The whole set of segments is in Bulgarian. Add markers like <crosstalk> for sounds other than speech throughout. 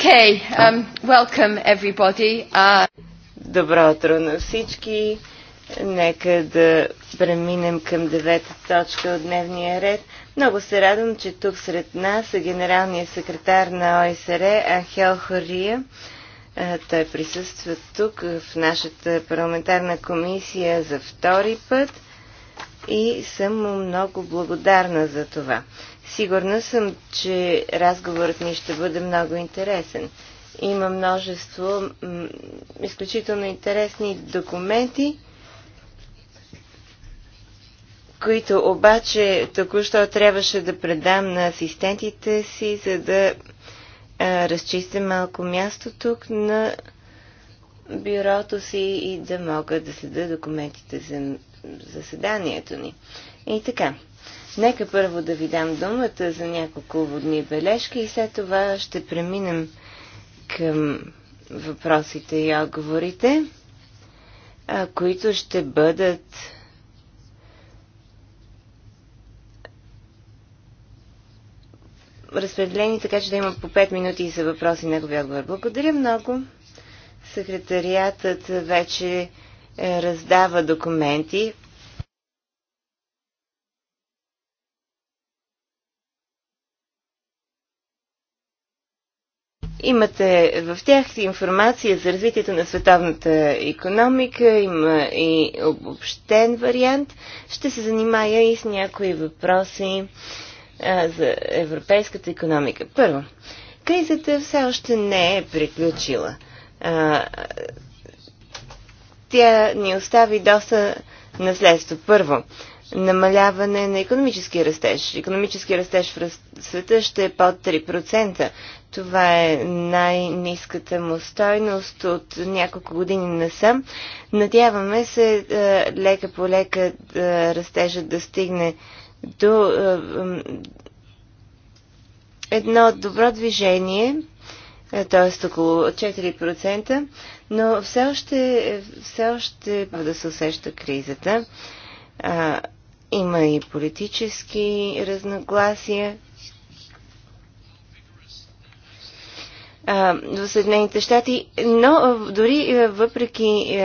Okay, um, welcome everybody. Uh... Добро утро на всички. Нека да преминем към девета точка от дневния ред. Много се радвам, че тук сред нас е генералният секретар на ОСР Ахел Хория. Той присъства тук в нашата парламентарна комисия за втори път и съм му много благодарна за това. Сигурна съм, че разговорът ни ще бъде много интересен. Има множество изключително интересни документи, които обаче току-що трябваше да предам на асистентите си, за да а, разчистя малко място тук на бюрото си и да мога да следа документите за заседанието ни. И така. Нека първо да ви дам думата за няколко водни бележки и след това ще преминем към въпросите и отговорите, които ще бъдат разпределени така, че да има по 5 минути за въпроси и негови отговор. Благодаря много. Секретариатът вече е, раздава документи. Имате в тях информация за развитието на световната економика, има и обобщен вариант. Ще се занимая и с някои въпроси а, за европейската економика. Първо, кризата все още не е приключила. А, тя ни остави доста наследство. Първо, намаляване на економически растеж. Економически растеж в света ще е под 3%. Това е най-низката му стойност от няколко години насам. Надяваме се е, лека по лека е, растежа да стигне до е, едно добро движение, т.е. около 4%, но все още, все още да се усеща кризата. има и политически разногласия. в Съединените щати, но дори въпреки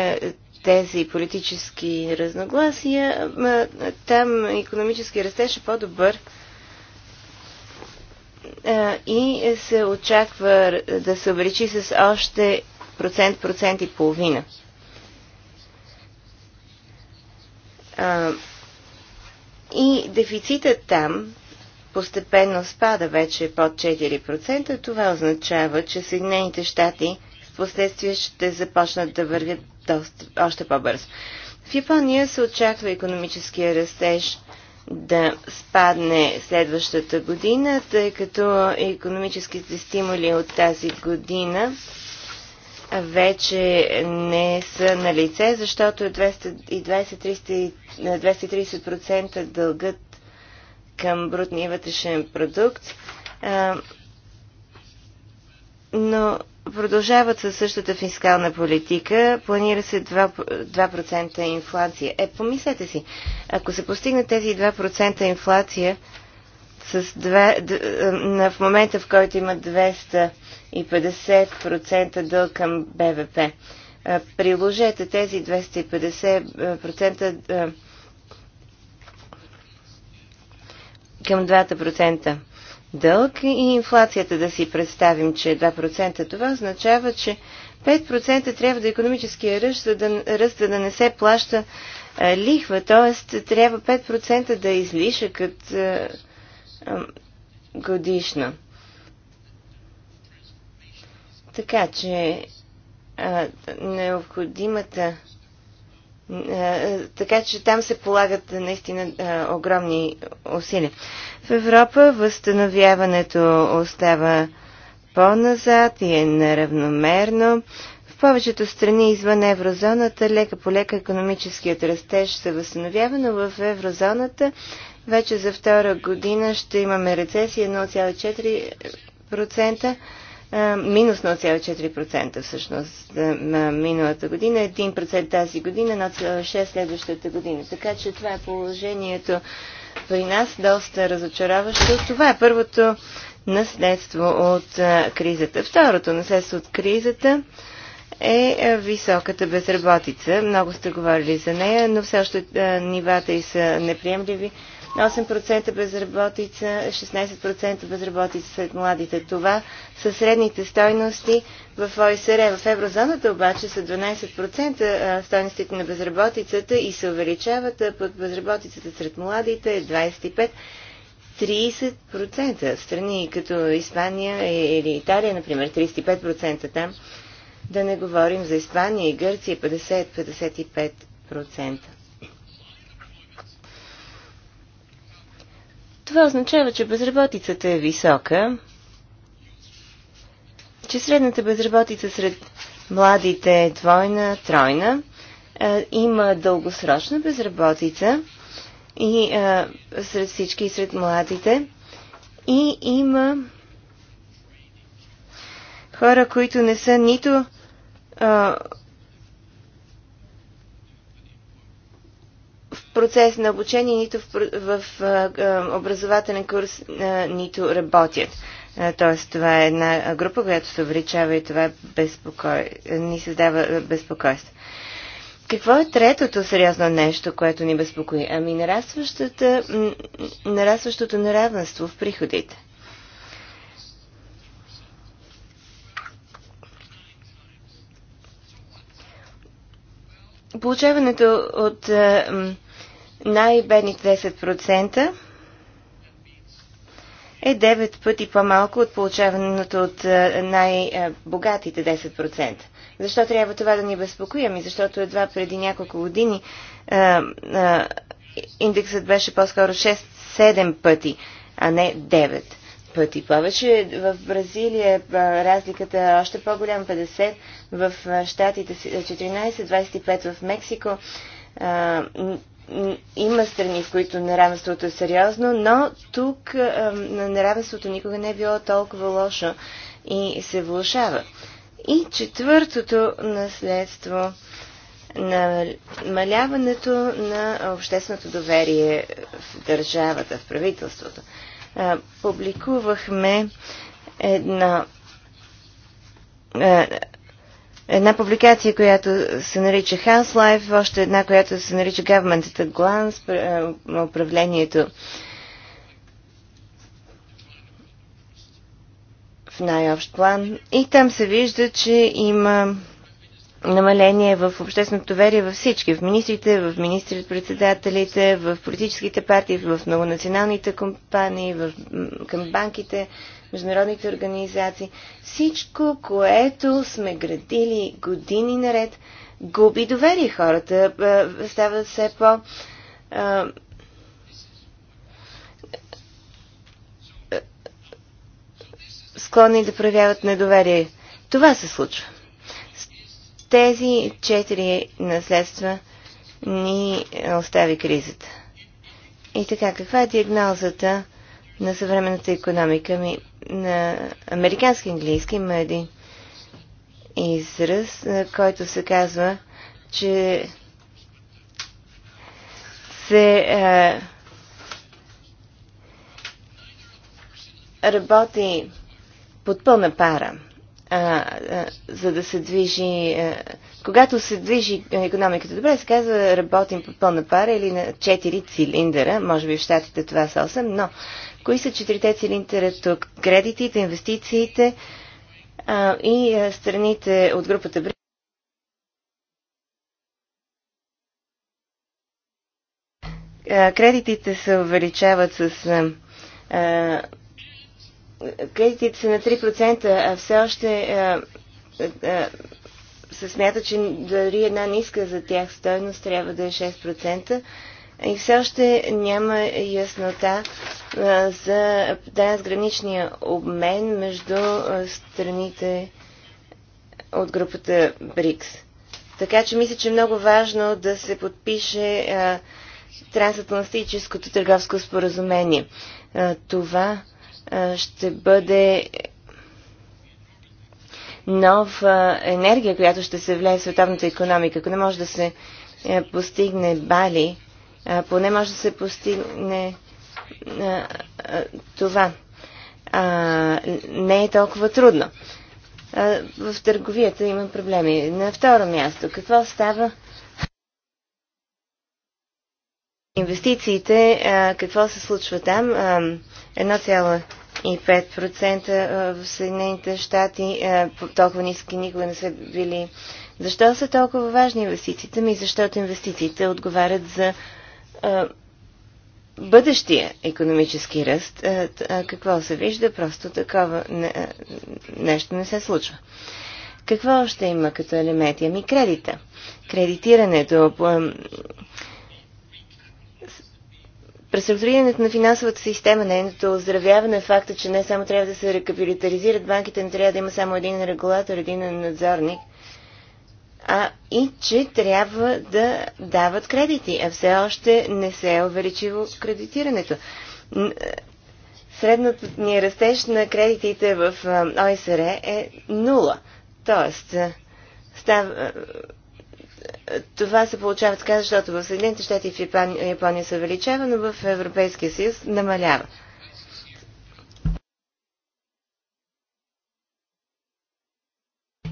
тези политически разногласия, там економически растеж е по-добър и се очаква да се увеличи с още процент, процент и половина. И дефицитът там постепенно спада вече под 4%, това означава, че Съединените щати в последствие ще започнат да вървят доста, още по-бързо. В Япония се очаква економическия растеж да спадне следващата година, тъй като економическите стимули от тази година вече не са на лице, защото 220-330% дългът към брутния вътрешен продукт, но продължават със същата фискална политика. Планира се 2%, 2% инфлация. Е, помислете си, ако се постигне тези 2% инфлация с 2, в момента, в който има 250% дълг към БВП, приложете тези 250% към 2% дълг и инфлацията да си представим, че е 2%. Това означава, че 5% трябва да е економическия ръст, за да, ръст, за да не се плаща а, лихва, т.е. трябва 5% да излиша като а, а, годишно. Така че а, необходимата е, е, така че там се полагат наистина е, огромни усилия. В Европа възстановяването остава по-назад и е неравномерно. В повечето страни извън еврозоната лека по лека економическият растеж се възстановява, но в еврозоната вече за втора година ще имаме рецесия 0,4%, минус 0,4% всъщност миналата година, 1% тази година, 0,6% следващата година. Така че това е положението при нас, доста разочароващо. Това е първото наследство от кризата. Второто наследство от кризата е високата безработица. Много сте говорили за нея, но все още нивата и са неприемливи. 8% безработица, 16% безработица сред младите. Това са средните стойности в ОСР. В еврозоната обаче са 12% стойностите на безработицата и се увеличават, а пък безработицата сред младите е 25%. 30% страни като Испания или Италия, например, 35% там. Да не говорим за Испания и Гърция 50-55%. Това означава, че безработицата е висока, че средната безработица сред младите е двойна, тройна, е, има дългосрочна безработица и е, сред всички и сред младите и има хора, които не са нито е, процес на обучение, нито в, в, в образователен курс, нито работят. Тоест, това е една група, която се увеличава и това е безпокой... ни създава безпокойство. Какво е третото сериозно нещо, което ни безпокои? Ами нарастващото неравенство в приходите. Получаването от а, най-бедните 10% е 9 пъти по-малко от получаването от е, най-богатите 10%. Защо трябва това да ни безпокоим? Ами защото едва преди няколко години а, е, а, е, индексът беше по-скоро 6-7 пъти, а не 9 пъти повече. В Бразилия разликата е още по-голям 50, в Штатите 14, 25 в Мексико има страни, в които неравенството е сериозно, но тук неравенството никога не е било толкова лошо и се влушава. И четвъртото наследство на маляването на общественото доверие в държавата, в правителството. Публикувахме едно една публикация, която се нарича House Life, още една, която се нарича Government at Glance, е, управлението в най-общ план. И там се вижда, че има намаление в общественото доверие във всички. В министрите, в министрите-председателите, в политическите партии, в многонационалните компании, в, към банките, международните организации. Всичко, което сме градили години наред, губи доверие хората, стават все по... склонни да проявяват недоверие. Това се случва. С тези четири наследства ни остави кризата. И така, каква е диагнозата на съвременната економика ми? на американски английски има един израз, който се казва, че се а, работи под пълна пара, а, а, за да се движи. А, когато се движи економиката добре, се казва работим под пълна пара или на 4 цилиндъра. Може би в щатите това са 8, но Кои са четирите цилиндъра тук? Кредитите, инвестициите а, и а, страните от групата БРИ? Кредитите се увеличават с а, кредитите са на 3%, а все още а, а, се смята, че дори една ниска за тях стойност трябва да е 6%. И все още няма яснота за трансграничния обмен между страните от групата БРИКС. Така че мисля, че е много важно да се подпише трансатлантическото търговско споразумение. това ще бъде нова енергия, която ще се влее в световната економика. Ако не може да се е, постигне Бали, а, поне може да се постигне а, а, това. А, не е толкова трудно. А, в търговията има проблеми. На второ място, какво става? Инвестициите, а, какво се случва там? 1,5% в Съединените щати, толкова ниски никога не са били. Защо са толкова важни инвестициите? Ми защото инвестициите отговарят за а, бъдещия економически ръст, а, а, какво се вижда, просто такова не, а, нещо не се случва. Какво още има като елементи? Ами кредита. Кредитирането, преструктурирането на финансовата система, нейното оздравяване, факта, че не само трябва да се рекапитализират банките, не трябва да има само един регулатор, един надзорник – а и че трябва да дават кредити, а все още не се е увеличило кредитирането. Средното ни растеж на кредитите в ОСР е нула. Тоест, става, това се получава така, защото в Съединените щати и в Япония се увеличава, но в Европейския съюз намалява.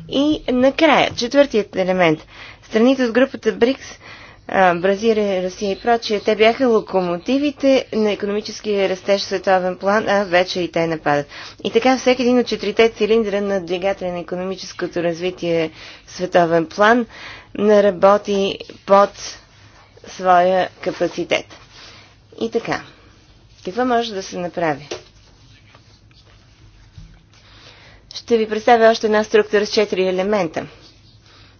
И накрая, четвъртият елемент. Страните от групата БРИКС, Бразилия, Русия и прочие, те бяха локомотивите на економическия растеж световен план, а вече и те нападат. И така всеки един от четирите цилиндра на двигателя на економическото развитие в световен план наработи под своя капацитет. И така, какво може да се направи? Ще ви представя още една структура с четири елемента.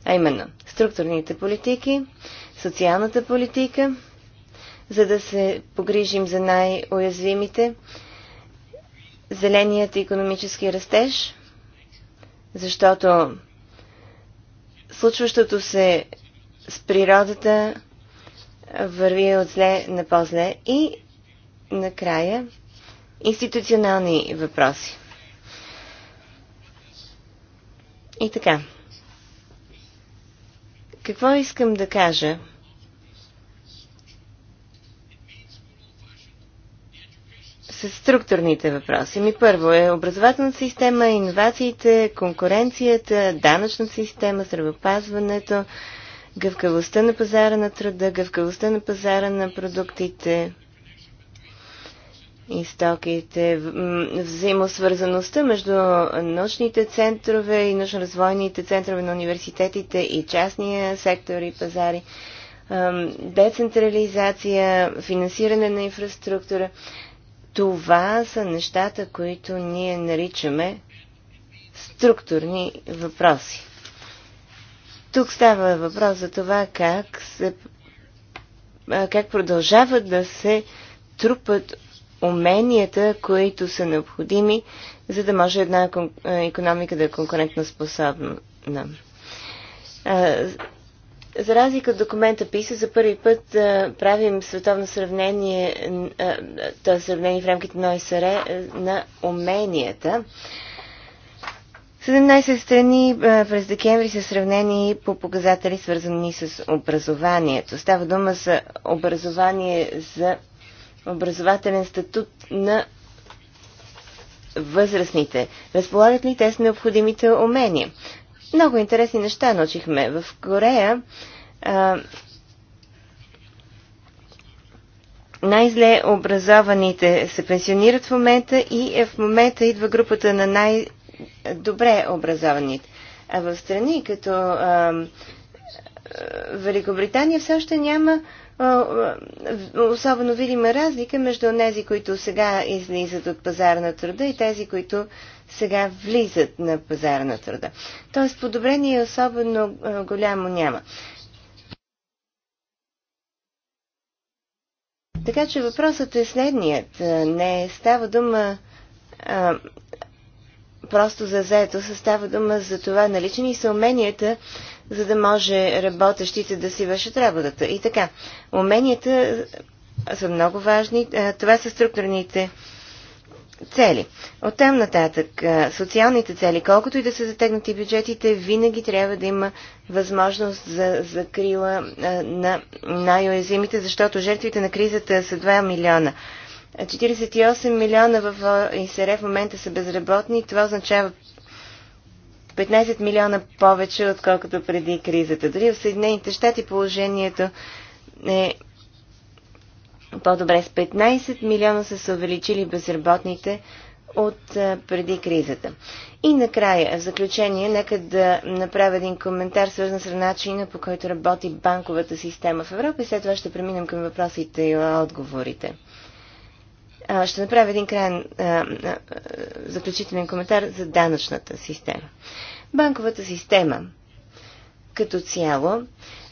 А именно, структурните политики, социалната политика, за да се погрижим за най-уязвимите, зеленият економически растеж, защото случващото се с природата върви от зле на по-зле и накрая институционални въпроси. И така. Какво искам да кажа? С структурните въпроси. Ми първо е образователната система, иновациите, конкуренцията, данъчната система, здравеопазването, гъвкавостта на пазара на труда, гъвкавостта на пазара на продуктите, и стоките, взаимосвързаността между научните центрове и научно-развойните центрове на университетите и частния сектор и пазари, децентрализация, финансиране на инфраструктура. Това са нещата, които ние наричаме структурни въпроси. Тук става въпрос за това как, се, как продължават да се трупат уменията, които са необходими, за да може една е, економика да е конкурентно способна. За разлика от документа ПИСА, за първи път правим световно сравнение, т.е. сравнение в рамките на ОСР на уменията. 17 страни през декември са сравнени по показатели, свързани с образованието. Става дума за образование за образователен статут на възрастните? Разполагат ли те с необходимите умения? Много интересни неща научихме. В Корея а, най-зле образованите се пенсионират в момента и е, в момента идва групата на най-добре образованите. А в страни като а, Великобритания все още няма особено видима разлика между тези, които сега излизат от пазара на труда и тези, които сега влизат на пазара на труда. Тоест подобрение особено голямо няма. Така че въпросът е следният. Не става дума а, просто за заето, става дума за това налични са уменията за да може работещите да си вършат работата. И така, уменията са много важни. Това са структурните цели. От там нататък, социалните цели, колкото и да са затегнати бюджетите, винаги трябва да има възможност за закрила на най-уязвимите, защото жертвите на кризата са 2 милиона. 48 милиона в ИСР е в момента са безработни. Това означава 15 милиона повече, отколкото преди кризата. Дори в Съединените щати положението е по-добре. С 15 милиона са се увеличили безработните от преди кризата. И накрая, в заключение, нека да направя един коментар, свързан с начина по който работи банковата система в Европа и след това ще преминем към въпросите и отговорите. Ще направя един крайен заключителен коментар за данъчната система. Банковата система като цяло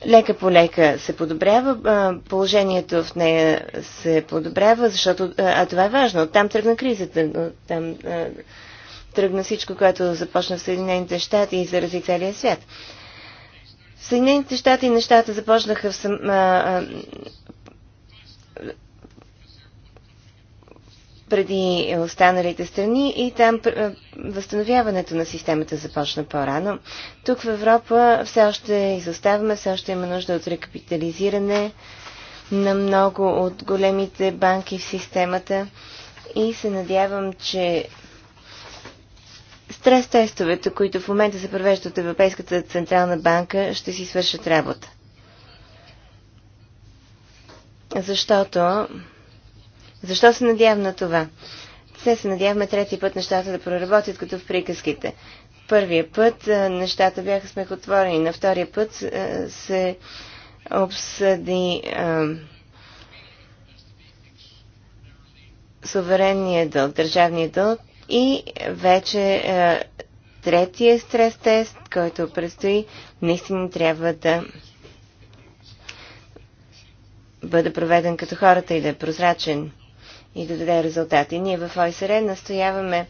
лека по лека се подобрява, положението в нея се подобрява, защото, а това е важно, оттам тръгна кризата, там тръгна всичко, което започна в Съединените щати и зарази целия свят. В Съединените щати нещата започнаха в а, а, преди останалите страни и там е, възстановяването на системата започна по-рано. Тук в Европа все още изоставаме, все още има нужда от рекапитализиране на много от големите банки в системата и се надявам, че стрес-тестовете, които в момента се провеждат от Европейската Централна банка, ще си свършат работа. Защото защо се надявам на това? Все се надяваме трети път нещата да проработят като в приказките. Първия път нещата бяха смехотворени, на втория път се обсъди суверенния дълг, държавния дълг и вече третия стрес тест, който предстои, наистина трябва да бъде проведен като хората и да е прозрачен и да даде резултати. Ние в ОСР настояваме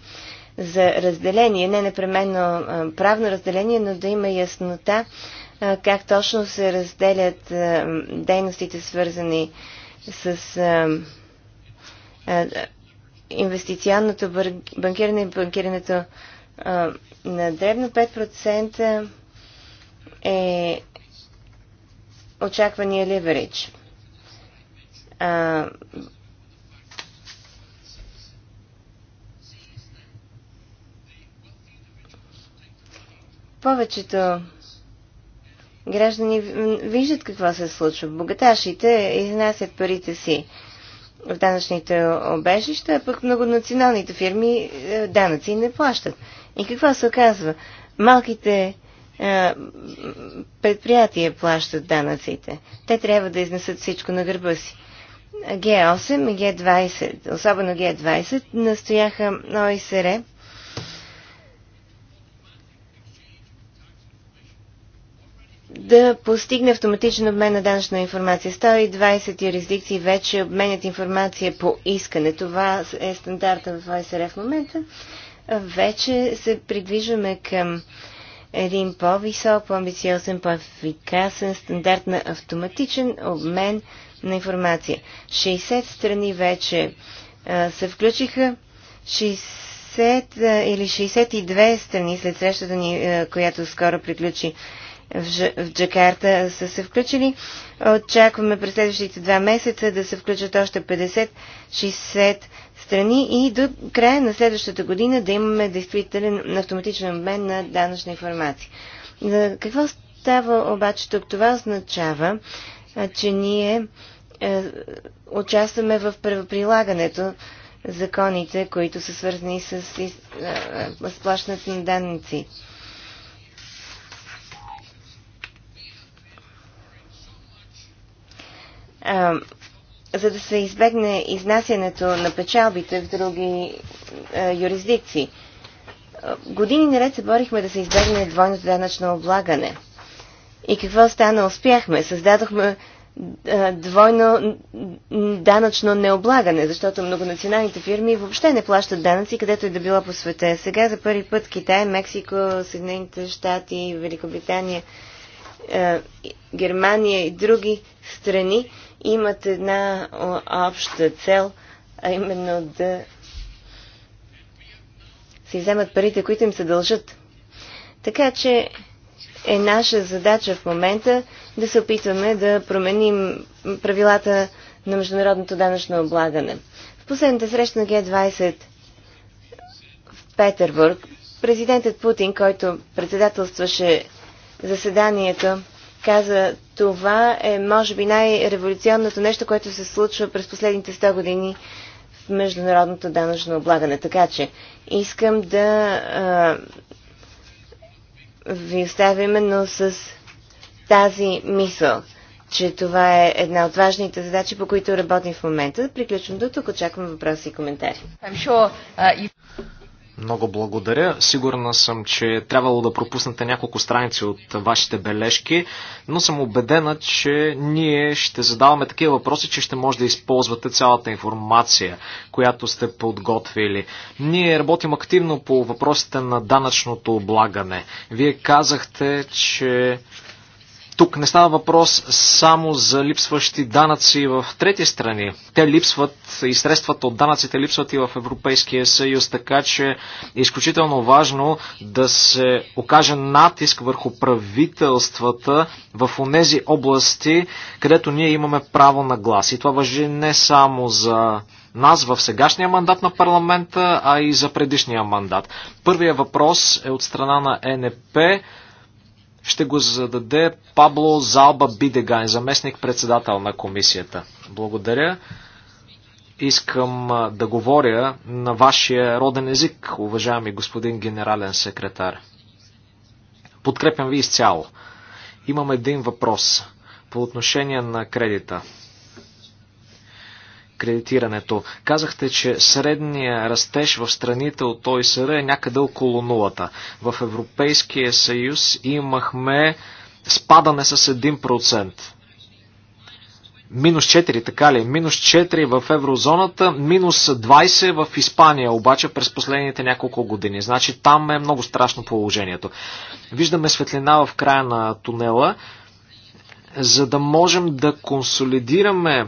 за разделение, не непременно правно разделение, но да има яснота как точно се разделят дейностите, свързани с инвестиционното банкиране и банкирането на древно 5% е очаквания ливеридж. Повечето граждани виждат какво се случва. Богаташите изнасят парите си в данъчните обежища, а пък многонационалните фирми е, данъци не плащат. И какво се оказва? Малките а, е, предприятия плащат данъците. Те трябва да изнесат всичко на гърба си. Г8 и Г20, особено Г20, настояха ОИСР да постигне автоматичен обмен на данъчна информация. 120 юрисдикции вече обменят информация по искане. Това е стандарта в ОСР в момента. Вече се придвижваме към един по-висок, по-амбициозен, по-ефикасен стандарт на автоматичен обмен на информация. 60 страни вече а, се включиха. 60 а, или 62 страни след срещата ни, а, която скоро приключи в, Джакарта са се включили. Очакваме през следващите два месеца да се включат още 50-60 страни и до края на следващата година да имаме действителен автоматичен обмен на данъчна информация. Какво става обаче тук? Това означава, че ние е, участваме в правоприлагането законите, които са свързани с е, сплащането на данници. за да се избегне изнасянето на печалбите в други юрисдикции. Години наред се борихме да се избегне двойното данъчно облагане. И какво стана? Успяхме. Създадохме двойно данъчно необлагане, защото многонационалните фирми въобще не плащат данъци, където и е да било по света. Сега за първи път Китай, Мексико, Съединените щати, Великобритания, Германия и други страни имат една обща цел, а именно да си вземат парите, които им се дължат. Така че е наша задача в момента да се опитваме да променим правилата на международното данъчно облагане. В последната среща на Г-20 в Петербург, президентът Путин, който председателстваше заседанието, каза това е, може би, най-революционното нещо, което се случва през последните 100 години в международното данъчно облагане. Така че искам да а, ви оставя именно с тази мисъл, че това е една от важните задачи, по които работим в момента. Приключвам до тук, очаквам въпроси и коментари. Uh, много благодаря. Сигурна съм, че е трябвало да пропуснете няколко страници от вашите бележки, но съм убедена, че ние ще задаваме такива въпроси, че ще може да използвате цялата информация, която сте подготвили. Ние работим активно по въпросите на данъчното облагане. Вие казахте, че тук не става въпрос само за липсващи данъци в трети страни. Те липсват и средствата от данъците липсват и в Европейския съюз, така че е изключително важно да се окаже натиск върху правителствата в онези области, където ние имаме право на глас. И това въжи не само за нас в сегашния мандат на парламента, а и за предишния мандат. Първият въпрос е от страна на НП ще го зададе Пабло Залба Бидегайн, заместник председател на комисията. Благодаря. Искам да говоря на вашия роден език, уважаеми господин генерален секретар. Подкрепям ви изцяло. Имам един въпрос по отношение на кредита кредитирането. Казахте, че средния растеж в страните от ОИСР е някъде около нулата. В Европейския съюз имахме спадане с 1%. Минус 4, така ли? Минус 4 в еврозоната, минус 20 в Испания, обаче през последните няколко години. Значи там е много страшно положението. Виждаме светлина в края на тунела. За да можем да консолидираме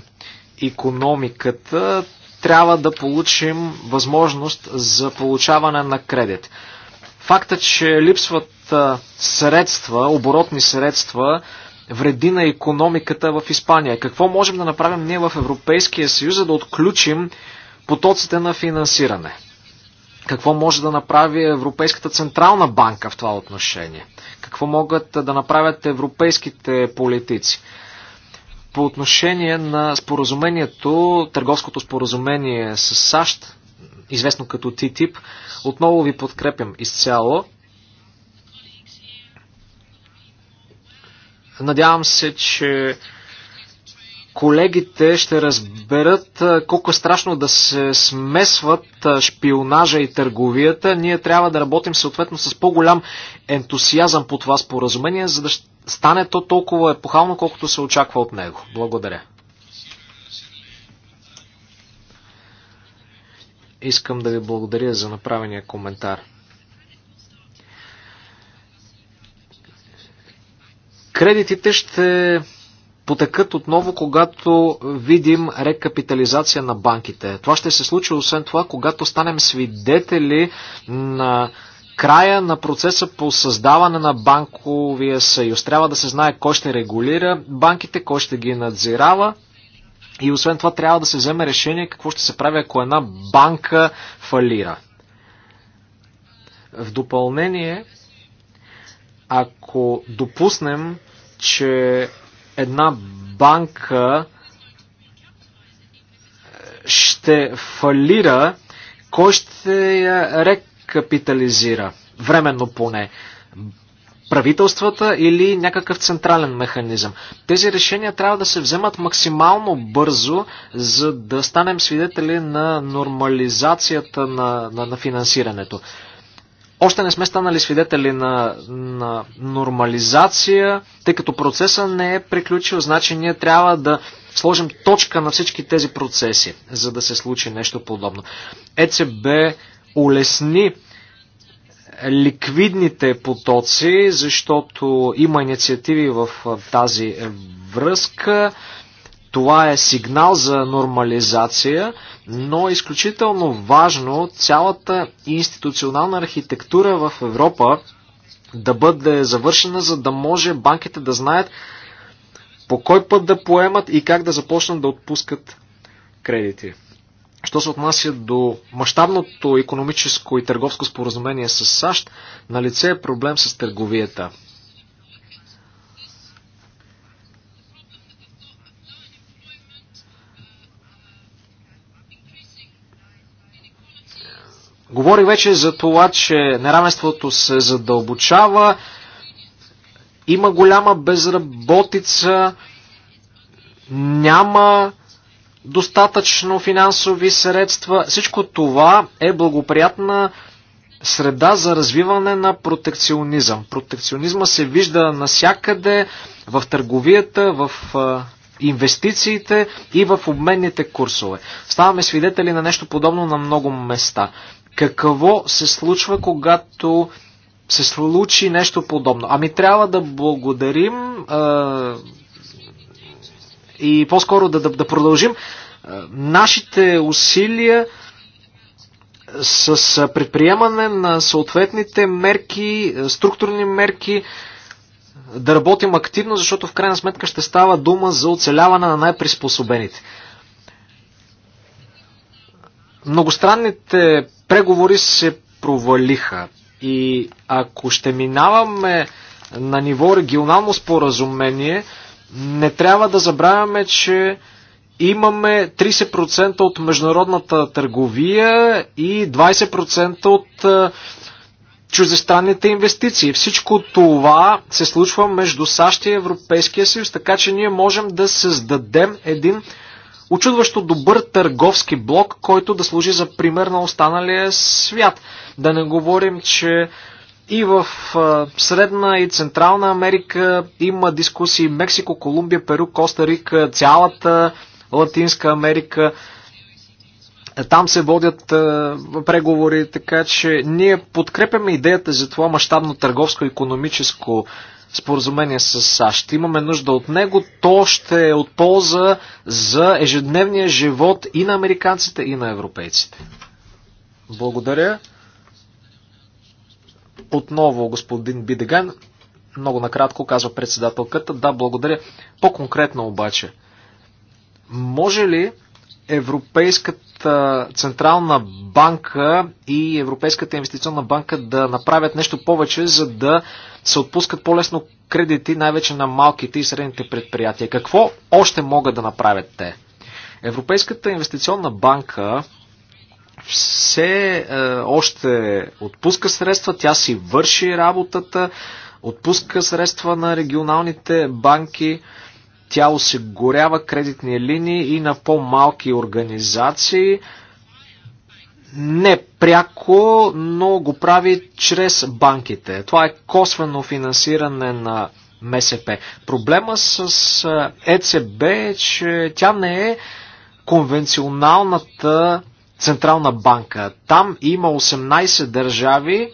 економиката, трябва да получим възможност за получаване на кредит. Факта, че липсват средства, оборотни средства, вреди на економиката в Испания. Какво можем да направим ние в Европейския съюз, за да отключим потоците на финансиране? Какво може да направи Европейската централна банка в това отношение? Какво могат да направят европейските политици? по отношение на споразумението, търговското споразумение с САЩ, известно като ТТИП, отново ви подкрепям изцяло. Надявам се, че колегите ще разберат колко е страшно да се смесват шпионажа и търговията. Ние трябва да работим съответно с по-голям ентусиазъм по това споразумение, за да ще стане то толкова епохално, колкото се очаква от него. Благодаря. Искам да ви благодаря за направения коментар. Кредитите ще потекат отново, когато видим рекапитализация на банките. Това ще се случи, освен това, когато станем свидетели на края на процеса по създаване на банковия съюз. Трябва да се знае кой ще регулира банките, кой ще ги надзирава. И освен това трябва да се вземе решение какво ще се прави, ако една банка фалира. В допълнение, ако допуснем, че една банка е, ще фалира, кой ще я рек капитализира. Временно поне. Правителствата или някакъв централен механизъм. Тези решения трябва да се вземат максимално бързо, за да станем свидетели на нормализацията на, на, на финансирането. Още не сме станали свидетели на, на нормализация, тъй като процеса не е приключил, значи ние трябва да сложим точка на всички тези процеси, за да се случи нещо подобно. ЕЦБ улесни ликвидните потоци, защото има инициативи в тази връзка. Това е сигнал за нормализация, но е изключително важно цялата институционална архитектура в Европа да бъде завършена, за да може банките да знаят по кой път да поемат и как да започнат да отпускат кредити. Що се отнася до мащабното економическо и търговско споразумение с САЩ, на лице е проблем с търговията. Говори вече за това, че неравенството се задълбочава, има голяма безработица, няма достатъчно финансови средства. Всичко това е благоприятна среда за развиване на протекционизъм. Протекционизма се вижда насякъде в търговията, в инвестициите и в обменните курсове. Ставаме свидетели на нещо подобно на много места. Какво се случва, когато се случи нещо подобно? Ами трябва да благодарим е, и по-скоро да, да, да продължим нашите усилия с предприемане на съответните мерки, структурни мерки, да работим активно, защото в крайна сметка ще става дума за оцеляване на най-приспособените. Многостранните преговори се провалиха и ако ще минаваме на ниво регионално споразумение, не трябва да забравяме, че имаме 30% от международната търговия и 20% от чуждестранните инвестиции. Всичко това се случва между САЩ и Европейския съюз, така че ние можем да създадем един очудващо добър търговски блок, който да служи за пример на останалия свят. Да не говорим, че и в Средна и Централна Америка има дискусии Мексико, Колумбия, Перу, Коста Рика, цялата Латинска Америка. Там се водят преговори, така че ние подкрепяме идеята за това мащабно търговско-економическо споразумение с САЩ. Имаме нужда от него. То ще е от полза за ежедневния живот и на американците, и на европейците. Благодаря. Отново господин Бидеган, много накратко казва председателката. Да, благодаря. По-конкретно обаче, може ли Европейската централна банка и Европейската инвестиционна банка да направят нещо повече, за да се отпускат по-лесно кредити, най-вече на малките и средните предприятия. Какво още могат да направят те? Европейската инвестиционна банка все е, още отпуска средства, тя си върши работата, отпуска средства на регионалните банки, тя осигурява кредитни линии и на по-малки организации. Не пряко, но го прави чрез банките. Това е косвено финансиране на МСП. Проблема с ЕЦБ е, е, че тя не е конвенционалната Централна банка. Там има 18 държави.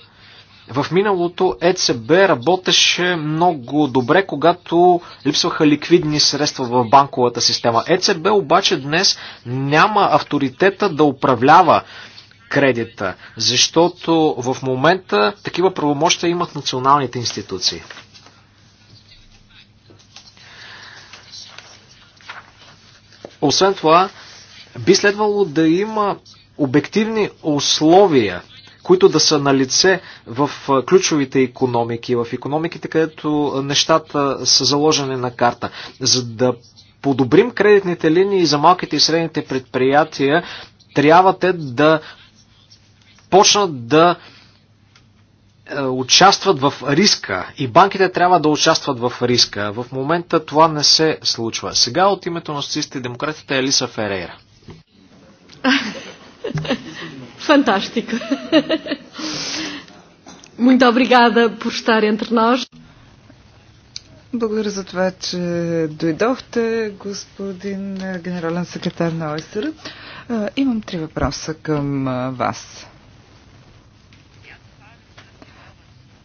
В миналото ЕЦБ работеше много добре, когато липсваха ликвидни средства в банковата система. ЕЦБ обаче днес няма авторитета да управлява кредита, защото в момента такива правомощи имат националните институции. Освен това, би следвало да има обективни условия, които да са на лице в ключовите економики, в економиките, където нещата са заложени на карта. За да подобрим кредитните линии за малките и средните предприятия, трябва те да почнат да участват в риска и банките трябва да участват в риска. В момента това не се случва. Сега от името на социалистите и демократите Елиса Ферейра. <laughs> <laughs> Fantástico. Muito obrigada por estar entre nós. Благодаря за това, че дойдохте, господин генерален секретар на ОСР. Имам три въпроса към вас.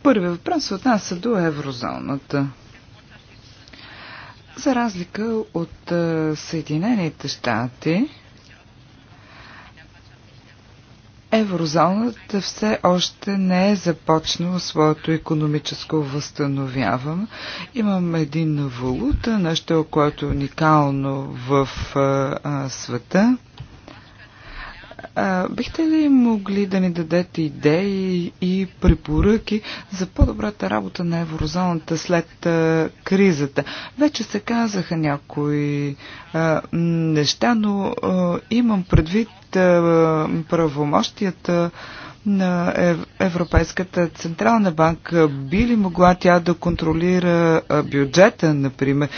Първи въпрос се отнася до еврозоната. За разлика от Съединените щати, Еврозоната все още не е започнала своето економическо възстановяване. Имаме един валута, нещо, което е уникално в а, а, света. А, бихте ли могли да ни дадете идеи и препоръки за по-добрата работа на еврозоната след а, кризата? Вече се казаха някои а, неща, но а, имам предвид е, правомощията на Европейската Централна банка? Би ли могла тя да контролира е, бюджета, например?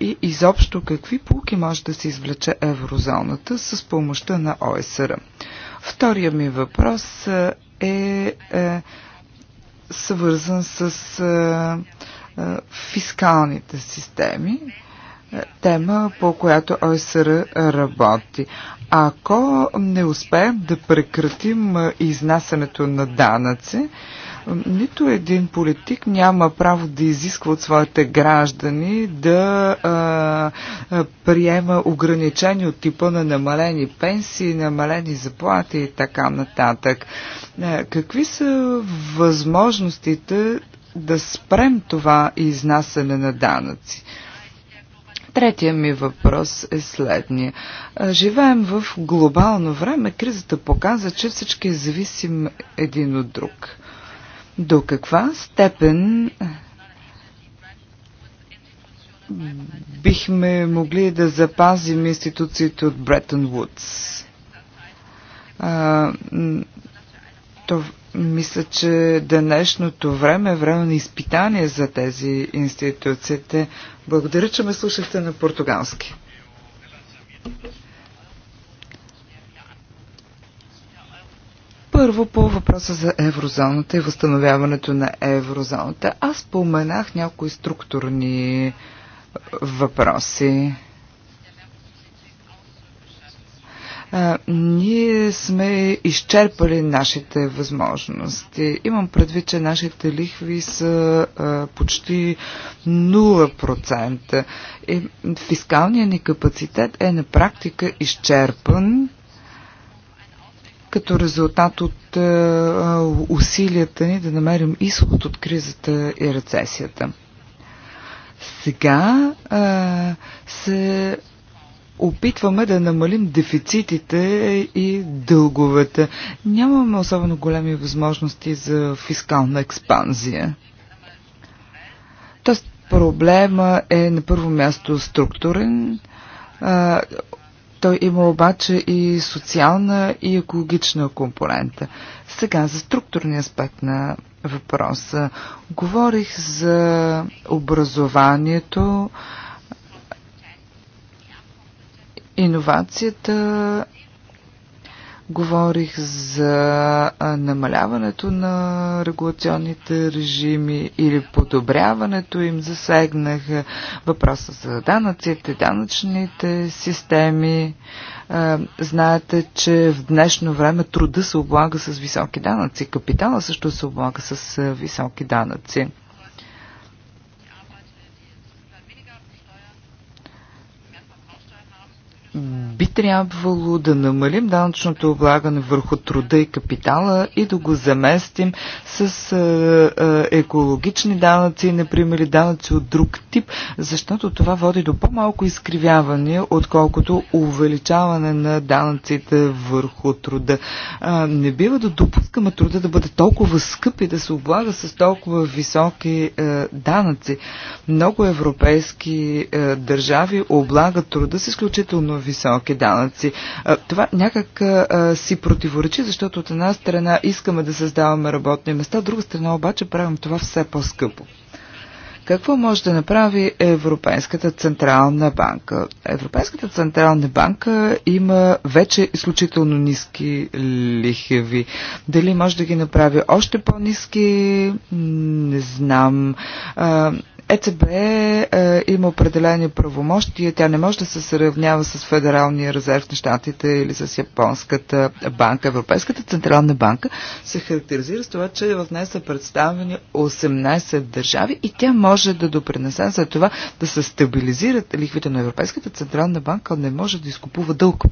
И изобщо какви полки може да се извлече еврозоната с помощта на ОСР? Втория ми въпрос е, е свързан с е, е фискалните системи тема, по която ОСР работи. Ако не успеем да прекратим изнасянето на данъци, нито един политик няма право да изисква от своите граждани да а, а, приема ограничени от типа на намалени пенсии, намалени заплати и така нататък. А, какви са възможностите да спрем това изнасяне на данъци? А, Третия ми въпрос е следния. Живеем в глобално време. Кризата показа, че всички е зависим един от друг. До каква степен бихме могли да запазим институциите от Бреттон Вудс? Мисля, че днешното време е време на изпитание за тези институциите. Благодаря, че ме слушахте на португалски. Първо по въпроса за еврозоната и възстановяването на еврозоната. Аз споменах някои структурни въпроси. а, ние сме изчерпали нашите възможности. Имам предвид, че нашите лихви са а, почти 0%. И фискалният ни капацитет е на практика изчерпан като резултат от а, усилията ни да намерим изход от кризата и рецесията. Сега а, се опитваме да намалим дефицитите и дълговете. Нямаме особено големи възможности за фискална експанзия. Тоест проблема е на първо място структурен. А, той има обаче и социална и екологична компонента. Сега за структурния аспект на въпроса. Говорих за образованието, а, иновацията, говорих за намаляването на регулационните режими или подобряването им, засегнах въпроса за данъците, данъчните системи. Знаете, че в днешно време труда се облага с високи данъци, капитала също се облага с високи данъци. би трябвало да намалим данъчното облагане върху труда и капитала и да го заместим с а, а, екологични данъци, например, или данъци от друг тип, защото това води до по-малко изкривяване, отколкото увеличаване на данъците върху труда. А, не бива да допускаме труда да бъде толкова скъп и да се облага с толкова високи а, данъци. Много европейски а, държави облагат труда с изключително високи данъци. Това някак си противоречи, защото от една страна искаме да създаваме работни места, от друга страна обаче правим това все по-скъпо. Какво може да направи Европейската централна банка? Европейската централна банка има вече изключително ниски лихеви. Дали може да ги направи още по-ниски? Не знам. ЕЦБ е, има определени правомощия. Тя не може да се сравнява с Федералния резерв на щатите или с Японската банка. Европейската централна банка се характеризира с това, че в нея са представени 18 държави и тя може да допринесе за това да се стабилизират лихвите на Европейската централна банка, не може да изкупува дълг.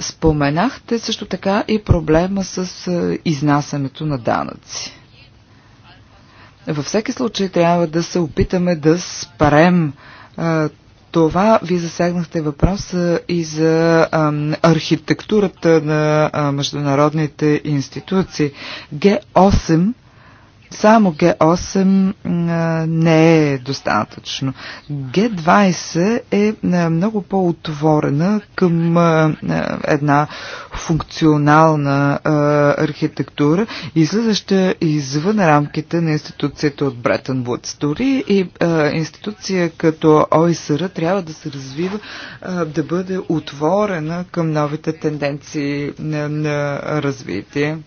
Споменахте също така и проблема с е, изнасянето на данъци. Във всеки случай трябва да се опитаме да спрем това вие засегнахте въпроса и за а, архитектурата на а, международните институции. Г8 само Г8 не е достатъчно. Г20 е много по-отворена към една функционална архитектура, излизаща извън рамките на институцията от Бретън Вудс. Дори и институция като ОИСР трябва да се развива, да бъде отворена към новите тенденции на развитие.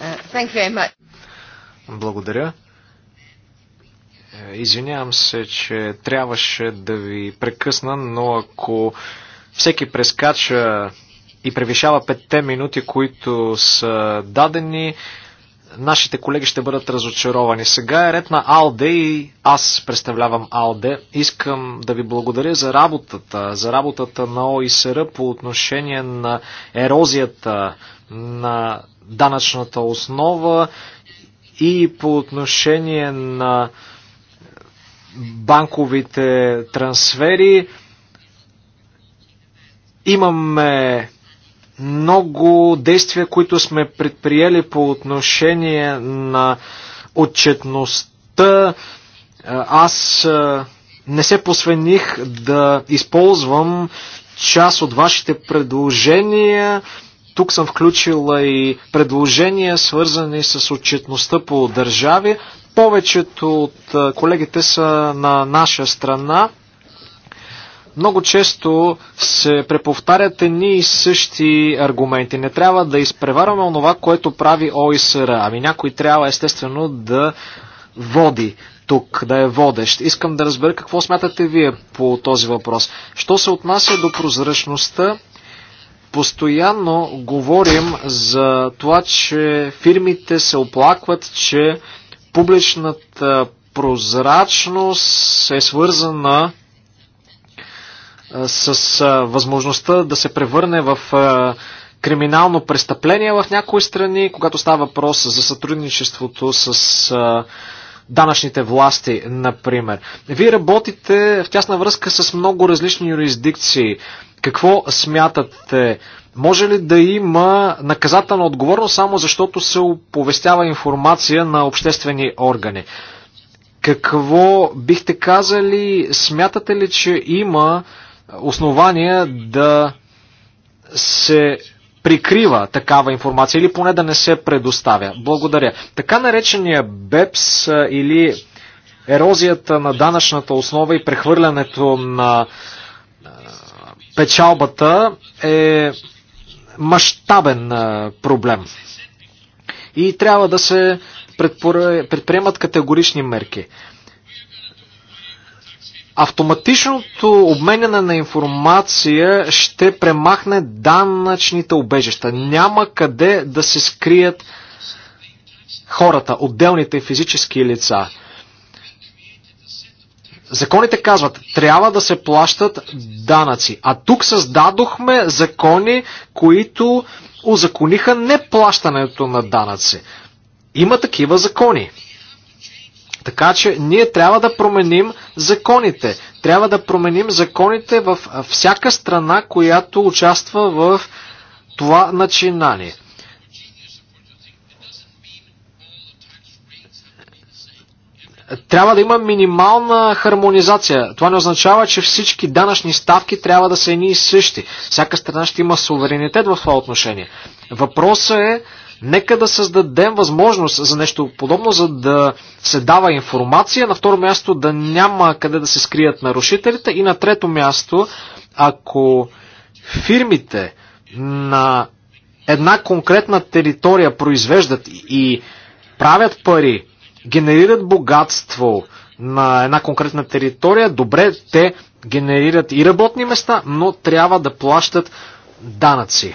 Uh, thank you very much. Благодаря. Е, извинявам се, че трябваше да ви прекъсна, но ако всеки прескача и превишава петте минути, които са дадени, нашите колеги ще бъдат разочаровани. Сега е ред на Алде и аз представлявам Алде. Искам да ви благодаря за работата, за работата на ОИСР по отношение на ерозията на данъчната основа и по отношение на банковите трансфери. Имаме много действия, които сме предприели по отношение на отчетността. Аз не се посвених да използвам част от вашите предложения. Тук съм включила и предложения, свързани с отчетността по държави. Повечето от колегите са на наша страна. Много често се преповтарят едни и същи аргументи. Не трябва да изпреварваме онова, което прави ОИСР. Ами някой трябва естествено да води тук, да е водещ. Искам да разбера какво смятате вие по този въпрос. Що се отнася до прозрачността, Постоянно говорим за това, че фирмите се оплакват, че публичната прозрачност е свързана с възможността да се превърне в криминално престъпление в някои страни, когато става въпрос за сътрудничеството с данъчните власти, например. Вие работите в тясна връзка с много различни юрисдикции. Какво смятате? Може ли да има наказателна отговорност само защото се оповестява информация на обществени органи? Какво бихте казали? Смятате ли, че има основания да се прикрива такава информация или поне да не се предоставя. Благодаря. Така наречения БЕПС или ерозията на данъчната основа и прехвърлянето на печалбата е мащабен проблем. И трябва да се предприемат категорични мерки. Автоматичното обменяне на информация ще премахне данъчните обежища. Няма къде да се скрият хората, отделните физически лица. Законите казват, трябва да се плащат данъци. А тук създадохме закони, които озакониха неплащането на данъци. Има такива закони. Така че ние трябва да променим законите. Трябва да променим законите в всяка страна, която участва в това начинание. трябва да има минимална хармонизация. Това не означава, че всички данъчни ставки трябва да са едни и същи. Всяка страна ще има суверенитет в това отношение. Въпросът е Нека да създадем възможност за нещо подобно, за да се дава информация, на второ място да няма къде да се скрият нарушителите и на трето място, ако фирмите на една конкретна територия произвеждат и правят пари, генерират богатство на една конкретна територия, добре, те генерират и работни места, но трябва да плащат данъци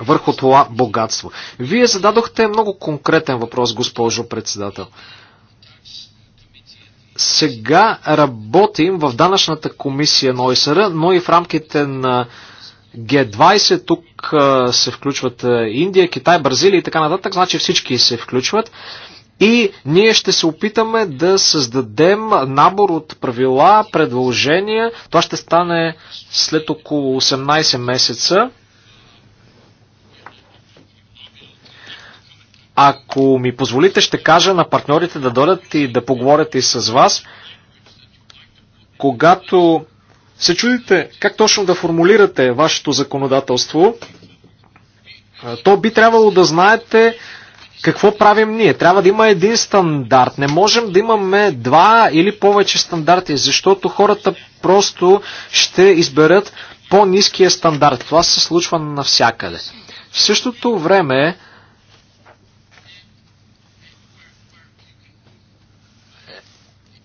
върху това богатство. Вие зададохте много конкретен въпрос, госпожо председател. Сега работим в данъчната комисия на ОСР, но и в рамките на Г20, тук се включват Индия, Китай, Бразилия и така нататък, значи всички се включват. И ние ще се опитаме да създадем набор от правила, предложения. Това ще стане след около 18 месеца. Ако ми позволите, ще кажа на партньорите да дойдат и да поговорят и с вас. Когато се чудите как точно да формулирате вашето законодателство, то би трябвало да знаете какво правим ние. Трябва да има един стандарт. Не можем да имаме два или повече стандарти, защото хората просто ще изберат по-низкия стандарт. Това се случва навсякъде. В същото време,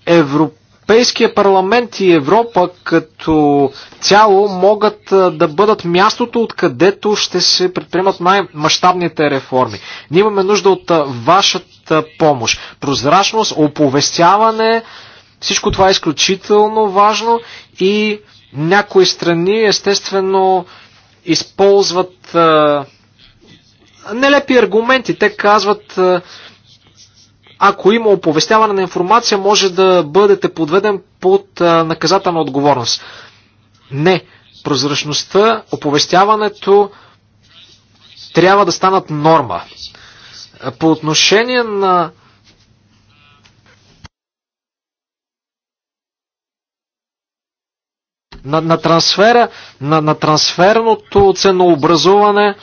Европейския парламент и Европа като цяло могат да бъдат мястото, откъдето ще се предприемат най-мащабните реформи. Ние имаме нужда от вашата помощ. Прозрачност, оповестяване, всичко това е изключително важно и някои страни естествено използват а, нелепи аргументи. Те казват, а, ако има оповестяване на информация, може да бъдете подведен под наказателна отговорност. Не. Прозрачността, оповестяването трябва да станат норма. По отношение на на, на трансфера, на, на трансферното ценообразуване,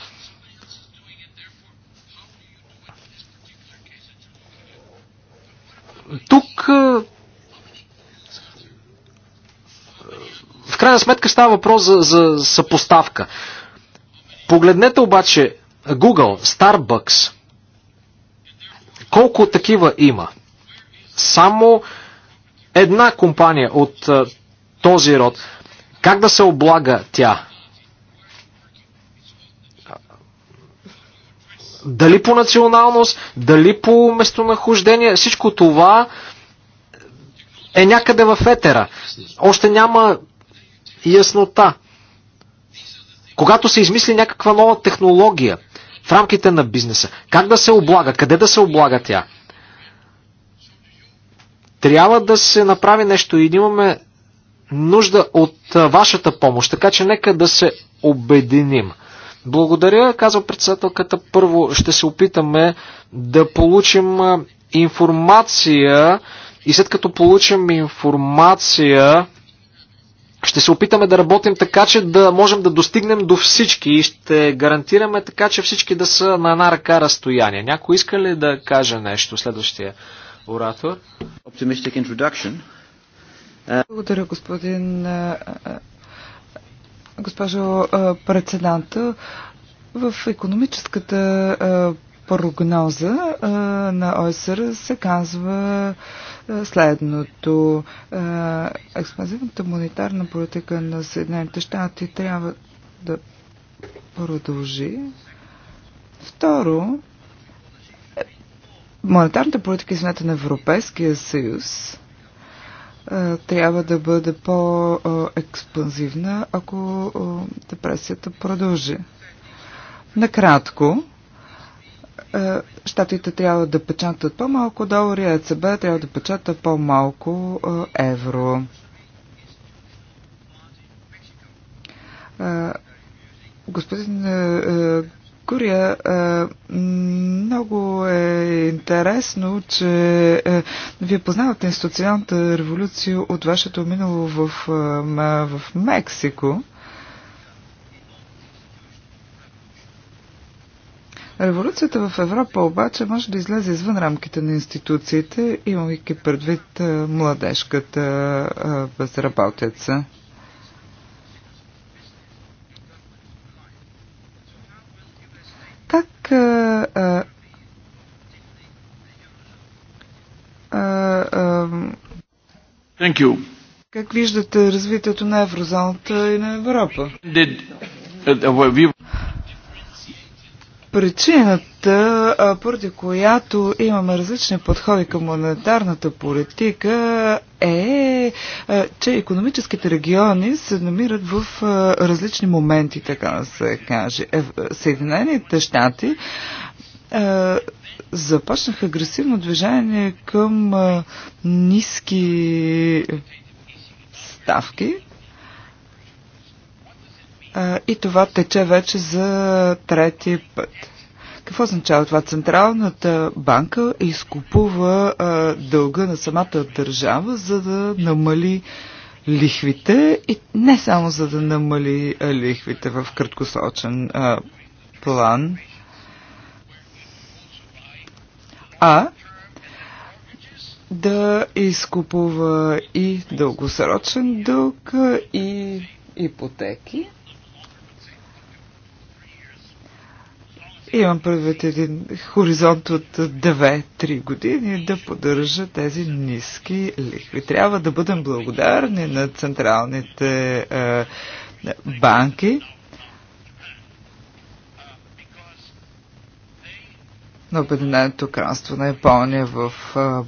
Тук в крайна сметка става въпрос за, за съпоставка. Погледнете обаче Google, Starbucks. Колко такива има? Само една компания от този род. Как да се облага тя? Дали по националност, дали по местонахождение, всичко това е някъде в етера. Още няма яснота. Когато се измисли някаква нова технология в рамките на бизнеса, как да се облага, къде да се облага тя, трябва да се направи нещо и имаме нужда от вашата помощ, така че нека да се обединим. Благодаря, казва председателката. Първо ще се опитаме да получим информация и след като получим информация, ще се опитаме да работим така, че да можем да достигнем до всички и ще гарантираме така, че всички да са на една ръка разстояние. Някой иска ли да каже нещо? Следващия оратор. Благодаря, господин Госпожо председател, в економическата прогноза на ОСР се казва следното. Експанзивната монетарна политика на Съединените щати трябва да продължи. Второ, е, монетарната политика и на Европейския съюз е, трябва да бъде по-експанзивна, ако е, депресията продължи. Накратко, е, щатите трябва да печатат по-малко долари, а ЕЦБ трябва да печата по-малко евро. Господин Курия, е, много е интересно, че е, вие познавате институционалната революция от вашето минало в, е, в Мексико. Революцията в Европа обаче може да излезе извън рамките на институциите, имайки предвид младежката безработица. Как а, а, а, Thank you. Как виждате развитието на еврозоната и на Европа? Did, uh, uh Причината, поради която имаме различни подходи към монетарната политика е, че економическите региони се намират в различни моменти, така да се каже. Е, Съединените щати започнаха агресивно движение към ниски ставки, и това тече вече за трети път. Какво означава това? Централната банка изкупува а, дълга на самата държава, за да намали лихвите и не само за да намали а, лихвите в краткосрочен а, план, а да изкупува и дългосрочен дълг, и ипотеки. Имам предвид един хоризонт от 2-3 години да поддържа тези ниски лихви. Трябва да бъдем благодарни на централните е, е, банки, на Обединеното кралство на Япония в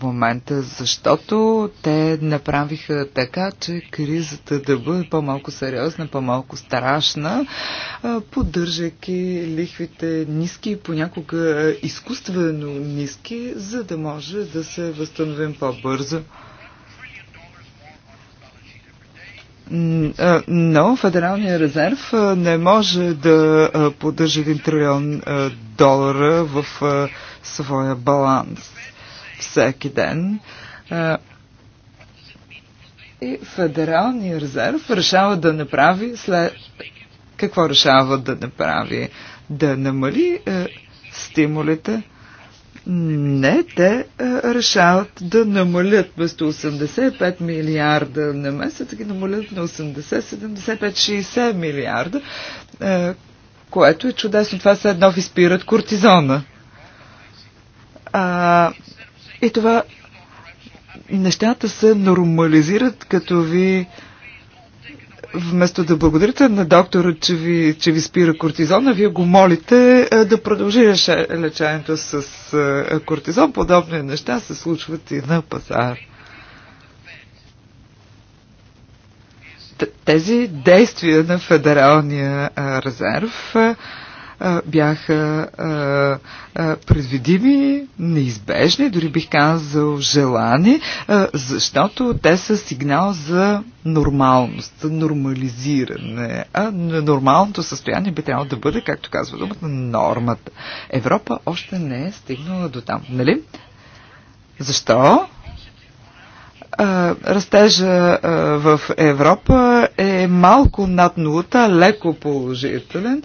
момента, защото те направиха така, че кризата да бъде по-малко сериозна, по-малко страшна, поддържайки лихвите ниски понякога изкуствено ниски, за да може да се възстановим по-бързо. Но Федералния резерв не може да поддържа 1 трилион долара в своя баланс всеки ден. И Федералния резерв решава да направи след... Какво решава да направи? Да намали стимулите не, те а, е, решават да намалят вместо 85 милиарда на месец, да ги намалят на 80, 75, 60 милиарда, а, е, което е чудесно. Това са едно изпират кортизона. А, и това нещата се нормализират, като ви а, Вместо да благодарите на доктора, че ви, че ви спира кортизона, вие го молите е, да продължи лечението с е, кортизон. Подобни неща се случват и на пазар. Тези действия на Федералния е, резерв бяха предвидими, неизбежни, дори бих казал желани, защото те са сигнал за нормалност, за нормализиране. А нормалното състояние би трябвало да бъде, както казва думата, нормата. Европа още не е стигнала до там, нали? Защо? растежа в Европа е малко над нулата, леко положителен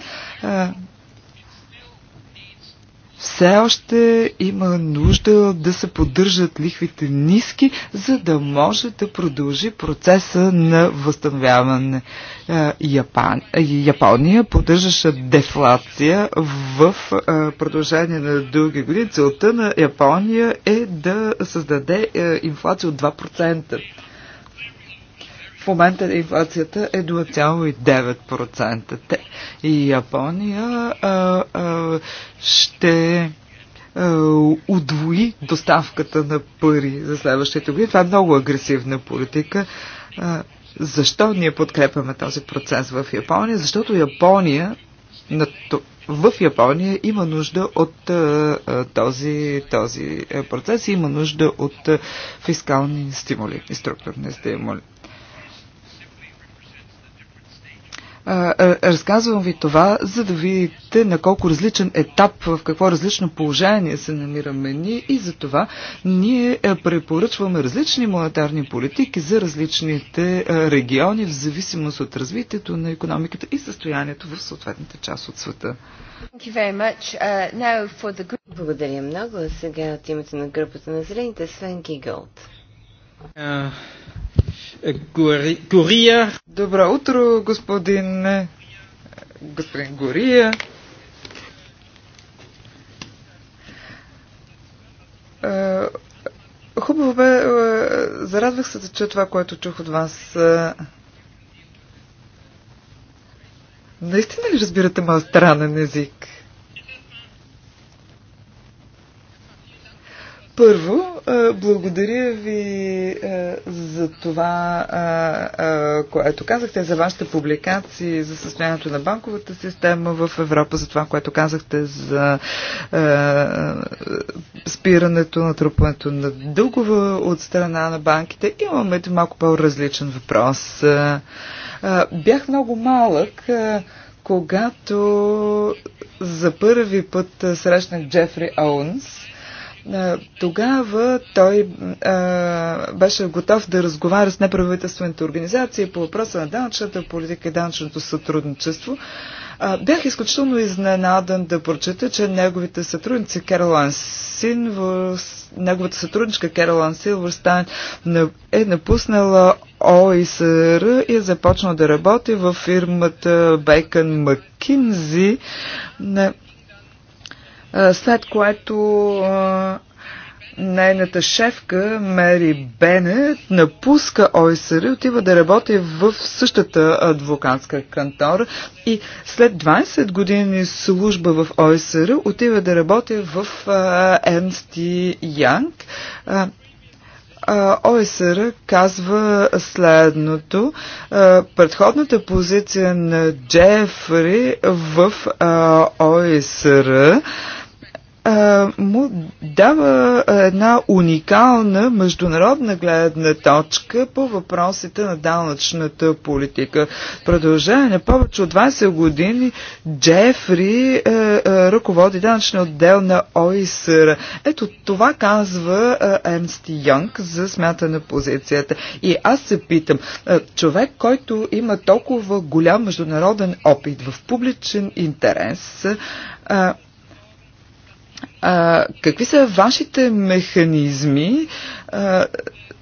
все още има нужда да се поддържат лихвите ниски, за да може да продължи процеса на възстановяване. Е, Япан... Е, Япония поддържаше дефлация в е, продължение на дълги години. Целта на Япония е да създаде инфлация от 2%. В момента инфлацията е 0,9%. Те и Япония а, а, ще удвои доставката на пари за следващите години. Това е много агресивна политика. Защо ние подкрепяме този процес в Япония? Защото Япония в Япония има нужда от този, този е, процес и има нужда от фискални стимули и структурни стимули. Разказвам ви това, за да видите на колко различен етап, в какво различно положение се намираме ние и за това ние е, препоръчваме различни монетарни политики за различните е, региони в зависимост от развитието на економиката и състоянието в съответната част от света. Uh, Благодаря много. Сега от името на групата на зрените Свен Гиголд. Uh, Гория. Добро утро, господин, господин Гория. Е, хубаво бе, е, зарадвах се да чуя това, което чух от вас. Е, наистина ли разбирате моят странен език? Първо, благодаря ви за това, което казахте, за вашите публикации за състоянието на банковата система в Европа, за това, което казахте за спирането, на трупането на дългове от страна на банките. Имаме един малко по-различен въпрос. Бях много малък когато за първи път срещнах Джефри Оунс тогава той а, беше готов да разговаря с неправителствените организации по въпроса на данъчната политика и данъчното сътрудничество. А, бях изключително изненадан да прочета, че неговите сътрудници Керолан Син, неговата сътрудничка Керолан Силверстайн е напуснала ОИСР и е започнала да работи във фирмата Бейкън Маккинзи след което нейната шефка Мери Бенет напуска ОСР и отива да работи в същата адвокатска кантора и след 20 години служба в ОСР отива да работи в Енсти Янг. ОСР казва следното. Предходната позиция на Джефри в ОСР му дава една уникална международна гледна точка по въпросите на данъчната политика. Продължава на повече от 20 години Джефри а, а, ръководи данъчния отдел на ОИСР. Ето това казва Ернст Йонг за смята на позицията. И аз се питам, а, човек, който има толкова голям международен опит в публичен интерес, а, а, какви са вашите механизми а,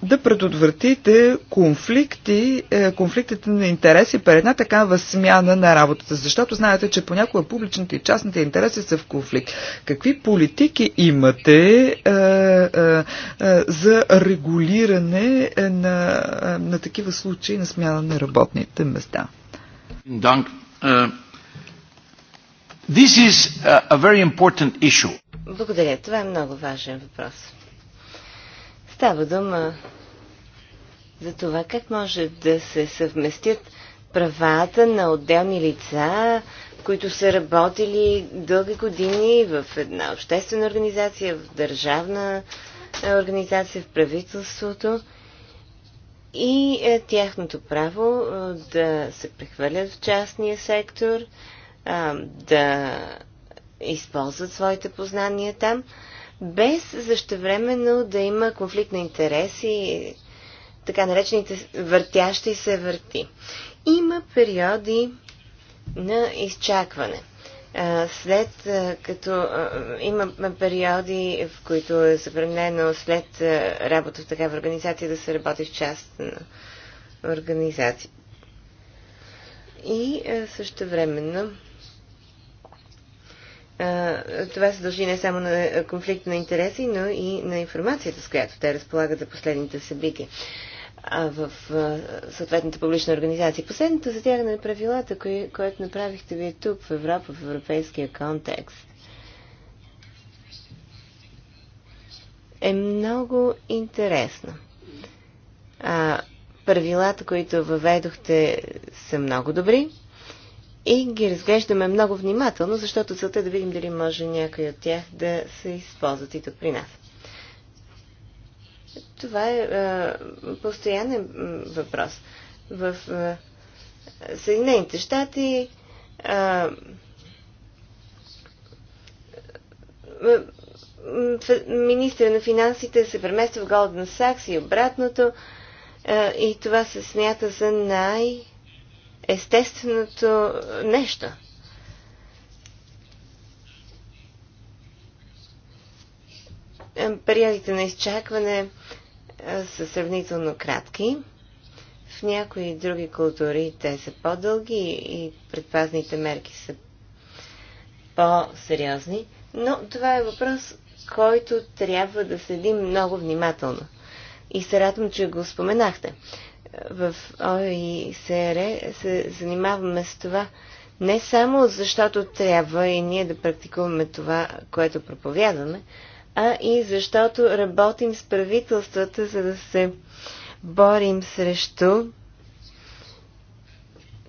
да предотвратите конфликти, е, конфликтите на интереси пред една такава смяна на работата? Защото знаете, че понякога публичните и частните интереси са в конфликт. Какви политики имате а, а, а, за регулиране е, на, а, е, на такива случаи на смяна на работните места? This is a very important issue. Благодаря. Това е много важен въпрос. Става дума за това как може да се съвместят правата на отделни лица, които са работили дълги години в една обществена организация, в държавна е, организация, в правителството и е, тяхното право е, да се прехвърлят в частния сектор, е, да използват своите познания там, без същевременно да има конфликт на интереси, така наречените въртящи се върти. Има периоди на изчакване. След като има периоди, в които е забранено след работа в такава организация да се работи в част на организация. И също времено това се дължи не само на конфликт на интереси, но и на информацията, с която те разполагат за последните събития в съответната публична организация. Последното затягане на правилата, което направихте вие тук в Европа, в европейския контекст, е много интересно. А, правилата, които въведохте, са много добри и ги разглеждаме много внимателно, защото целта е да видим дали може някой от тях да се използват и тук при нас. Това е, е постоянен въпрос. В е, Съединените щати е, министър на финансите се премества в Голден Сакс и обратното. Е, и това се смята за най- естественото нещо. Периодите на изчакване са сравнително кратки. В някои други култури те са по-дълги и предпазните мерки са по-сериозни, но това е въпрос, който трябва да следим много внимателно. И се радвам, че го споменахте в ОИСР е се занимаваме с това не само защото трябва и ние да практикуваме това, което проповядваме, а и защото работим с правителствата, за да се борим срещу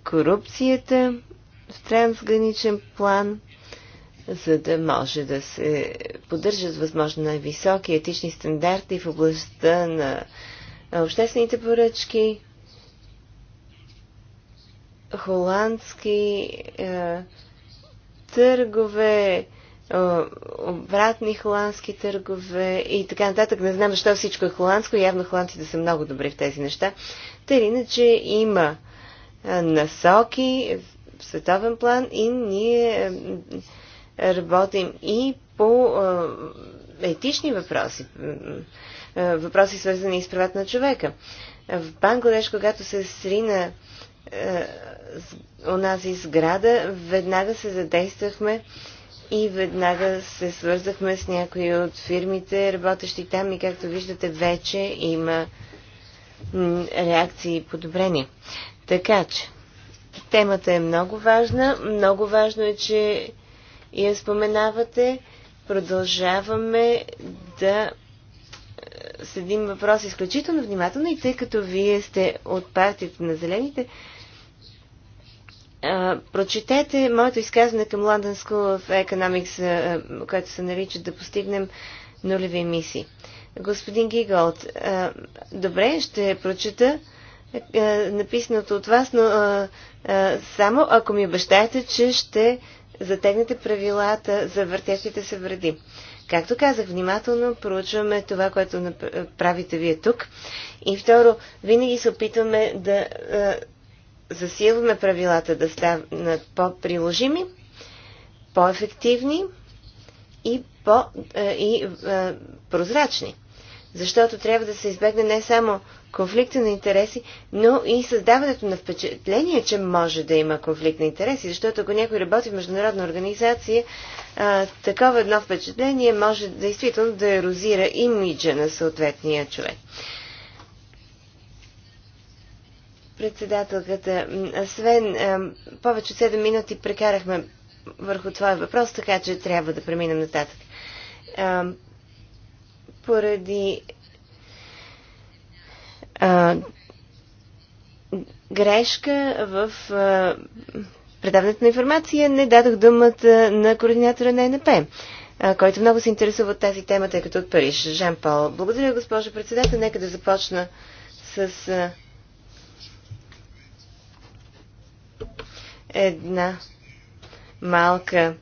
корупцията в трансграничен план, за да може да се поддържат възможно най-високи етични стандарти в областта на обществените поръчки, холандски е, търгове, е, обратни холандски търгове и така нататък. Не знам защо всичко е холандско. Явно холандците са много добри в тези неща. Та иначе има е, насоки в световен план и ние е, работим и по е, етични въпроси е, въпроси, свързани с правата на човека. В Бангладеш, когато се срина е, онази сграда, веднага се задействахме и веднага се свързахме с някои от фирмите, работещи там и както виждате вече има реакции и подобрения. Така че, темата е много важна. Много важно е, че я споменавате. Продължаваме да с един въпрос изключително внимателно и тъй като вие сте от партията на зелените, а, прочетете моето изказване към London School of Economics, а, което се нарича да постигнем нулеви емисии. Господин Гиголд, а, добре, ще прочета а, написаното от вас, но а, а, само ако ми обещаете, че ще затегнете правилата за въртящите се вреди. Както казах, внимателно проучваме това, което е, правите вие тук. И второ, винаги се опитваме да е, засилваме правилата да станат по-приложими, по-ефективни и, по, е, и прозрачни. Защото трябва да се избегне не само конфликта на интереси, но и създаването на впечатление, че може да има конфликт на интереси. Защото ако някой работи в международна организация, а, такова едно впечатление може действително да ерозира имиджа на съответния човек. Председателката, Свен, а, повече от 7 минути прекарахме върху твоя въпрос, така че трябва да преминем нататък поради а, грешка в а, предаването на информация не дадох думата на координатора на НП, а, който много се интересува от тази тема, тъй като от Париж. Жан Пол. Благодаря, госпожо председател. Нека да започна с а, една малка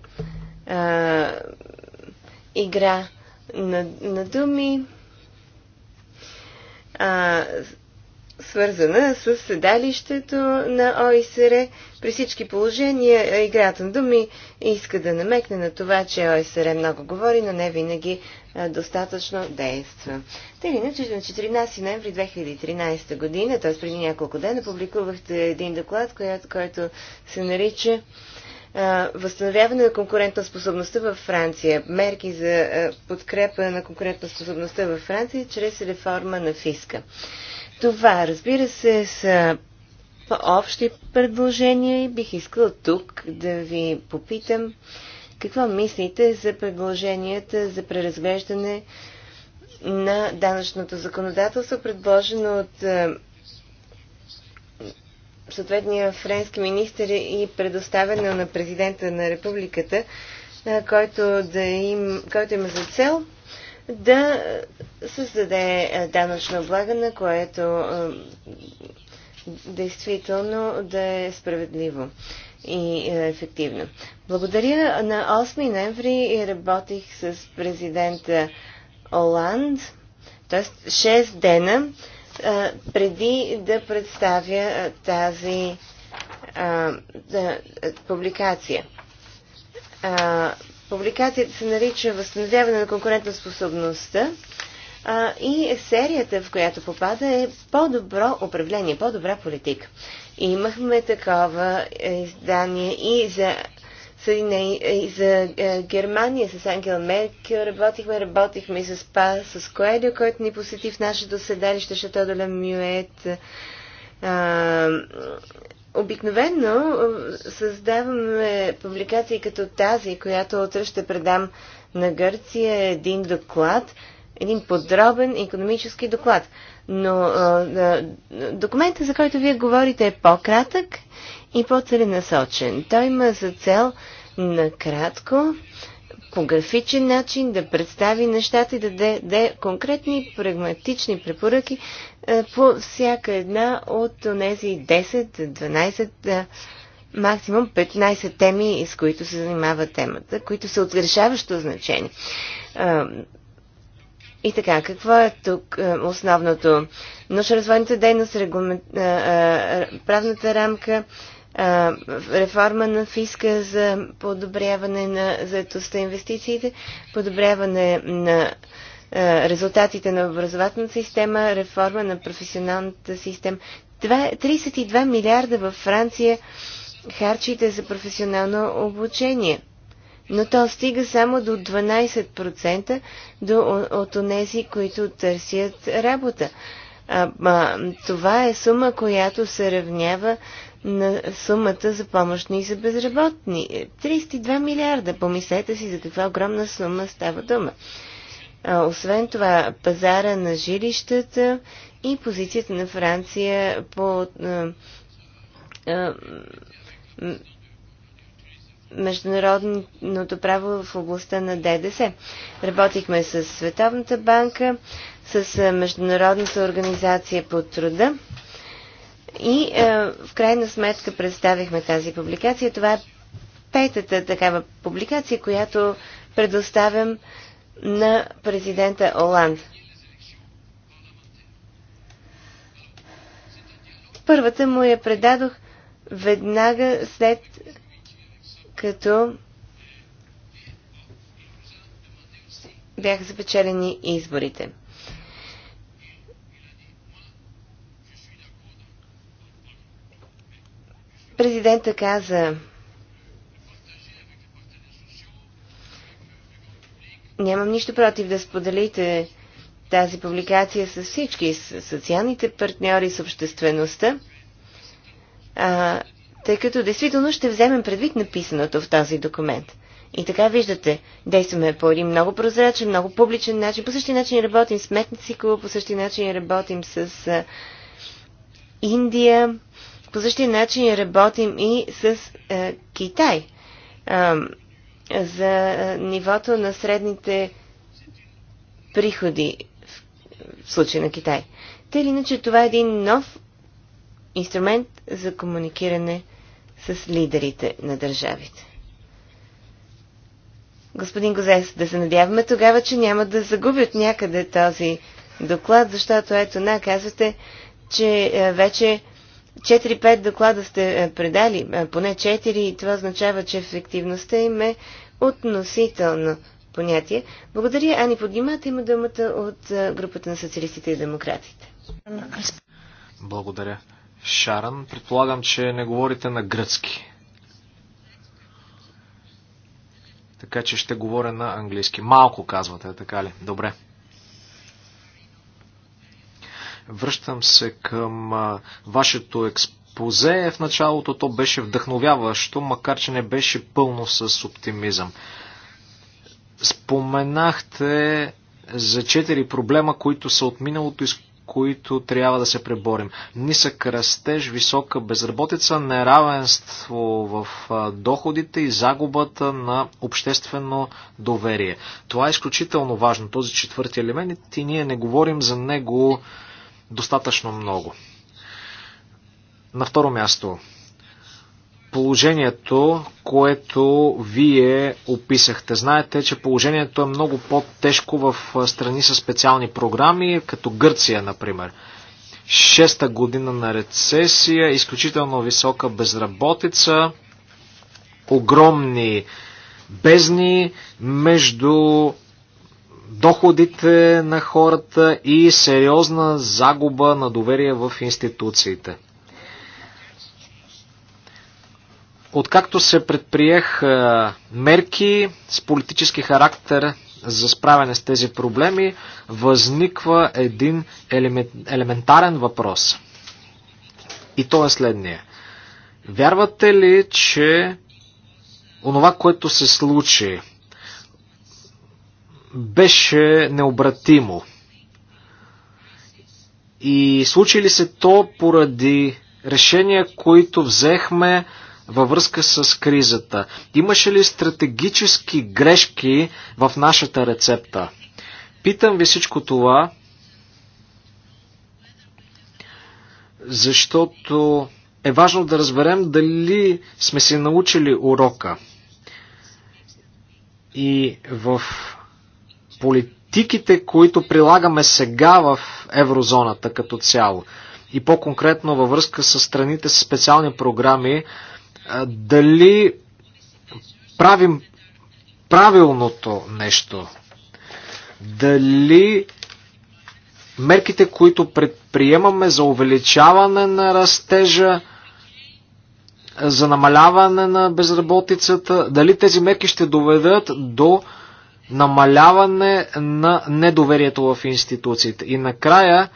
а, игра на, на думи, а, свързана с седалището на ОИСР. При всички положения играта на думи иска да намекне на това, че ОИСР много говори, но не винаги достатъчно действа. Те ли, иначе на 14 ноември 2013 година, т.е. преди няколко дена, публикувахте един доклад, който се нарича възстановяване на конкурентна способността във Франция, мерки за подкрепа на конкурентна способността във Франция чрез реформа на фиска. Това, разбира се, са общи предложения и бих искала тук да ви попитам какво мислите за предложенията за преразглеждане на данъчното законодателство, предложено от съответния френски министр и предоставена на президента на републиката, който, да им, който има за цел да създаде данъчно облагане, което действително да е справедливо и ефективно. Благодаря. На 8 ноември работих с президента Оланд, т.е. 6 дена преди да представя тази публикация. Публикацията се нарича Възстановяване на конкурентоспособността и серията, в която попада е по-добро управление, по-добра политика. Имахме такова е, издание и за Съедине е, и за е, Германия с Ангел Меркел работихме, работихме и с Па, с Коелио, който ни посети в нашето седалище Шато де Мюет. Е, обикновено създаваме публикации като тази, която утре ще предам на Гърция, един доклад, един подробен економически доклад. Но а, документа, за който вие говорите, е по-кратък и по-целенасочен. Той има за цел накратко, по графичен начин да представи нещата и да даде конкретни прагматични препоръки е, по всяка една от тези 10, 12, максимум 15 теми, с които се занимава темата, които са от решаващо значение. Е, и така, какво е тук е, основното? Научно-развойната дейност, регламент, правната рамка, реформа на фиска за подобряване на заедостта инвестициите, подобряване на резултатите на образователната система, реформа на професионалната система. 32 милиарда във Франция харчите за професионално обучение. Но то стига само до 12% до, от тези, които търсят работа. А, а, това е сума, която се равнява на сумата за помощни и за безработни. 32 милиарда. Помислете си за каква огромна сума става дума. Освен това, пазара на жилищата и позицията на Франция по международното право в областта на ДДС. Работихме с Световната банка, с Международната организация по труда и е, в крайна сметка представихме тази публикация. Това е петата такава публикация, която предоставям на президента Оланд. Първата му я предадох веднага след като бяха запечелени изборите. Президента каза, нямам нищо против да споделите тази публикация с всички, с социалните партньори, с обществеността, а, тъй като действително ще вземем предвид написаното в този документ. И така виждате, действаме по един много прозрачен, много публичен начин. По същия начин работим с Метници клуб, по същия начин работим с а, Индия, по същия начин работим и с е, Китай е, за е, нивото на средните приходи в, в случай на Китай. Те или иначе това е един нов инструмент за комуникиране с лидерите на държавите. Господин Гозес, да се надяваме тогава, че няма да загубят някъде този доклад, защото ето на, казвате, че е, вече 4-5 доклада сте е, предали, е, поне 4, и това означава, че ефективността им е относително понятие. Благодаря, Ани Подгимата има думата от е, групата на социалистите и демократите. Благодаря. Шаран, предполагам, че не говорите на гръцки. Така че ще говоря на английски. Малко казвате, така ли? Добре. Връщам се към вашето експозе. В началото то беше вдъхновяващо, макар че не беше пълно с оптимизъм. Споменахте за четири проблема, които са от миналото и с които трябва да се преборим. Нисък растеж, висока безработица, неравенство в доходите и загубата на обществено доверие. Това е изключително важно, този четвърти елемент и ние не говорим за него достатъчно много. На второ място, положението, което вие описахте. Знаете, че положението е много по-тежко в страни с специални програми, като Гърция, например. Шеста година на рецесия, изключително висока безработица, огромни бездни между доходите на хората и сериозна загуба на доверие в институциите. Откакто се предприех мерки с политически характер за справяне с тези проблеми, възниква един елементарен въпрос. И то е следния. Вярвате ли, че онова, което се случи беше необратимо. И случи ли се то поради решения, които взехме във връзка с кризата? Имаше ли стратегически грешки в нашата рецепта? Питам ви всичко това, защото е важно да разберем дали сме си научили урока. И в политиките, които прилагаме сега в еврозоната като цяло и по-конкретно във връзка с страните с специални програми, дали правим правилното нещо? Дали мерките, които предприемаме за увеличаване на растежа, за намаляване на безработицата, дали тези мерки ще доведат до намаляване на недоверието в институциите. И накрая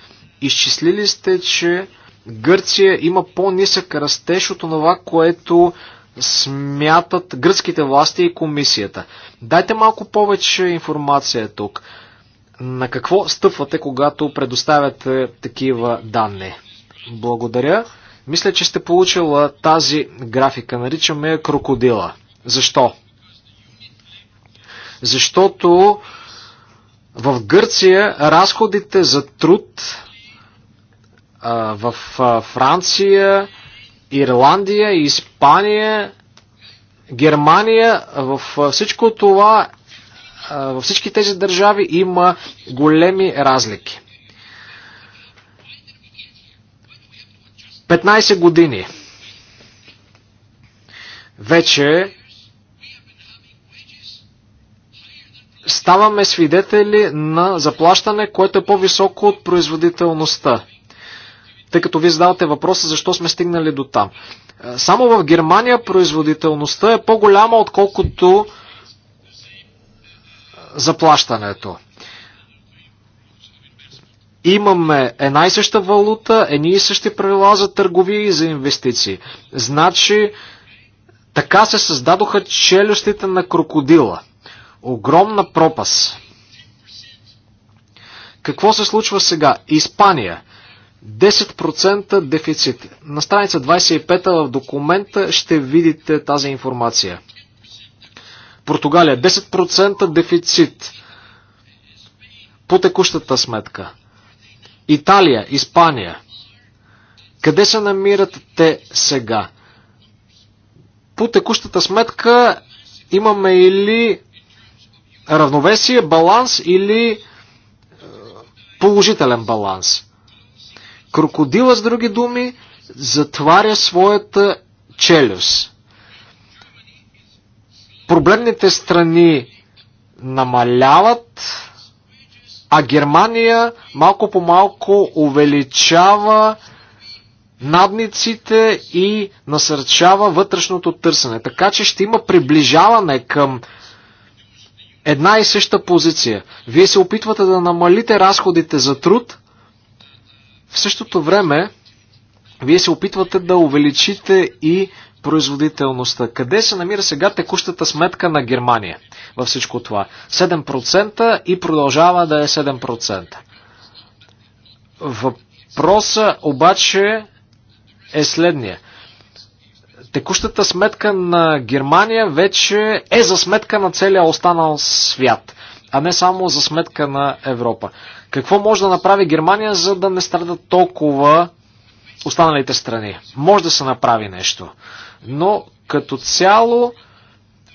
изчислили сте, че Гърция има по-нисък растеж от това, което смятат гръцките власти и комисията. Дайте малко повече информация тук. На какво стъпвате, когато предоставяте такива данни? Благодаря. Мисля, че сте получила тази графика. Наричаме крокодила. Защо? Защото в Гърция разходите за труд в Франция, Ирландия, Испания, Германия, в всичко това, във всички тези държави има големи разлики. 15 години вече ставаме свидетели на заплащане, което е по-високо от производителността. Тъй като ви задавате въпроса защо сме стигнали до там. Е, само в Германия производителността е по-голяма, отколкото е, заплащането. Имаме една и съща валута, едни и същи правила за търговия и за инвестиции. Значи, така се създадоха челюстите на крокодила – Огромна пропас. Какво се случва сега? Испания. 10% дефицит. На страница 25 в документа ще видите тази информация. Португалия. 10% дефицит по текущата сметка. Италия, Испания. Къде се намират те сега? По текущата сметка имаме или равновесие, баланс или е, положителен баланс. Крокодила, с други думи, затваря своята челюст. Проблемните страни намаляват, а Германия малко по малко увеличава надниците и насърчава вътрешното търсене. Така че ще има приближаване към една и съща позиция. Вие се опитвате да намалите разходите за труд, в същото време вие се опитвате да увеличите и производителността. Къде се намира сега текущата сметка на Германия във всичко това? 7% и продължава да е 7%. Въпросът обаче е следния текущата сметка на Германия вече е за сметка на целия останал свят, а не само за сметка на Европа. Какво може да направи Германия, за да не страдат толкова останалите страни? Може да се направи нещо, но като цяло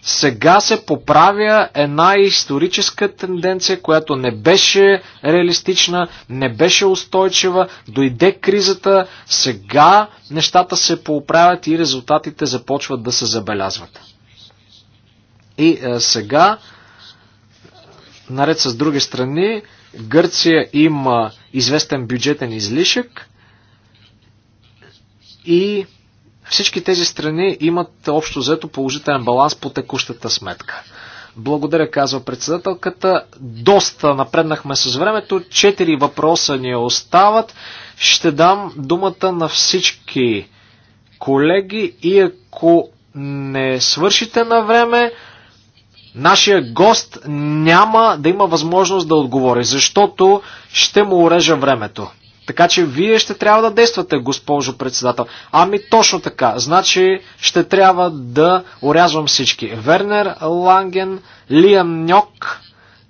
сега се поправя една историческа тенденция, която не беше реалистична, не беше устойчива, дойде кризата, сега нещата се поправят и резултатите започват да се забелязват. И е, сега, наред с други страни, Гърция има известен бюджетен излишък и всички тези страни имат общо взето положителен баланс по текущата сметка. Благодаря, казва председателката. Доста напреднахме с времето. Четири въпроса ни остават. Ще дам думата на всички колеги и ако не свършите на време, нашия гост няма да има възможност да отговори, защото ще му урежа времето. Така че вие ще трябва да действате, госпожо председател. Ами точно така. Значи ще трябва да урязвам всички. Вернер Ланген, Лиан Ньок,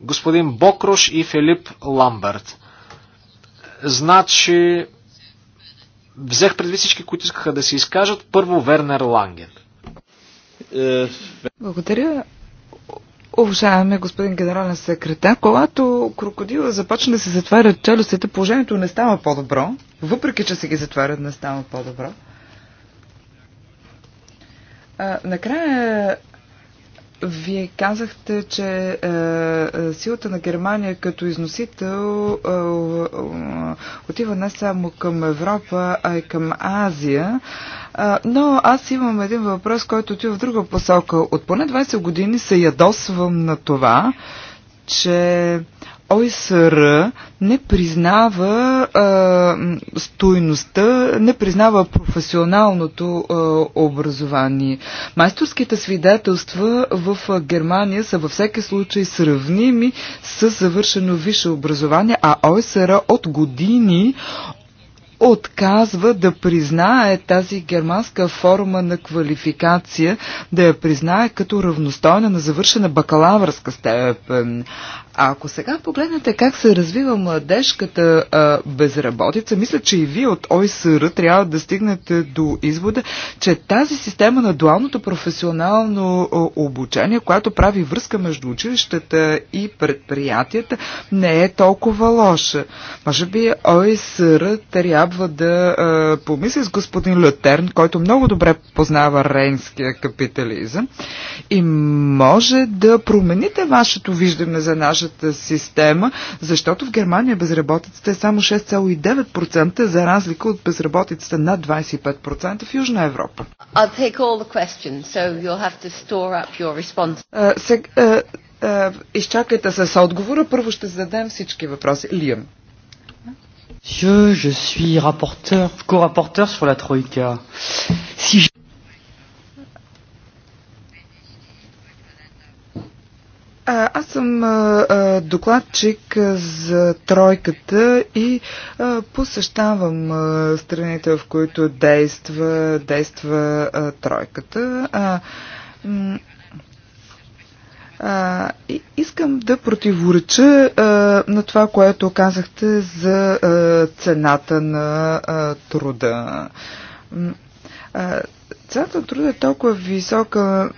господин Бокрош и Филип Ламберт. Значи взех предвид всички, които искаха да се изкажат. Първо Вернер Ланген. Е, Благодаря. Уважаеми господин генерален секретар, когато крокодила започне да се затварят челюстите, положението не става по-добро. Въпреки, че се ги затварят, не става по-добро. накрая вие казахте, че е, е, силата на Германия като износител е, е, отива не само към Европа, а и към Азия но аз имам един въпрос, който отива в друга посока. От поне 20 години се ядосвам на това, че ОИСР не признава а, стойността, не признава професионалното а, образование. Майсторските свидетелства в Германия са във всеки случай сравними с завършено висше образование, а ОИСР от години отказва да признае тази германска форма на квалификация, да я признае като равностойна на завършена бакалавърска степен. А ако сега погледнете как се развива младежката а, безработица, мисля, че и вие от ОИСР трябва да стигнете до извода, че тази система на дуалното професионално обучение, която прави връзка между училищата и предприятията, не е толкова лоша. Може би ОИСР трябва да а, помисли с господин Лютерн, който много добре познава рейнския капитализъм и може да промените вашето виждане за нашата нашата система, защото в Германия безработицата е само 6,9% за разлика от безработицата над 25% в Южна Европа. изчакайте с отговора. Първо ще зададем всички въпроси. Лиам. Monsieur, je suis rapporteur, co-rapporteur sur la Troïka. Si je... Аз съм докладчик за тройката и посещавам страните, в които действа, действа тройката. А, искам да противореча а, на това, което казахте за а, цената на а, труда. А, цената на труда е толкова висока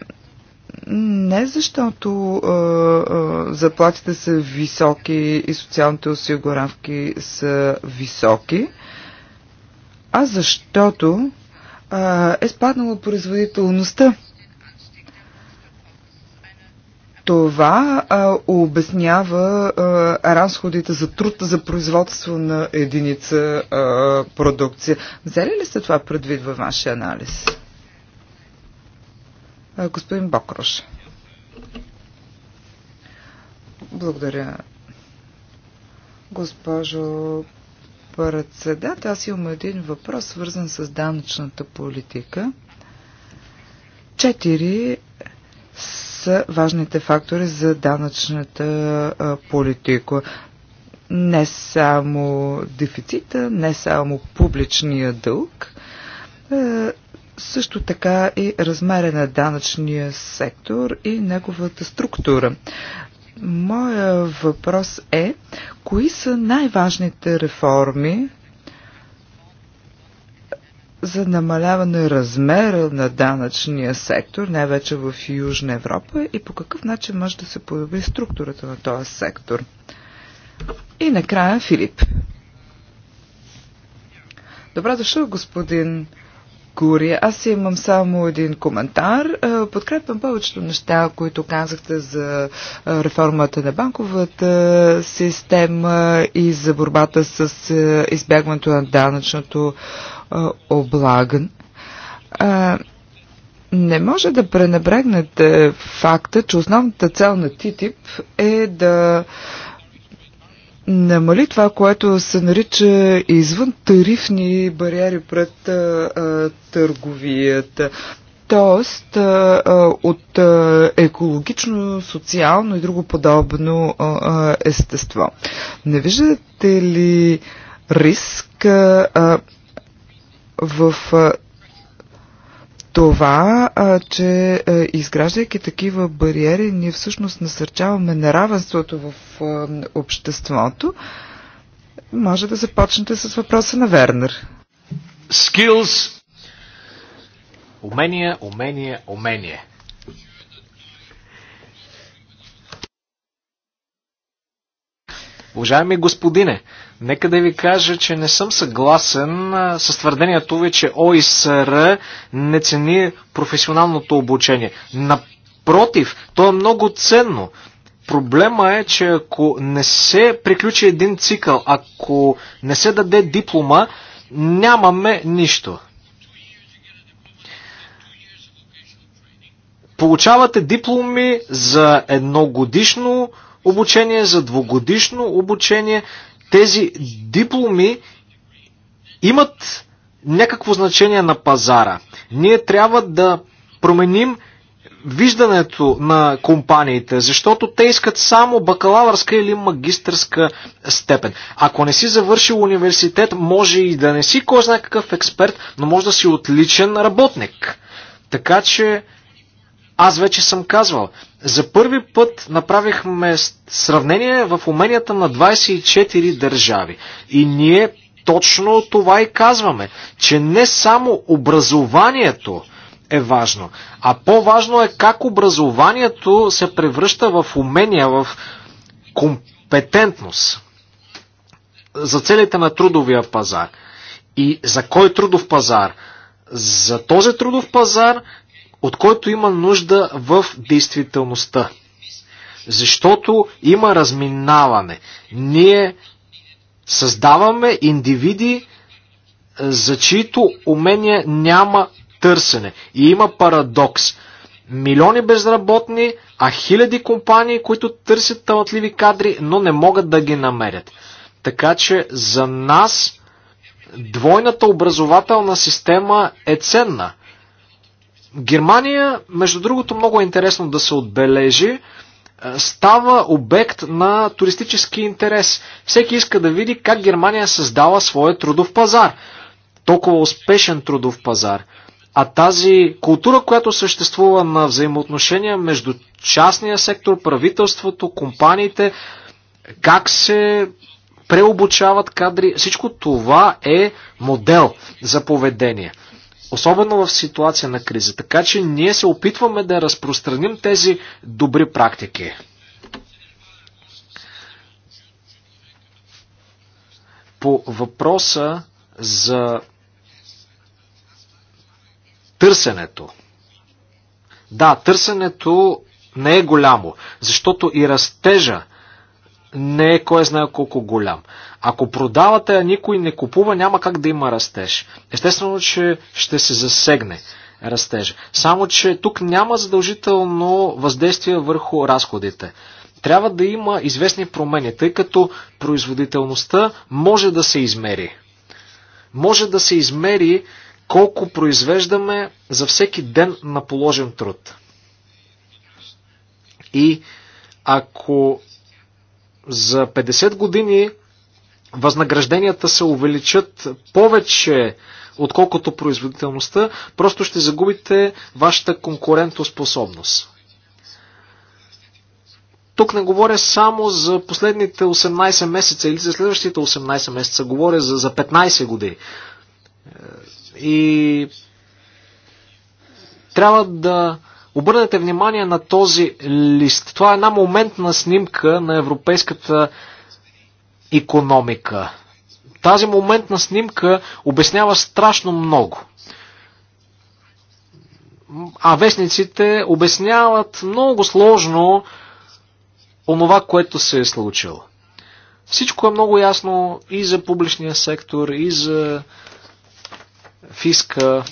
не защото а, а, заплатите са високи и социалните осигуравки са високи, а защото а, е спаднала производителността. Това а, обяснява а, разходите за труд за производство на единица а, продукция. Взели ли сте това предвид във вашия анализ? Господин Бокрош. Благодаря. Госпожо председател, аз имам един въпрос, свързан с данъчната политика. Четири са важните фактори за данъчната политика. Не само дефицита, не само публичния дълг, също така и размера на данъчния сектор и неговата структура. Моя въпрос е, кои са най-важните реформи за намаляване размера на данъчния сектор, най-вече в Южна Европа и по какъв начин може да се подобри структурата на този сектор? И накрая Филип. Добре дошъл, господин Гурия. Аз имам само един коментар. Е, подкрепям повечето неща, които казахте за е, реформата на банковата система и за борбата с е, избягването на данъчното облаган. Не може да пренебрегнете факта, че основната цел на ТИТИП е да намали това, което се нарича извън тарифни бариери пред а, а, търговията. Тоест, а, а, от а, екологично, социално и друго подобно а, а, естество. Не виждате ли риск а, в а, това, а, че а, изграждайки такива бариери, ние всъщност насърчаваме неравенството в а, обществото. Може да започнете с въпроса на Вернер. Skills. Умения, умения, умения. Уважаеми господине, Нека да ви кажа, че не съм съгласен с твърдението ви, че ОИСР не цени професионалното обучение. Напротив, то е много ценно. Проблема е, че ако не се приключи един цикъл, ако не се даде диплома, нямаме нищо. Получавате дипломи за едногодишно обучение, за двогодишно обучение. Тези дипломи имат някакво значение на пазара. Ние трябва да променим виждането на компаниите, защото те искат само бакалавърска или магистърска степен. Ако не си завършил университет, може и да не си кой знае какъв експерт, но може да си отличен работник. Така че аз вече съм казвал, за първи път направихме сравнение в уменията на 24 държави. И ние точно това и казваме, че не само образованието е важно, а по-важно е как образованието се превръща в умения, в компетентност за целите на трудовия пазар. И за кой трудов пазар? За този трудов пазар, от който има нужда в действителността. Защото има разминаване. Ние създаваме индивиди, е, за чието умения няма търсене. И има парадокс. Милиони безработни, а хиляди компании, които търсят талантливи кадри, но не могат да ги намерят. Така че за нас двойната образователна система е ценна. Германия, между другото, много е интересно да се отбележи, е, става обект на туристически интерес. Всеки иска да види как Германия е създава своя трудов пазар. Толкова успешен трудов пазар. А тази култура, която съществува на взаимоотношения между частния сектор, правителството, компаниите, как се преобучават кадри, всичко това е модел за поведение особено в ситуация на криза. Така че ние се опитваме да разпространим тези добри практики. По въпроса за търсенето. Да, търсенето не е голямо, защото и растежа не е кой знае колко голям. Ако продавате, а никой не купува, няма как да има растеж. Естествено, че ще се засегне растежа. Само, че тук няма задължително въздействие върху разходите. Трябва да има известни промени, тъй като производителността може да се измери. Може да се измери колко произвеждаме за всеки ден на положен труд. И ако за 50 години възнагражденията се увеличат повече, отколкото производителността, просто ще загубите вашата конкурентоспособност. Тук не говоря само за последните 18 месеца или за следващите 18 месеца, говоря за, за 15 години. И трябва да обърнете внимание на този лист. Това е една моментна снимка на европейската економика. Тази моментна снимка обяснява страшно много. А вестниците обясняват много сложно онова, което се е случило. Всичко е много ясно и за публичния сектор, и за фиска.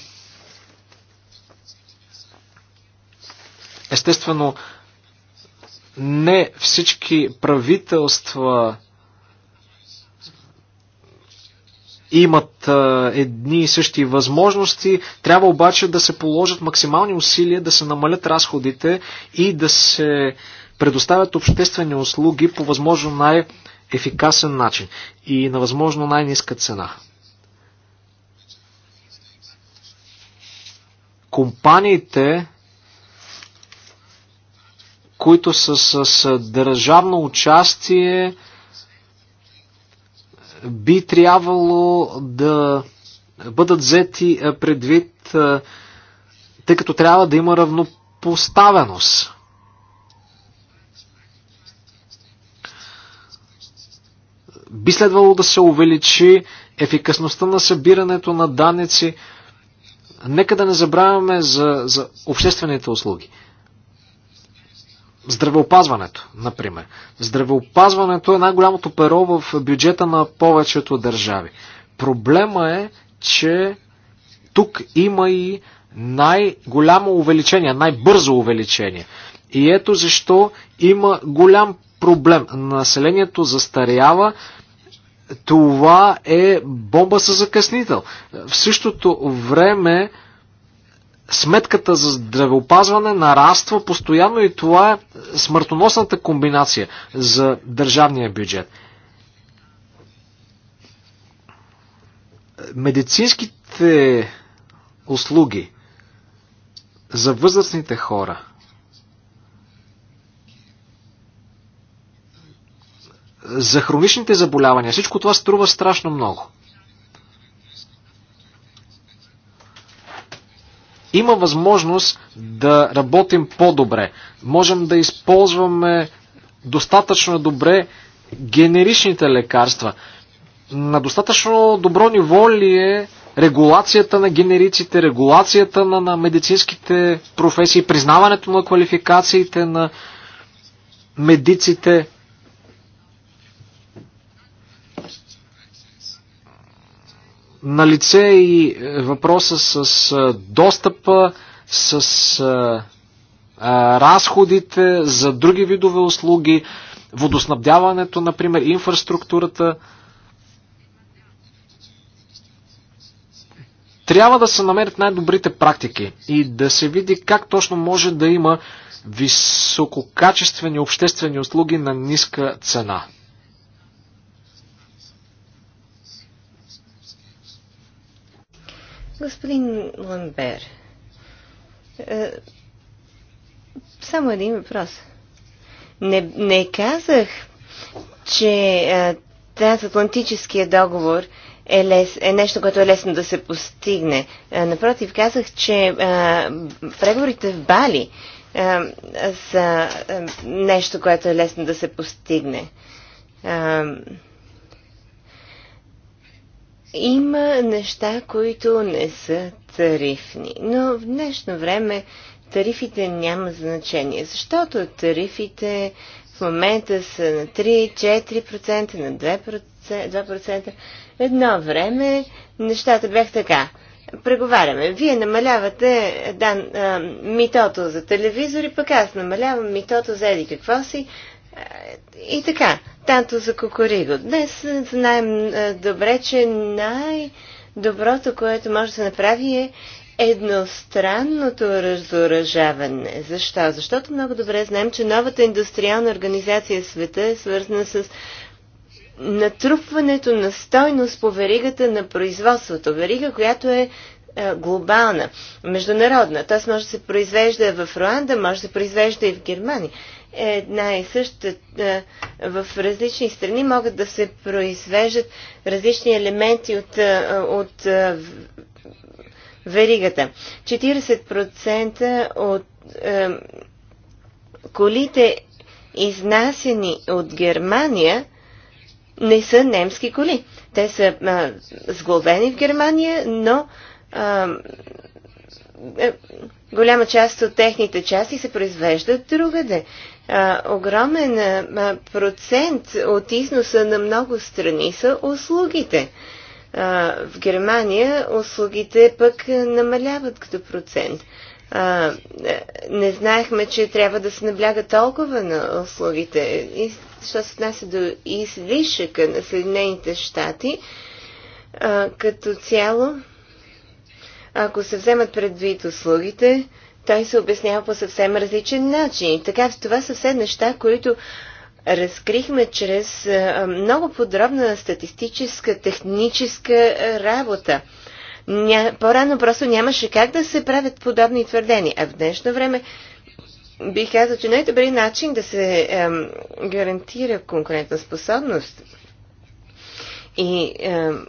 Естествено, не всички правителства имат едни и същи възможности. Трябва обаче да се положат максимални усилия да се намалят разходите и да се предоставят обществени услуги по възможно най-ефикасен начин и на възможно най-низка цена. Компаниите, които са с, с държавно участие, би трябвало да бъдат взети е, предвид, е, тъй като трябва да има равнопоставеност. Би следвало да се увеличи ефикасността на събирането на данници. Нека да не забравяме за, за обществените услуги. Здравеопазването, например. Здравеопазването е най-голямото перо в бюджета на повечето държави. Проблема е, че тук има и най-голямо увеличение, най-бързо увеличение. И ето защо има голям проблем. Населението застарява. Това е бомба със закъснител. В същото време сметката за здравеопазване нараства постоянно и това е смъртоносната комбинация за държавния бюджет. Медицинските услуги за възрастните хора за хроничните заболявания, всичко това струва страшно много. Има възможност да работим по-добре. Можем да използваме достатъчно добре генеричните лекарства. На достатъчно добро ниво ли е регулацията на генериците, регулацията на, на медицинските професии, признаването на квалификациите на медиците? На лице и е, въпроса с е, достъпа, с е, разходите за други видове услуги, водоснабдяването, например, инфраструктурата. Трябва да се намерят най-добрите практики и да се види как точно може да има висококачествени обществени услуги на ниска цена. Господин Ламбер, е, само един въпрос. Не, не казах, че е, трансатлантическия договор е, лес, е нещо, което е лесно да се постигне. Е, напротив, казах, че е, преговорите в Бали е, са е, нещо, което е лесно да се постигне. Е, има неща, които не са тарифни, но в днешно време тарифите няма значение, защото тарифите в момента са на 3-4%, на 2%, 2%. Едно време нещата бях така. Преговаряме. Вие намалявате да, митото за телевизори, пък аз намалявам митото за еди какво си, и така, танто за кукуриго. Днес знаем е, добре, че най-доброто, което може да се направи е едностранното разоръжаване. Защо? Защото много добре знаем, че новата индустриална организация в света е свързана с натрупването на стойност по веригата на производството. Верига, която е, е глобална, международна. Т.е. може да се произвежда в Руанда, може да се произвежда и в Германия една и съща в различни страни могат да се произвеждат различни елементи от, от веригата. 40% от колите изнасени от Германия не са немски коли. Те са сглобени в Германия, но е, голяма част от техните части се произвеждат другаде а, огромен а, процент от износа на много страни са услугите. А, в Германия услугите пък намаляват като процент. А, е, не знаехме, че трябва да се набляга толкова на услугите. И, що се отнася до излишъка на Съединените щати, като цяло, ако се вземат предвид услугите, той се обяснява по съвсем различен начин. така, това са все неща, които разкрихме чрез много подробна статистическа, техническа работа. Ня... По-рано просто нямаше как да се правят подобни твърдения. А в днешно време бих казал, че най-добрият начин да се ем, гарантира конкурентна способност и ем,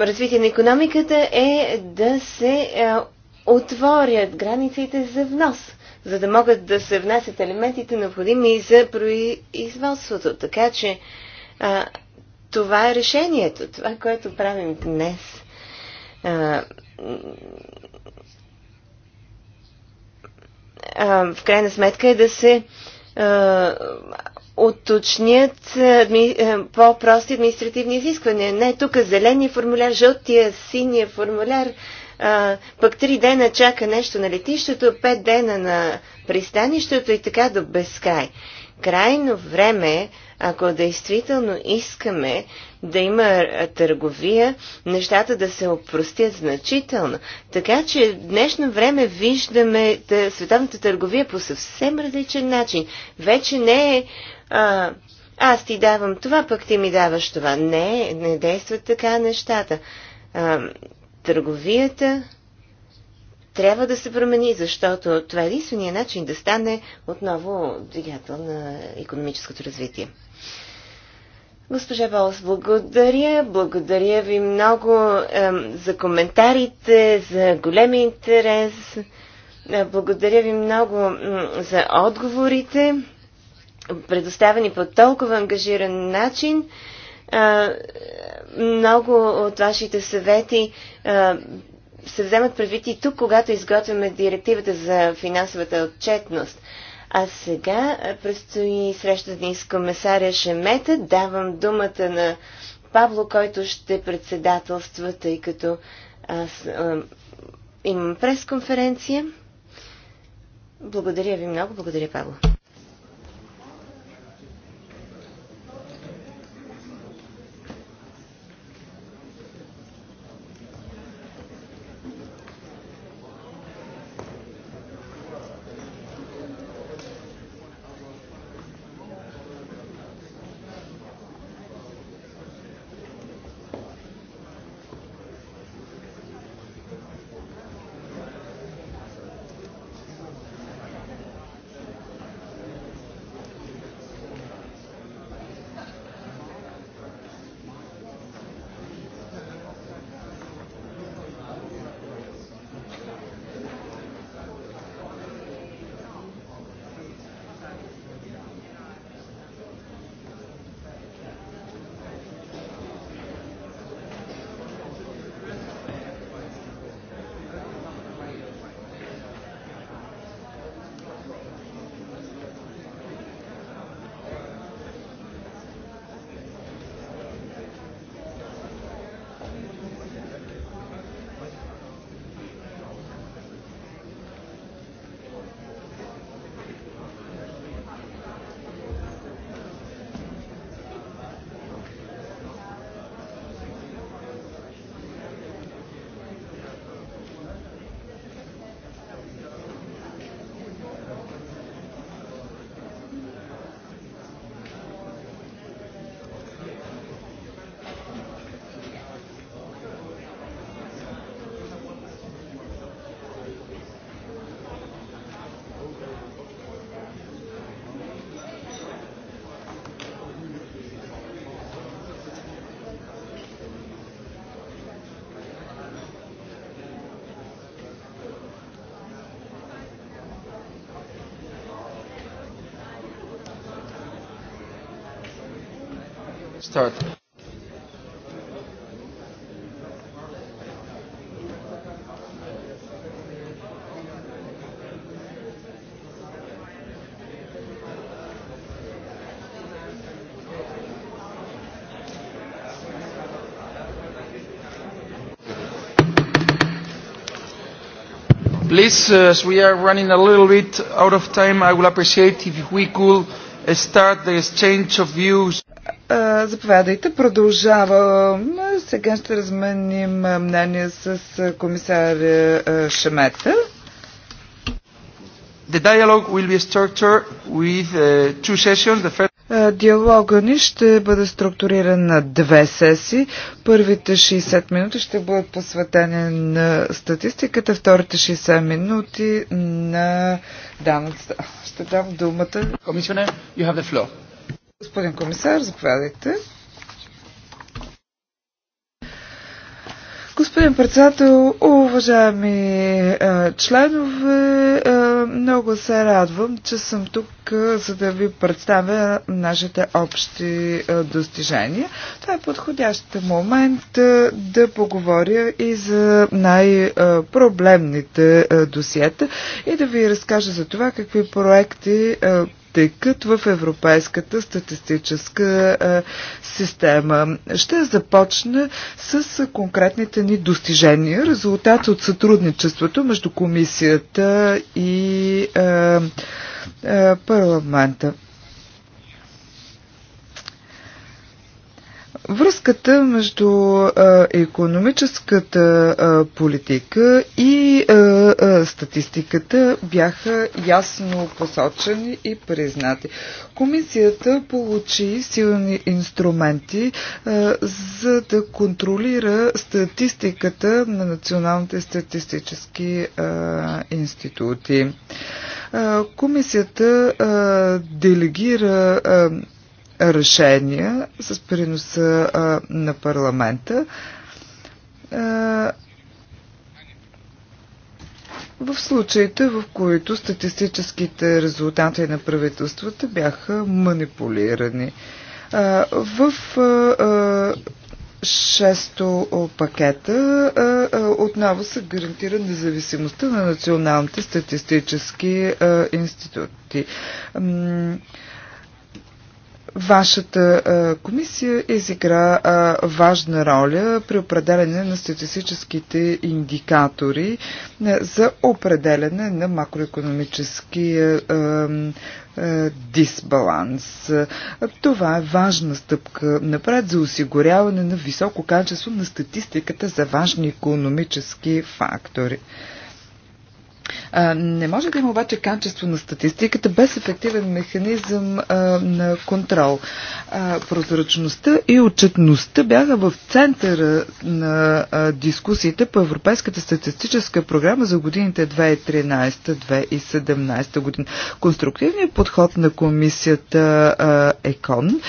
развитие на економиката е да се е, отворят границите за внос, за да могат да се внасят елементите необходими и за производството. Така че е, това е решението, това, което правим днес. Е, е, в крайна сметка е да се е, уточнят е, адми... Е, по-прости административни изисквания. Не, тук е зеления формуляр, жълтия, синия формуляр, а, пък три дена чака нещо на летището, пет дена на пристанището и така до безкай крайно време, ако действително искаме да има търговия, нещата да се опростят значително. Така че в днешно време виждаме да световната търговия по съвсем различен начин. Вече не е а, аз ти давам това, пък ти ми даваш това. Не, не действат така нещата. А, търговията трябва да се промени, защото това е единствения начин да стане отново двигател на економическото развитие. Госпожа Болс, благодаря. Благодаря ви много е, за коментарите, за големи интерес. Е, благодаря ви много за отговорите, предоставени по толкова ангажиран начин. Е, много от вашите съвети е, се вземат предвид и тук, когато изготвяме директивата за финансовата отчетност. А сега предстои среща ни с комисаря Шемета. Давам думата на Павло, който ще председателства, тъй като аз а, имам пресконференция. Благодаря ви много. Благодаря, Павло. start. Please, as we are running a little bit out of time, I would appreciate if we could start the exchange of views. Заповядайте, продължава. Сега ще разменим мнение с комисар е, Шемета. The dialogue will be structured with uh, two sessions. The first... Е, диалога ни ще бъде структуриран на две сесии. Първите 60 минути ще бъдат посветени на статистиката, вторите 60 минути на данъците. Ще дам думата. Комисионер, you have the floor. Господин комисар, заповядайте. Господин председател, уважаеми е, членове, е, много се радвам, че съм тук, е, за да ви представя нашите общи достижения. Това е подходящ момент да поговоря и за най-проблемните досиета и да ви разкажа за това какви проекти текат в Европейската статистическа а, система. Ще започна с конкретните ни достижения, резултат от сътрудничеството между комисията и а, а, парламента. Връзката между економическата политика и статистиката бяха ясно посочени и признати. Комисията получи силни инструменти за да контролира статистиката на националните статистически институти. Комисията делегира решения с приноса на парламента. в случаите, в които статистическите резултати на правителствата бяха манипулирани. в шесто пакета отново се гарантира независимостта на националните статистически институти. Вашата а, е, комисия изигра а, е, важна роля при определене на статистическите индикатори а, е, за определене на макроекономическия а, а, дисбаланс. А, това е важна стъпка напред за осигуряване на високо качество на статистиката за важни економически фактори. Не може да има обаче качество на статистиката без ефективен механизъм на контрол. Прозрачността и отчетността бяха в центъра на дискусиите по Европейската статистическа програма за годините 2013-2017 година. Конструктивният подход на комисията ЕКОН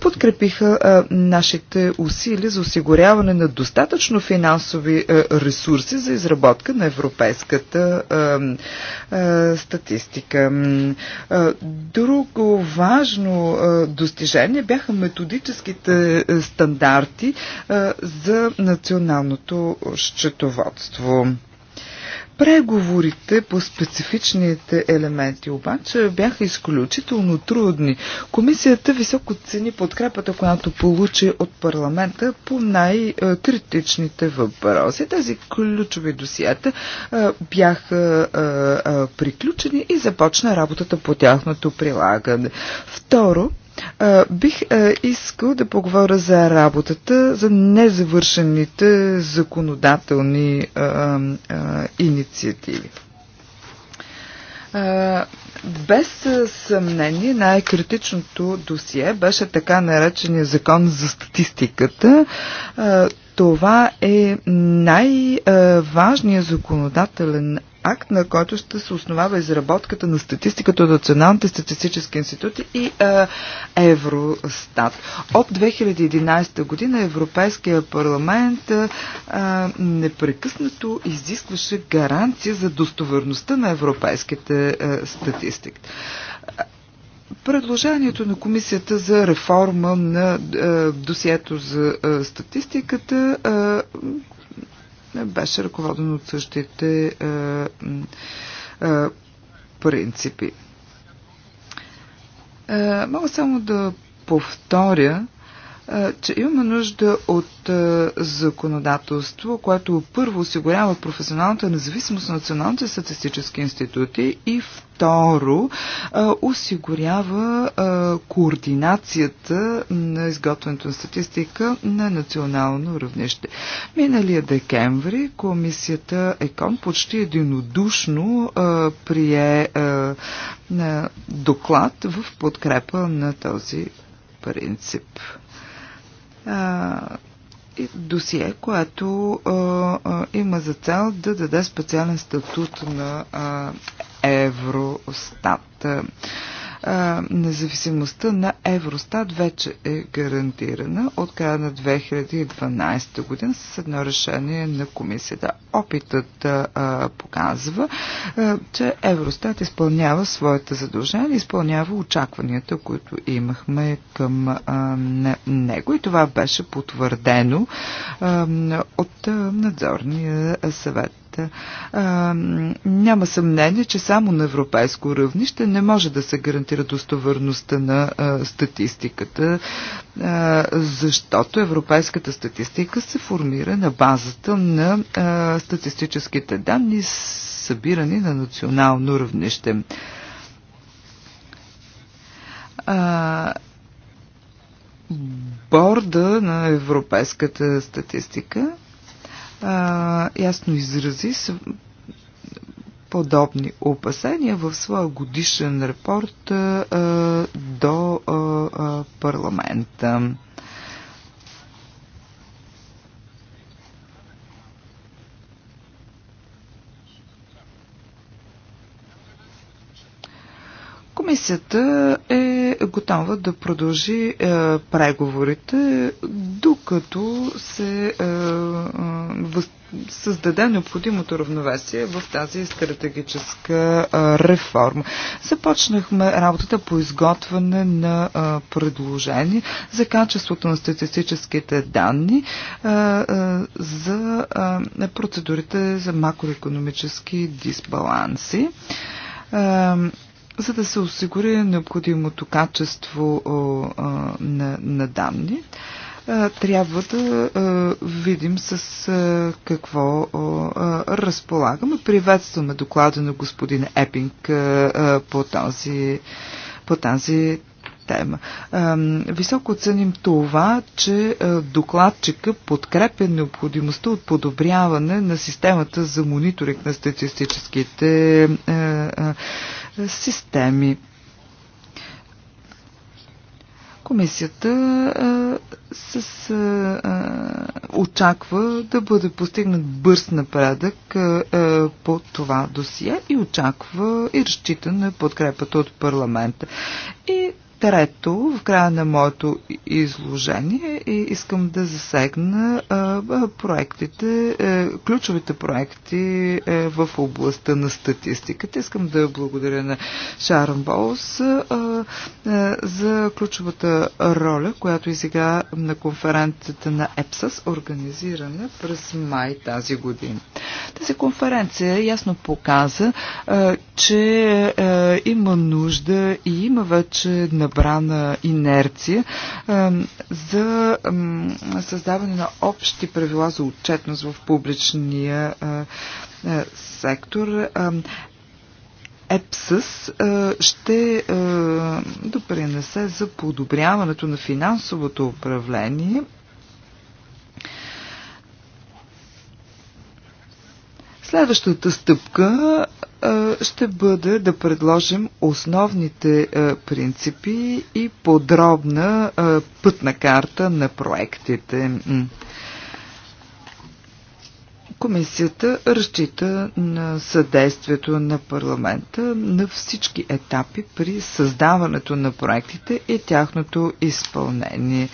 подкрепиха нашите усилия за осигуряване на достатъчно финансови ресурси за изработка на европейската е, е, статистика. Е, друго важно достижение бяха методическите стандарти за националното счетоводство. Преговорите по специфичните елементи обаче бяха изключително трудни. Комисията високо цени подкрепата, която получи от парламента по най-критичните въпроси. Тези ключови досията бяха приключени и започна работата по тяхното прилагане. Второ, Бих искал да поговоря за работата, за незавършените законодателни инициативи. Без съмнение най-критичното досие беше така наречения закон за статистиката. Това е най-важният законодателен акт, на който ще се основава изработката на статистиката от националните статистически институти и а, Евростат. От 2011 година Европейския парламент а, непрекъснато изискваше гаранция за достоверността на европейските а, статистики. Предложението на комисията за реформа на е, досието за е, статистиката е, беше ръководен от същите е, е, принципи. Е, мога само да повторя, че имаме нужда от законодателство, което първо осигурява професионалната независимост на националните статистически институти и второ осигурява координацията на изготвянето на статистика на национално равнище. Миналия декември комисията ЕКОН почти единодушно прие доклад в подкрепа на този принцип досие, което а, а, има за цел да даде специален статут на а, Евростат а, независимостта на Евростат вече е гарантирана от края на 2012 година с едно решение на комисията. Опитът а, показва, а, че Евростат изпълнява своята задължение, изпълнява очакванията, които имахме към а, него и това беше потвърдено а, от а, надзорния съвет съвета. А, няма съмнение, че само на европейско равнище не може да се гарантира достоверността на а, статистиката, а, защото европейската статистика се формира на базата на а, статистическите данни, събирани на национално равнище. А, борда на европейската статистика а, ясно изрази с подобни опасения в своя годишен репорт а, до а, парламента. Комисията е готова да продължи е, преговорите, докато се е, е, въз, създаде необходимото равновесие в тази стратегическа е, реформа. Започнахме работата по изготвяне на е, предложение за качеството на статистическите данни е, е, за е, процедурите за макроекономически дисбаланси. Е, за да се осигури необходимото качество а, на, на данни, а, трябва да а, видим с а, какво а, разполагаме. Приветстваме доклада на господин Епинг а, а, по, тази, по тази тема. Високо ценим това, че докладчика подкрепя необходимостта от подобряване на системата за мониторинг на статистическите системи. Комисията с, а, очаква да бъде постигнат бърз напредък а, а, по това досие и очаква и разчита на подкрепата от парламента. И Трето, в края на моето изложение искам да засегна проектите, е, ключовите проекти е, в областта на статистиката. Искам да благодаря на Шарон Болс за ключовата роля, която изигра на конференцията на ЕПСАС, организирана през май тази година. Тази конференция ясно показа, е, че е, има нужда и има вече набрана инерция е, за създаване на общи правила за отчетност в публичния сектор. ЕПСС ще допринесе за подобряването на финансовото управление Следващата стъпка ще бъде да предложим основните принципи и подробна пътна карта на проектите. Комисията разчита на съдействието на парламента на всички етапи при създаването на проектите и тяхното изпълнение.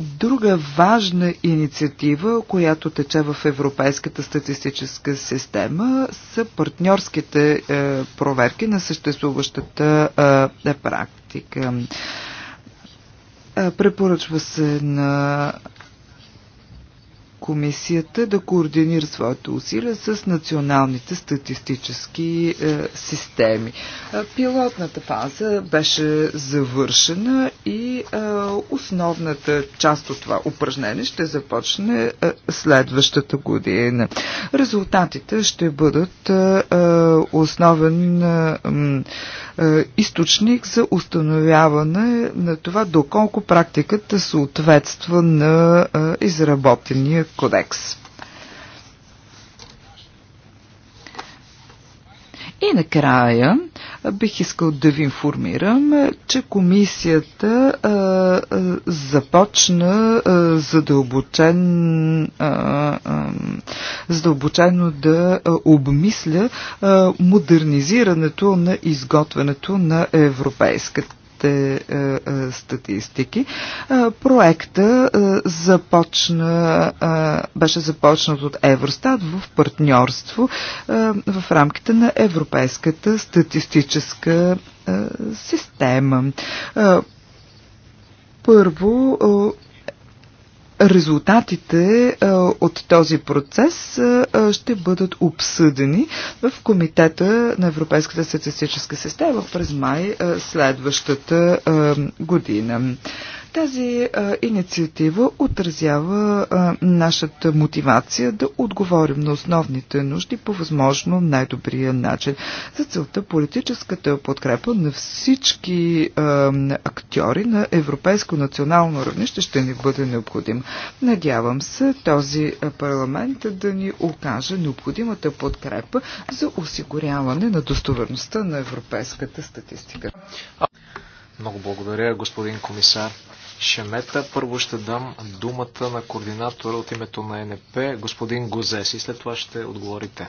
Друга важна инициатива, която тече в Европейската статистическа система, са партньорските е, проверки на съществуващата е, практика. Е, препоръчва се на комисията да координира своите усилия с националните статистически е, системи. Е, пилотната фаза беше завършена и е, основната част от това упражнение ще започне е, следващата година. Резултатите ще бъдат е, е основен е, е, източник за установяване на това доколко практиката съответства на е, изработения кодекс. И накрая Бих искал да ви информирам, е, че комисията а, е, а, е, започна а, задълбочен, а, а, задълбочено да обмисля а, модернизирането на изготвянето на европейската последните е, е, статистики. Е, проекта започна, беше започнат от Евростат в партньорство в рамките на Европейската статистическа система. Първо, Резултатите от този процес ще бъдат обсъдени в Комитета на Европейската статистическа система през май следващата година. Тази а, инициатива отразява а, нашата мотивация да отговорим на основните нужди по възможно най-добрия начин. За целта политическата подкрепа на всички а, актьори на европейско национално равнище ще ни бъде необходим. Надявам се този парламент да ни окаже необходимата подкрепа за осигуряване на достоверността на европейската статистика. Много благодаря, господин комисар. Шемета. Първо ще дам думата на координатора от името на НП, господин Гозес, и след това ще отговорите.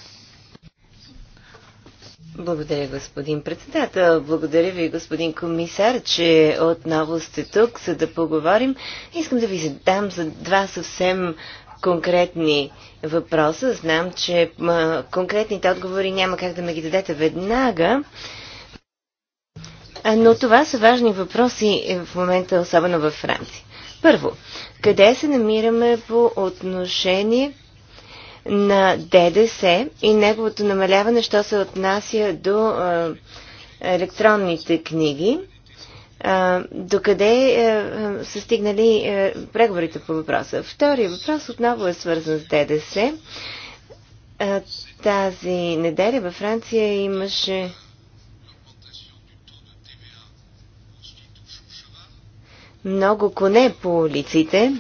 Благодаря, господин председател. Благодаря ви, господин комисар, че отново сте тук, за да поговорим. Искам да ви задам за два съвсем конкретни въпроса. Знам, че конкретните отговори няма как да ме ги дадете веднага. Но това са важни въпроси в момента, особено във Франция. Първо, къде се намираме по отношение на ДДС и неговото намаляване, що се отнася до а, електронните книги? А, къде а, са стигнали а, преговорите по въпроса? Втория въпрос отново е свързан с ДДС. А, тази неделя във Франция имаше много коне по улиците,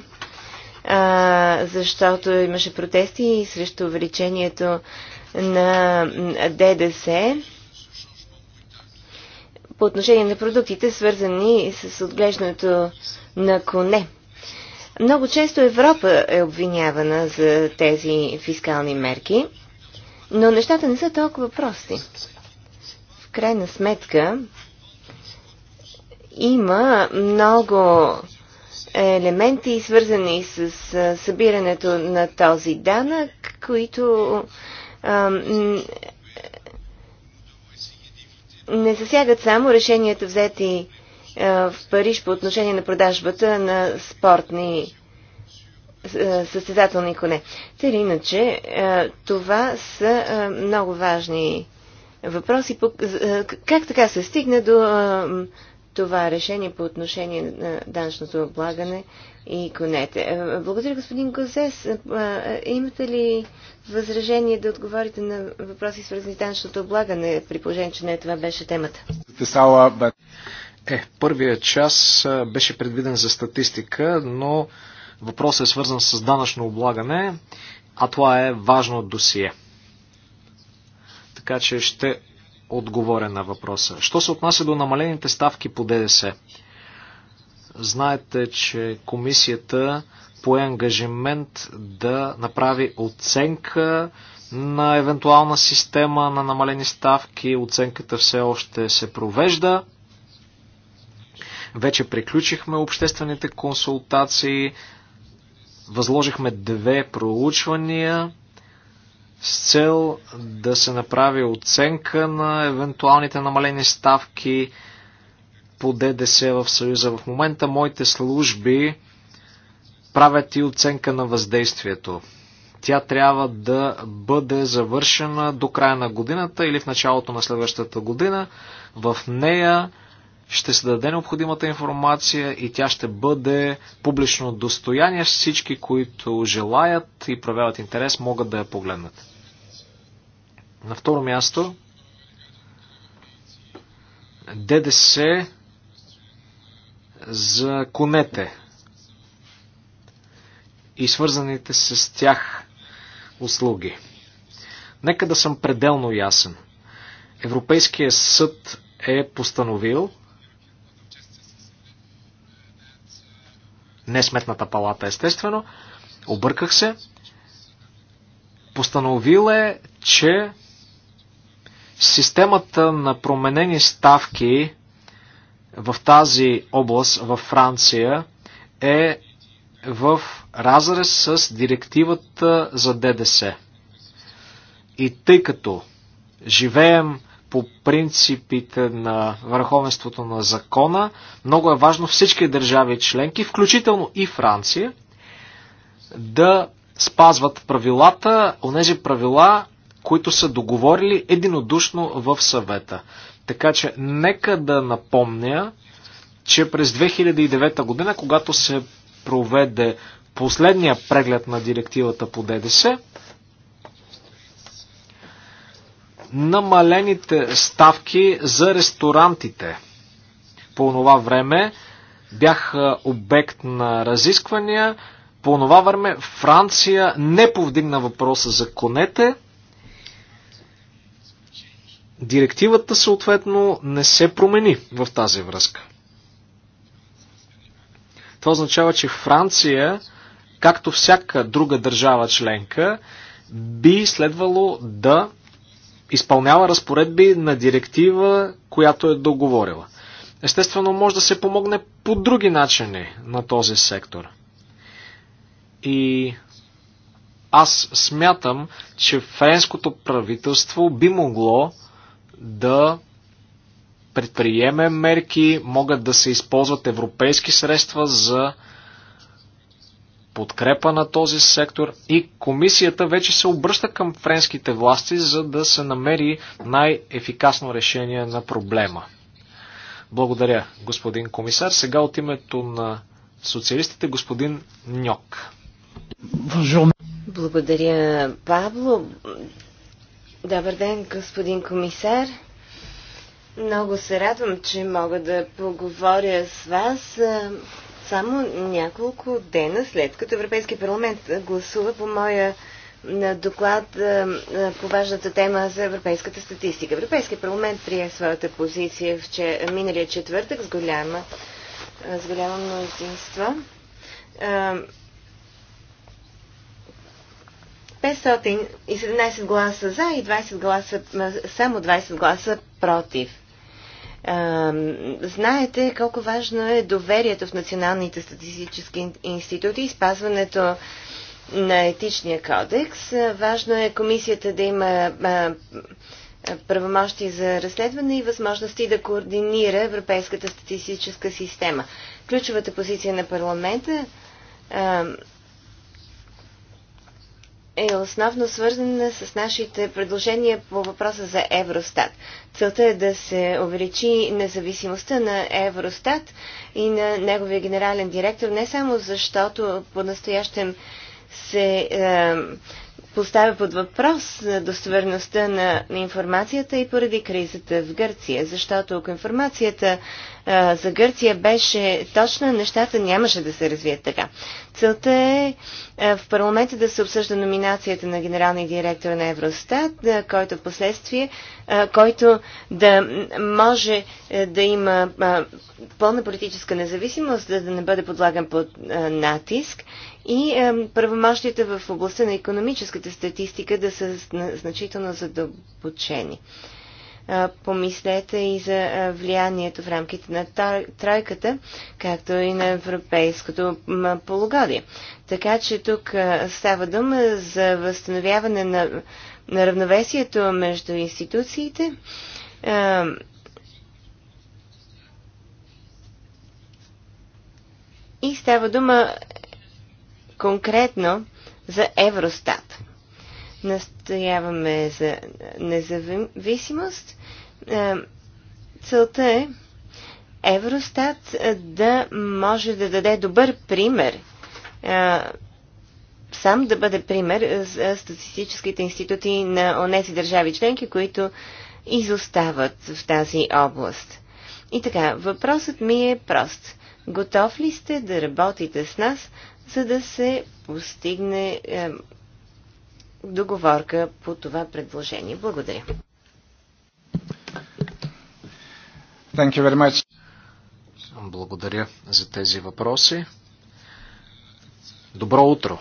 а, защото имаше протести срещу увеличението на ДДС по отношение на продуктите, свързани с отглеждането на коне. Много често Европа е обвинявана за тези фискални мерки, но нещата не са толкова прости. В крайна сметка, има много елементи, свързани с събирането на този данък, които а, не засягат само решението взети а, в Париж по отношение на продажбата на спортни състезателни коне. Те или иначе, това са много важни въпроси. Как така се стигна до това решение по отношение на данъчното облагане и конете. Е, благодаря, господин Козес, е, е, Имате ли възражение да отговорите на въпроси свързани с данъчното облагане, при положение, че не това беше темата? Е, първия час беше предвиден за статистика, но въпросът е свързан с данъчно облагане, а това е важно досие. Така че ще отговоря на въпроса. Що се отнася до намалените ставки по ДДС? Знаете, че комисията пое ангажимент да направи оценка на евентуална система на намалени ставки. Оценката все още се провежда. Вече приключихме обществените консултации. Възложихме две проучвания с цел да се направи оценка на евентуалните намалени ставки по ДДС в Съюза. В момента моите служби правят и оценка на въздействието. Тя трябва да бъде завършена до края на годината или в началото на следващата година. В нея ще се даде необходимата информация и тя ще бъде публично достояние. Всички, които желаят и проявяват интерес, могат да я погледнат. На второ място, ДДС за конете и свързаните с тях услуги. Нека да съм пределно ясен. Европейският съд е постановил, Не сметната палата, естествено. Обърках се. Постановил е, че системата на променени ставки в тази област, във Франция, е в разрез с директивата за ДДС. И тъй като живеем по принципите на върховенството на закона. Много е важно всички държави членки, включително и Франция, да спазват правилата, онези правила, които са договорили единодушно в съвета. Така че нека да напомня, че през 2009 година, когато се проведе последния преглед на директивата по ДДС, намалените ставки за ресторантите по това време бяха обект на разисквания. По това време Франция не повдигна въпроса за конете. Директивата съответно не се промени в тази връзка. Това означава, че Франция, както всяка друга държава членка, би следвало да изпълнява разпоредби на директива, която е договорила. Естествено, може да се помогне по други начини на този сектор. И аз смятам, че френското правителство би могло да предприеме мерки, могат да се използват европейски средства за подкрепа на този сектор и комисията вече се обръща към френските власти, за да се намери най-ефикасно решение на проблема. Благодаря, господин комисар. Сега от името на социалистите, господин Ньок. Благодаря, Павло. Добър ден, господин комисар. Много се радвам, че мога да поговоря с вас само няколко дена след като Европейския парламент гласува по моя доклад по важната тема за европейската статистика. Европейския парламент прие своята позиция в че, миналия четвъртък с голяма, с голяма мнозинство. 517 гласа за и 20 гласа, само 20 гласа против знаете колко важно е доверието в националните статистически институти и спазването на етичния кодекс. Важно е комисията да има правомощи за разследване и възможности да координира европейската статистическа система. Ключовата позиция на парламента а, е основно свързана с нашите предложения по въпроса за Евростат. Целта е да се увеличи независимостта на Евростат и на неговия генерален директор, не само защото по-настоящем се е, поставя под въпрос на достоверността на информацията и поради кризата в Гърция, защото ако информацията а, за Гърция беше точна, нещата нямаше да се развият така. Целта е а, в парламента да се обсъжда номинацията на генералния директор на Евростат, да, който в последствие, а, който да може да има пълна политическа независимост, да, да не бъде подлаган под натиск и е, правомощите в областта на економическата статистика да са значително задълбочени. помислете и за влиянието в рамките на тройката, както и на европейското полугодие. Така че тук става дума за възстановяване на, на равновесието между институциите. И става дума Конкретно за Евростат. Настояваме за независимост. Е, целта е Евростат е, да може да даде добър пример, е, сам да бъде пример за статистическите институти на онези държави членки, които изостават в тази област. И така, въпросът ми е прост. Готов ли сте да работите с нас, за да се постигне е, договорка по това предложение. Благодаря. Thank you very much. Благодаря за тези въпроси. Добро утро!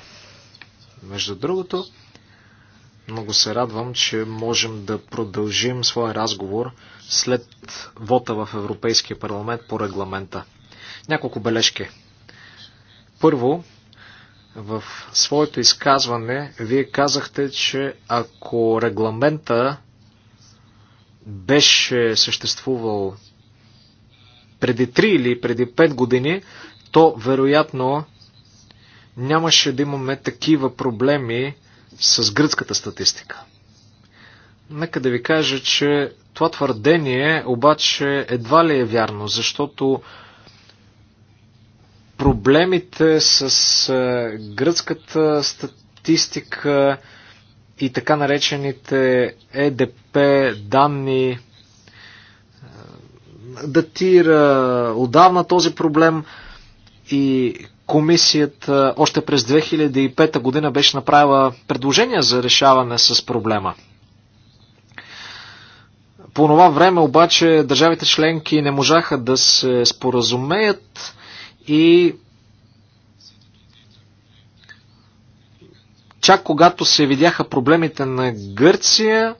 Между другото, много се радвам, че можем да продължим своя разговор след вота в Европейския парламент по регламента. Няколко бележки. Първо, в своето изказване вие казахте, че ако регламента беше съществувал преди 3 или преди 5 години, то вероятно нямаше да имаме такива проблеми с гръцката статистика. Нека да ви кажа, че това твърдение обаче едва ли е вярно, защото проблемите с е, гръцката статистика и така наречените ЕДП данни е, датира отдавна този проблем и комисията още през 2005 година беше направила предложение за решаване с проблема. По това време обаче държавите членки не можаха да се споразумеят и чак когато се видяха проблемите на Гърция,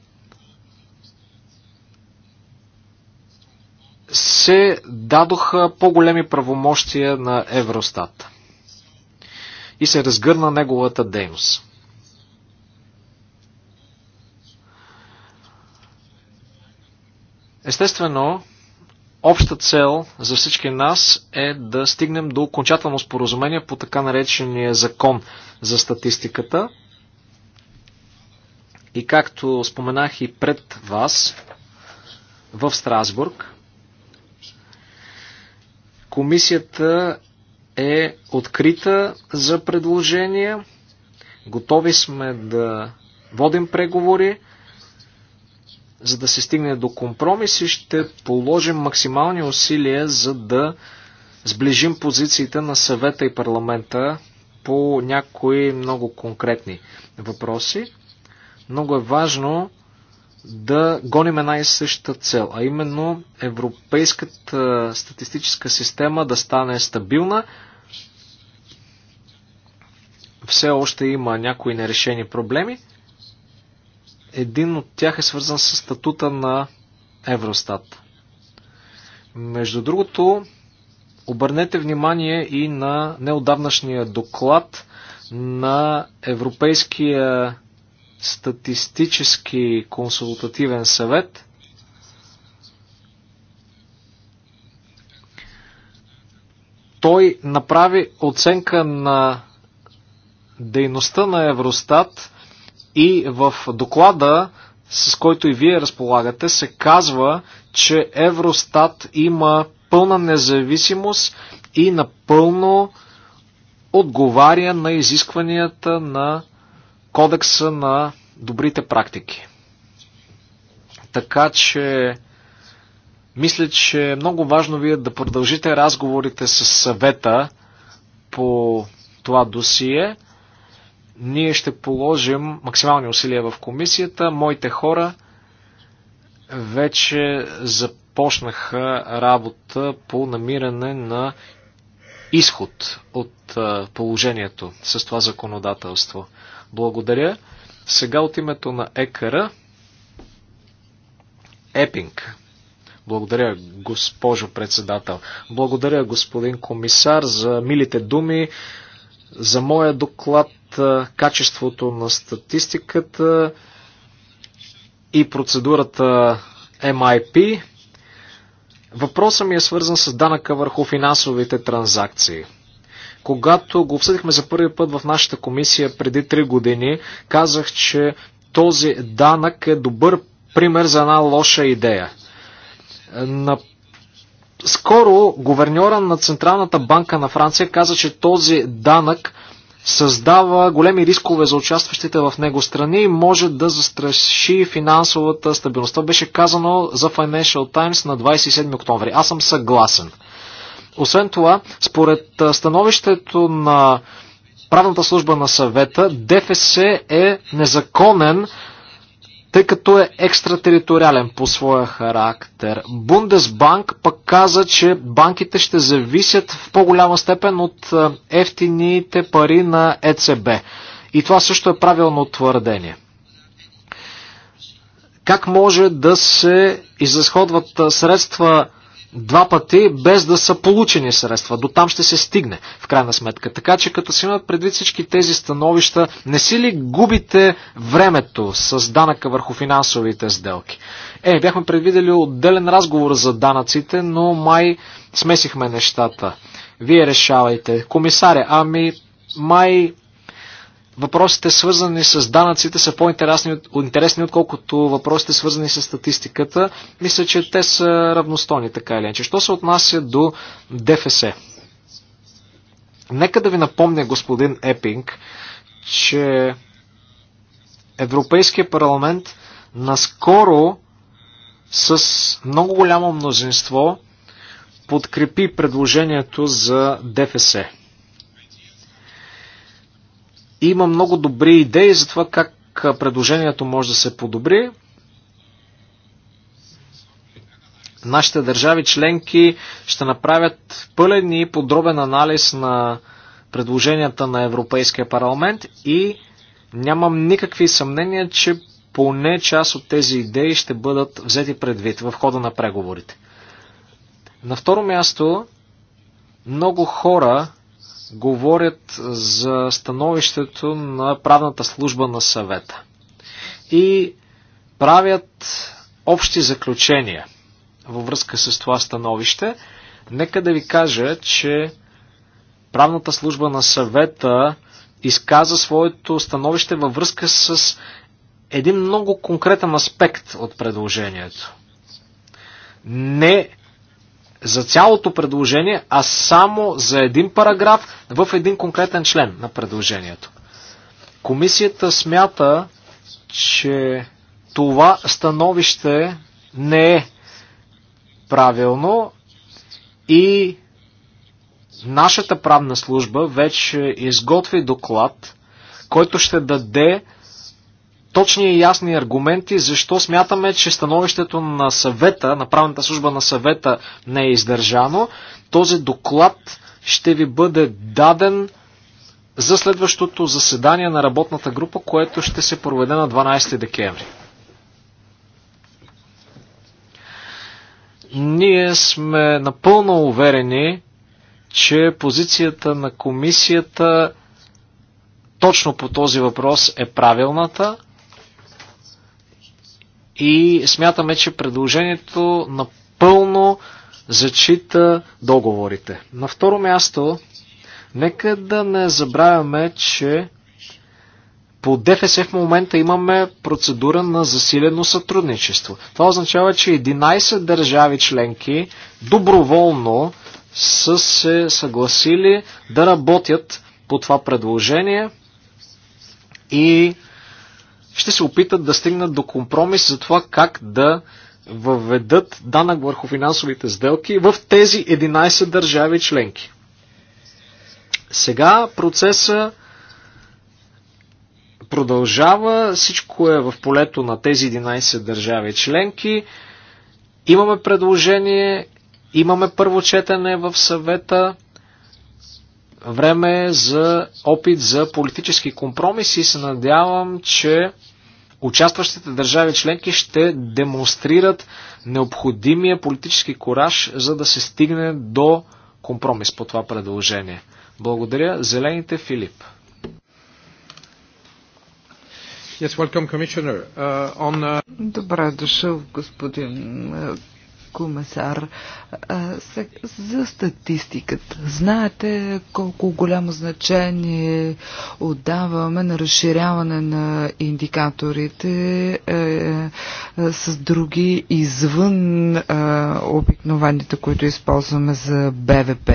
се дадоха по-големи правомощия на Евростат и се разгърна неговата дейност. Естествено, Обща цел за всички нас е да стигнем до окончателно споразумение по така наречения закон за статистиката. И както споменах и пред вас в Страсбург, комисията е открита за предложения. Готови сме да водим преговори за да се стигне до компромиси, ще положим максимални усилия, за да сближим позициите на съвета и парламента по някои много конкретни въпроси. Много е важно да гоним една и съща цел, а именно европейската статистическа система да стане стабилна. Все още има някои нерешени проблеми. Един от тях е свързан с статута на Евростат. Между другото, обърнете внимание и на неодавнашния доклад на Европейския статистически консултативен съвет. Той направи оценка на дейността на Евростат и в доклада, с който и вие разполагате, се казва, че Евростат има пълна независимост и напълно отговаря на изискванията на кодекса на добрите практики. Така че, мисля, че е много важно вие да продължите разговорите с съвета по това досие. Ние ще положим максимални усилия в комисията. Моите хора вече започнаха работа по намиране на изход от положението с това законодателство. Благодаря. Сега от името на ЕКР Епинг. Благодаря, госпожо председател. Благодаря, господин комисар, за милите думи, за моя доклад качеството на статистиката и процедурата MIP. Въпросът ми е свързан с данъка върху финансовите транзакции. Когато го обсъдихме за първи път в нашата комисия преди 3 години, казах, че този данък е добър пример за една лоша идея. На скоро говерньора на Централната банка на Франция каза, че този данък създава големи рискове за участващите в него страни и може да застраши финансовата стабилност. Това беше казано за Financial Times на 27 октомври. Аз съм съгласен. Освен това, според становището на правната служба на съвета, ДФС е незаконен тъй като е екстратериториален по своя характер. Бундесбанк пък каза, че банките ще зависят в по-голяма степен от ефтините пари на ЕЦБ. И това също е правилно твърдение. Как може да се изразходват средства два пъти без да са получени средства. До там ще се стигне, в крайна сметка. Така че като си имат предвид всички тези становища, не си ли губите времето с данъка върху финансовите сделки? Е, бяхме предвидели отделен разговор за данъците, но май смесихме нещата. Вие решавайте. Комисаря, ами май въпросите свързани с данъците са по-интересни, отколкото въпросите свързани с статистиката. Мисля, че те са равностойни, така или иначе. Що се отнася до ДФС? Нека да ви напомня, господин Епинг, че Европейския парламент наскоро с много голямо мнозинство подкрепи предложението за ДФС. Има много добри идеи за това как предложението може да се подобри. Нашите държави членки ще направят пълен и подробен анализ на предложенията на Европейския парламент и нямам никакви съмнения, че поне част от тези идеи ще бъдат взети предвид в хода на преговорите. На второ място, много хора говорят за становището на правната служба на съвета и правят общи заключения във връзка с това становище. Нека да ви кажа, че правната служба на съвета изказа своето становище във връзка с един много конкретен аспект от предложението. Не за цялото предложение, а само за един параграф в един конкретен член на предложението. Комисията смята, че това становище не е правилно и нашата правна служба вече изготви доклад, който ще даде точни и ясни аргументи, защо смятаме, че становището на съвета, на правната служба на съвета не е издържано. Този доклад ще ви бъде даден за следващото заседание на работната група, което ще се проведе на 12 декември. Ние сме напълно уверени, че позицията на комисията точно по този въпрос е правилната и смятаме, че предложението напълно зачита договорите. На второ място, нека да не забравяме, че по ДФС в момента имаме процедура на засилено сътрудничество. Това означава, че 11 държави членки доброволно са се съгласили да работят по това предложение и ще се опитат да стигнат до компромис за това как да въведат данък върху финансовите сделки в тези 11 държави членки. Сега процеса продължава, всичко е в полето на тези 11 държави членки. Имаме предложение, имаме първо четене в съвета. Време е за опит за политически компромис и се надявам, че участващите държави членки ще демонстрират необходимия политически кораж, за да се стигне до компромис по това предложение. Благодаря. Зелените Филип. Yes, welcome, Commissioner. Uh, on, uh... Добре дошъл, господин комисар, за статистиката. Знаете колко голямо значение отдаваме на разширяване на индикаторите е, е, с други извън е, обикновените, които използваме за БВП.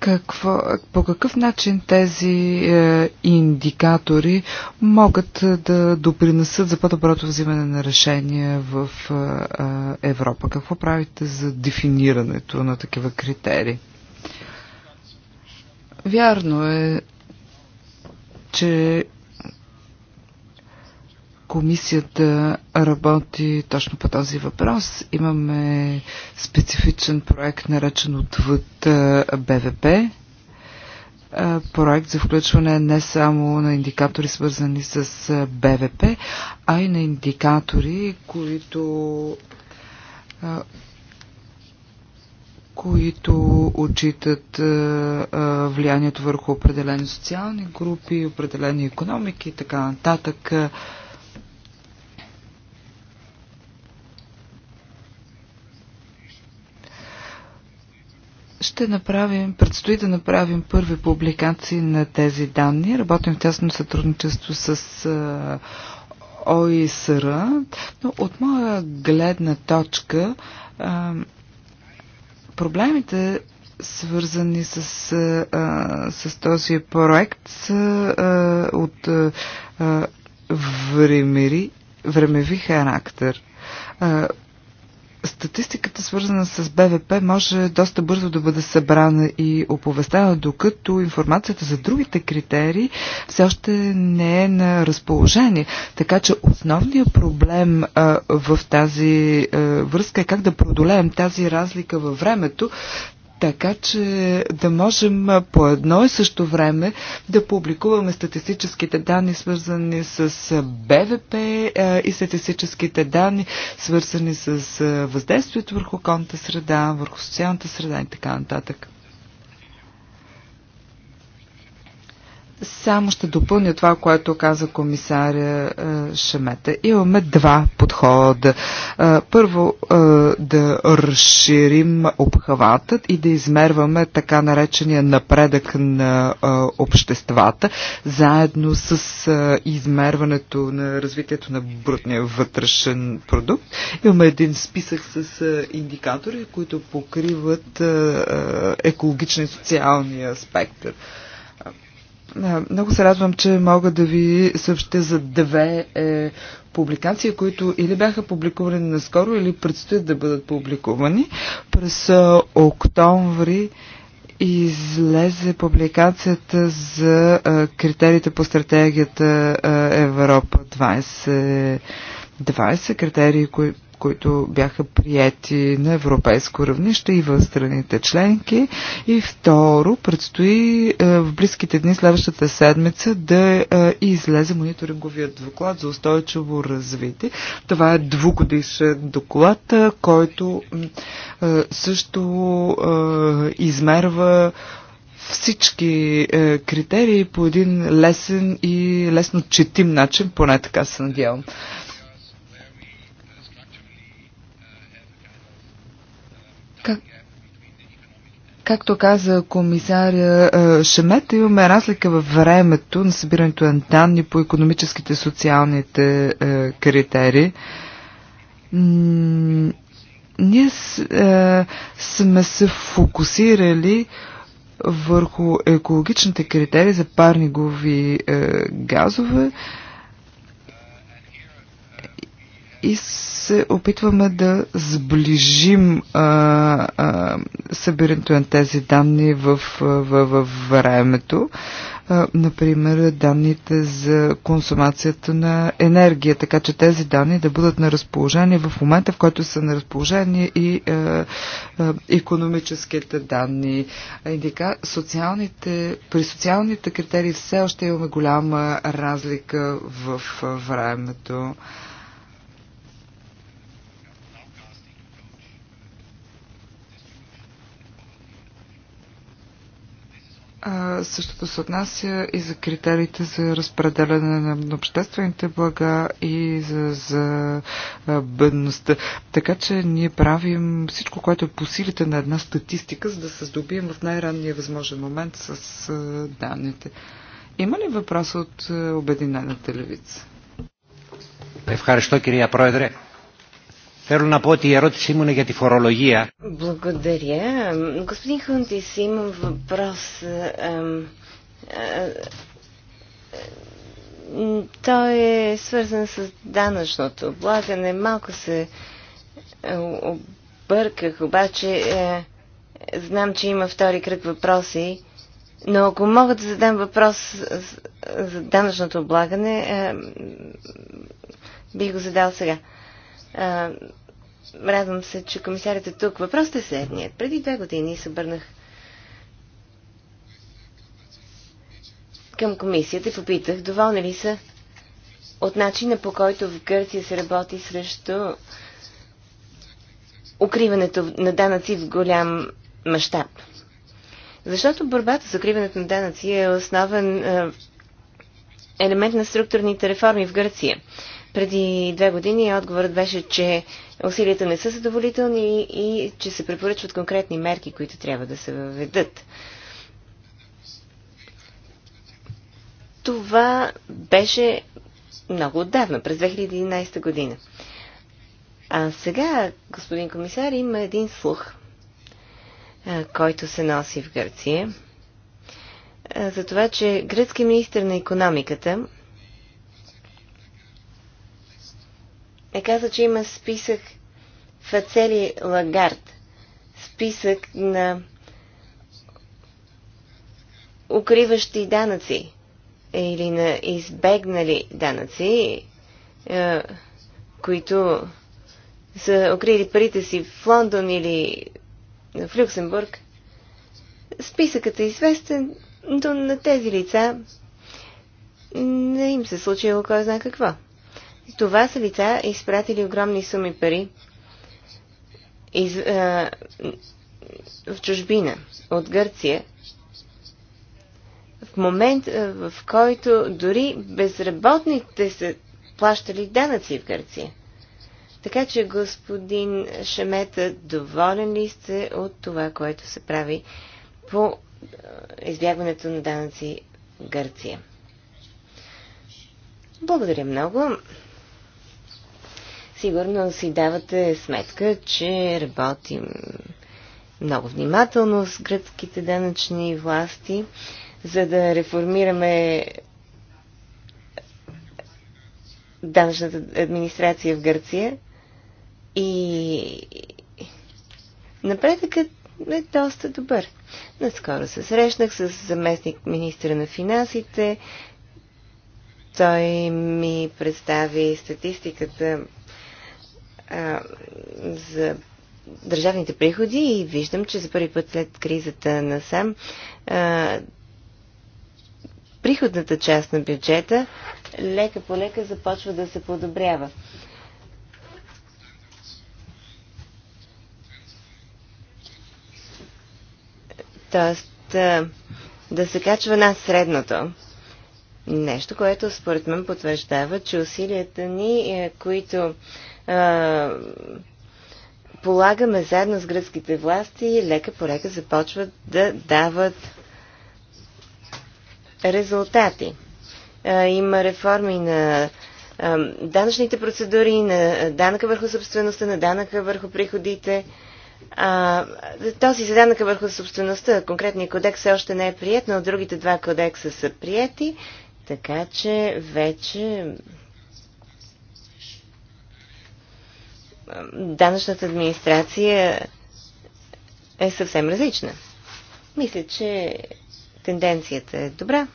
какво, по какъв начин тези е, индикатори могат е, да допринесат за по-доброто взимане на решения в е, е, Европа? Какво правите за дефинирането на такива критерии? Вярно е, че Комисията работи точно по този въпрос. Имаме специфичен проект, наречен отвъд БВП. Проект за включване не само на индикатори, свързани с БВП, а и на индикатори, които които отчитат влиянието върху определени социални групи, определени економики и така нататък. Ще направим, предстои да направим първи публикации на тези данни. Работим в тясно сътрудничество с ОИСР, но от моя гледна точка проблемите свързани с, а, с този проект са а, от а, времери, времеви характер. А, статистиката, свързана с БВП, може доста бързо да бъде събрана и оповестена, докато информацията за другите критерии все още не е на разположение. Така че основният проблем а, в тази а, връзка е как да продолеем тази разлика във времето, така че да можем по едно и също време да публикуваме статистическите данни, свързани с БВП е, и статистическите данни, свързани с е, въздействието върху конта среда, върху социалната среда и така нататък. Само ще допълня това, което каза комисаря е, Шемета. Имаме два подхода. Е, първо е, да разширим обхватът и да измерваме така наречения напредък на обществата, заедно с измерването на развитието на брутния вътрешен продукт. Имаме един списък с индикатори, които покриват екологичен и социалния спектър. Много се радвам, че мога да ви съобщя за две е, публикации, които или бяха публикувани наскоро, или предстоят да бъдат публикувани. През е, октомври излезе публикацията за е, критериите по стратегията е, Европа 2020, 20 критерии, които които бяха прияти на европейско равнище и в страните членки. И второ, предстои е, в близките дни, следващата седмица, да е, излезе мониторинговият доклад за устойчиво развитие. Това е двугодишен доклад, е, който също измерва всички е, критерии по един лесен и лесно четим начин, поне така се надявам. Както каза комисаря е, Шемета, имаме разлика във времето на събирането на данни по економическите и социалните е, критерии ние е, сме се фокусирали върху екологичните критерии за парнигови газове и се опитваме да сближим а, а, събирането на тези данни в, в, в времето. А, например, данните за консумацията на енергия, така че тези данни да бъдат на разположение в момента, в който са на разположение и а, а, економическите данни. Индика, социалните, при социалните критерии все още имаме голяма разлика в времето. А, същото се отнася и за критериите за разпределяне на обществените блага и за, за а, бедността. Така че ние правим всичко, което е по силите на една статистика, за да се здобием в най-ранния възможен момент с а, данните. Има ли въпрос от Обединената левица? що, Кирия, проедре. Θέλω να πω ότι η ερώτησή μου είναι για τη φορολογία. Благодаря. Господин Хунтис, имам въпрос. Той е свързан с данъчното облагане. Малко се обърках, обаче знам, че има втори кръг въпроси. Но ако мога да задам въпрос за данъчното облагане, би го задал сега. Радвам се, че комисарят е тук. Въпросът е следният. Преди две години се обърнах към комисията и попитах, доволни ли са от начина по който в Гърция се работи срещу укриването на данъци в голям мащаб. Защото борбата с укриването на данъци е основен е, елемент на структурните реформи в Гърция. Преди две години отговорът беше, че усилията не са задоволителни и че се препоръчват конкретни мерки, които трябва да се въведат. Това беше много отдавна, през 2011 година. А сега, господин комисар, има един слух, който се носи в Гърция, за това, че гръцки министр на економиката е каза, че има списък Фацели Лагард, списък на укриващи данъци или на избегнали данъци, е, които са укрили парите си в Лондон или в Люксембург. Списъкът е известен, но на тези лица не им се случило кой знае какво. Това са лица, изпратили огромни суми пари из, а, в чужбина, от Гърция, в момент, а, в който дори безработните са плащали данъци в Гърция. Така че, господин Шемета, доволен ли сте от това, което се прави по избягването на данъци в Гърция? Благодаря много. Сигурно си давате сметка, че работим много внимателно с гръцките данъчни власти, за да реформираме данъчната администрация в Гърция. И напредъкът е доста добър. Наскоро се срещнах с заместник министра на финансите. Той ми представи статистиката за държавните приходи и виждам, че за първи път след кризата насам а, приходната част на бюджета лека по лека започва да се подобрява. Тоест да се качва над средното. Нещо, което според мен потвърждава, че усилията ни, които а, полагаме заедно с гръцките власти и лека по лека започват да дават резултати. А, има реформи на а, данъчните процедури, на данъка върху собствеността, на данъка върху приходите. А, този за данъка върху собствеността, конкретният кодекс още не е прият, но другите два кодекса са прияти, така че вече данъчната администрация е съвсем различна. Мисля, че тенденцията е добра,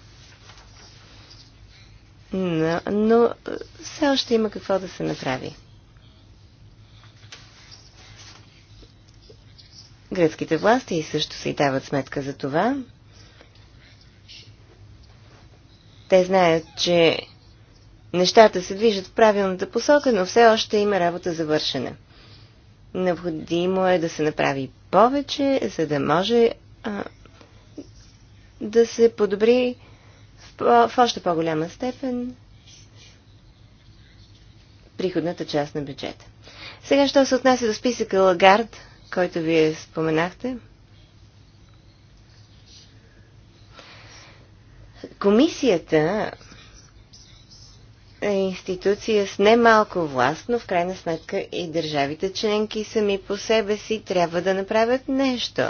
но, но все още има какво да се направи. Гръцките власти също си дават сметка за това. Те знаят, че Нещата се движат в правилната посока, но все още има работа за вършене. Необходимо е да се направи повече, за да може а, да се подобри в, в още по-голяма степен приходната част на бюджета. Сега, що се отнася до списъка Лагард, който вие споменахте, комисията е институция с немалко власт, но в крайна сметка и държавите членки сами по себе си трябва да направят нещо.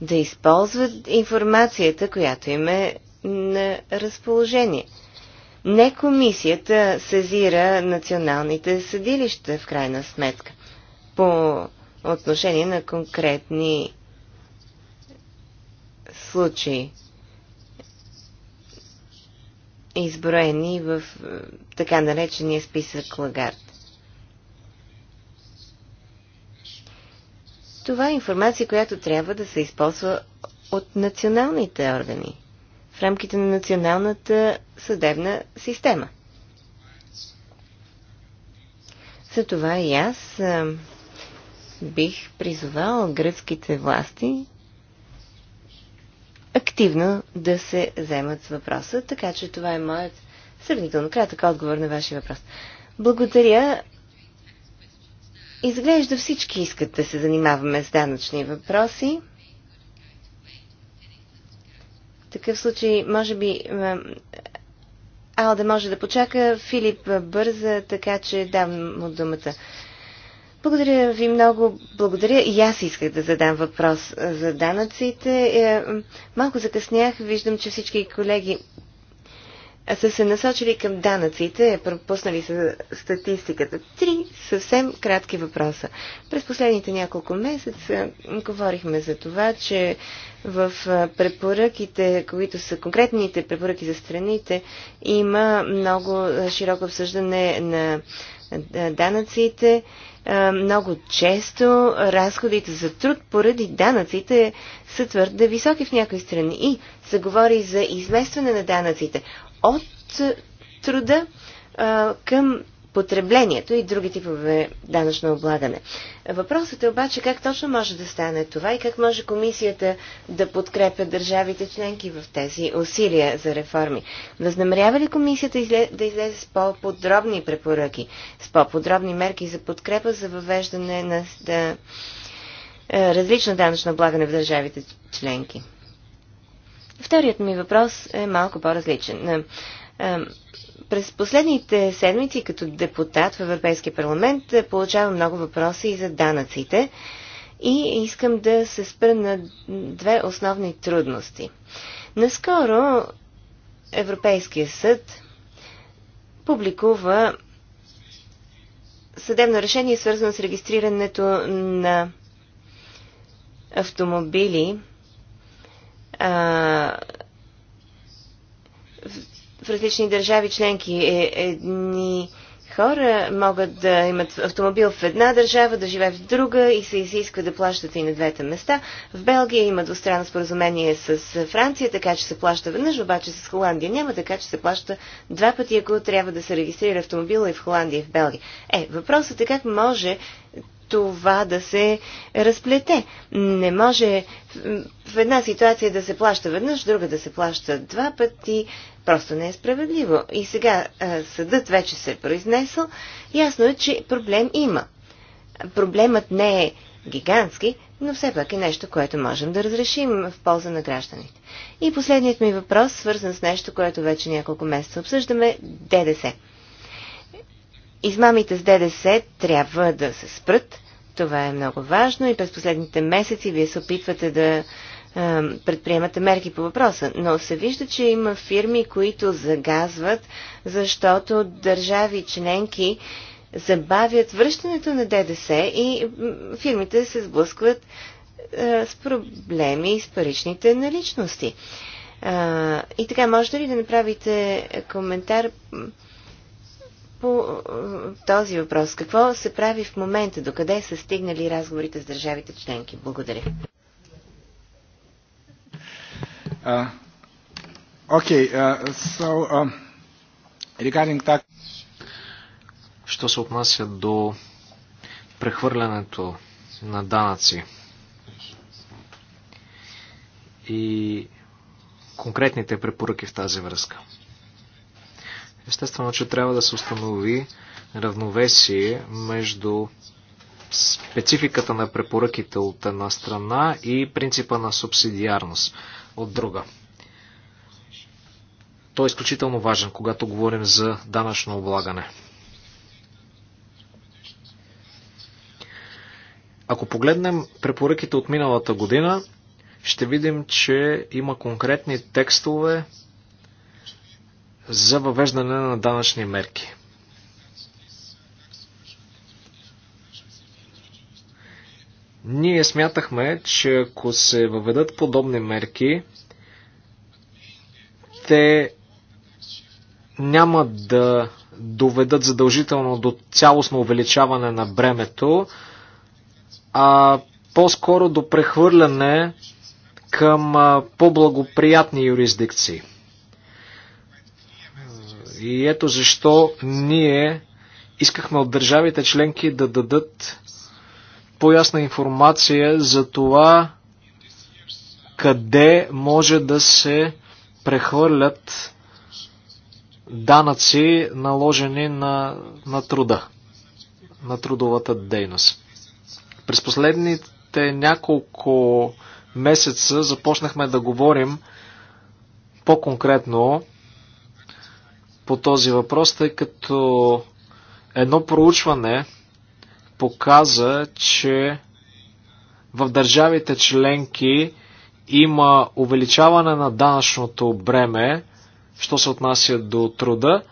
Да използват информацията, която им е на разположение. Не комисията сезира националните съдилища, в крайна сметка, по отношение на конкретни случаи изброени в е, така наречения списък Лагард. Това е информация, която трябва да се използва от националните органи в рамките на националната съдебна система. За това и аз е, бих призовал гръцките власти активно да се вземат с въпроса. Така че това е моят сравнително кратък отговор на вашия въпрос. Благодаря. Изглежда всички искат да се занимаваме с данъчни въпроси. В такъв случай, може би, Алда може да почака, Филип бърза, така че дам му думата. Благодаря ви много. Благодаря. И аз исках да задам въпрос за данъците. Е, малко закъснях. Виждам, че всички колеги са се насочили към данъците, пропуснали са статистиката. Три съвсем кратки въпроса. През последните няколко месеца говорихме за това, че в препоръките, които са конкретните препоръки за страните, има много широко обсъждане на данъците е, много често разходите за труд поради данъците са твърде високи в някои страни. И се говори за изместване на данъците от труда е, към потреблението и други типове данъчно облагане. Въпросът е обаче как точно може да стане това и как може комисията да подкрепя държавите членки в тези усилия за реформи. Възнамерява ли комисията да излезе с по-подробни препоръки, с по-подробни мерки за подкрепа за въвеждане на да, е, различно данъчно облагане в държавите членки? Вторият ми въпрос е малко по-различен. Е, е, през последните седмици като депутат в Европейския парламент е, получавам много въпроси и за данъците и искам да се спра на две основни трудности. Наскоро Европейския съд публикува съдебно решение, свързано с регистрирането на автомобили в различни държави членки. Е, едни хора могат да имат автомобил в една държава, да живеят в друга и се изисква да плащат и на двете места. В Белгия има двустранно споразумение с Франция, така че се плаща веднъж, обаче с Холандия няма, така че се плаща два пъти, ако трябва да се регистрира автомобила и в Холандия и в Белгия. Е, въпросът е как може това да се разплете. Не може в една ситуация да се плаща веднъж, друга да се плаща два пъти. Просто не е справедливо. И сега съдът вече се е произнесъл. Ясно е, че проблем има. Проблемът не е гигантски, но все пак е нещо, което можем да разрешим в полза на гражданите. И последният ми въпрос, свързан с нещо, което вече няколко месеца обсъждаме – ДДС. Измамите с ДДС трябва да се спрат. Това е много важно и през последните месеци вие се опитвате да предприемате мерки по въпроса. Но се вижда, че има фирми, които загазват, защото държави членки забавят връщането на ДДС и фирмите се сблъскват с проблеми с паричните наличности. и така, може ли да направите коментар по е, този въпрос. Какво се прави в момента? Докъде са стигнали разговорите с държавите членки? Благодаря. Uh, okay, uh, so, uh, regarding that... Що се отнася до прехвърлянето на данъци и конкретните препоръки в тази връзка. Естествено, че трябва да се установи равновесие между спецификата на препоръките от една страна и принципа на субсидиарност от друга. Той е изключително важен, когато говорим за данъчно облагане. Ако погледнем препоръките от миналата година, ще видим, че има конкретни текстове, за въвеждане на данъчни мерки. Ние смятахме, че ако се въведат подобни мерки, те няма да доведат задължително до цялостно увеличаване на бремето, а по-скоро до прехвърляне към по-благоприятни юрисдикции. И ето защо ние искахме от държавите членки да дадат по-ясна информация за това къде може да се прехвърлят данъци, наложени на, на труда, на трудовата дейност. През последните няколко месеца започнахме да говорим по-конкретно по този въпрос, тъй като едно проучване показа, че в държавите членки има увеличаване на данъчното бреме, що се отнася до труда,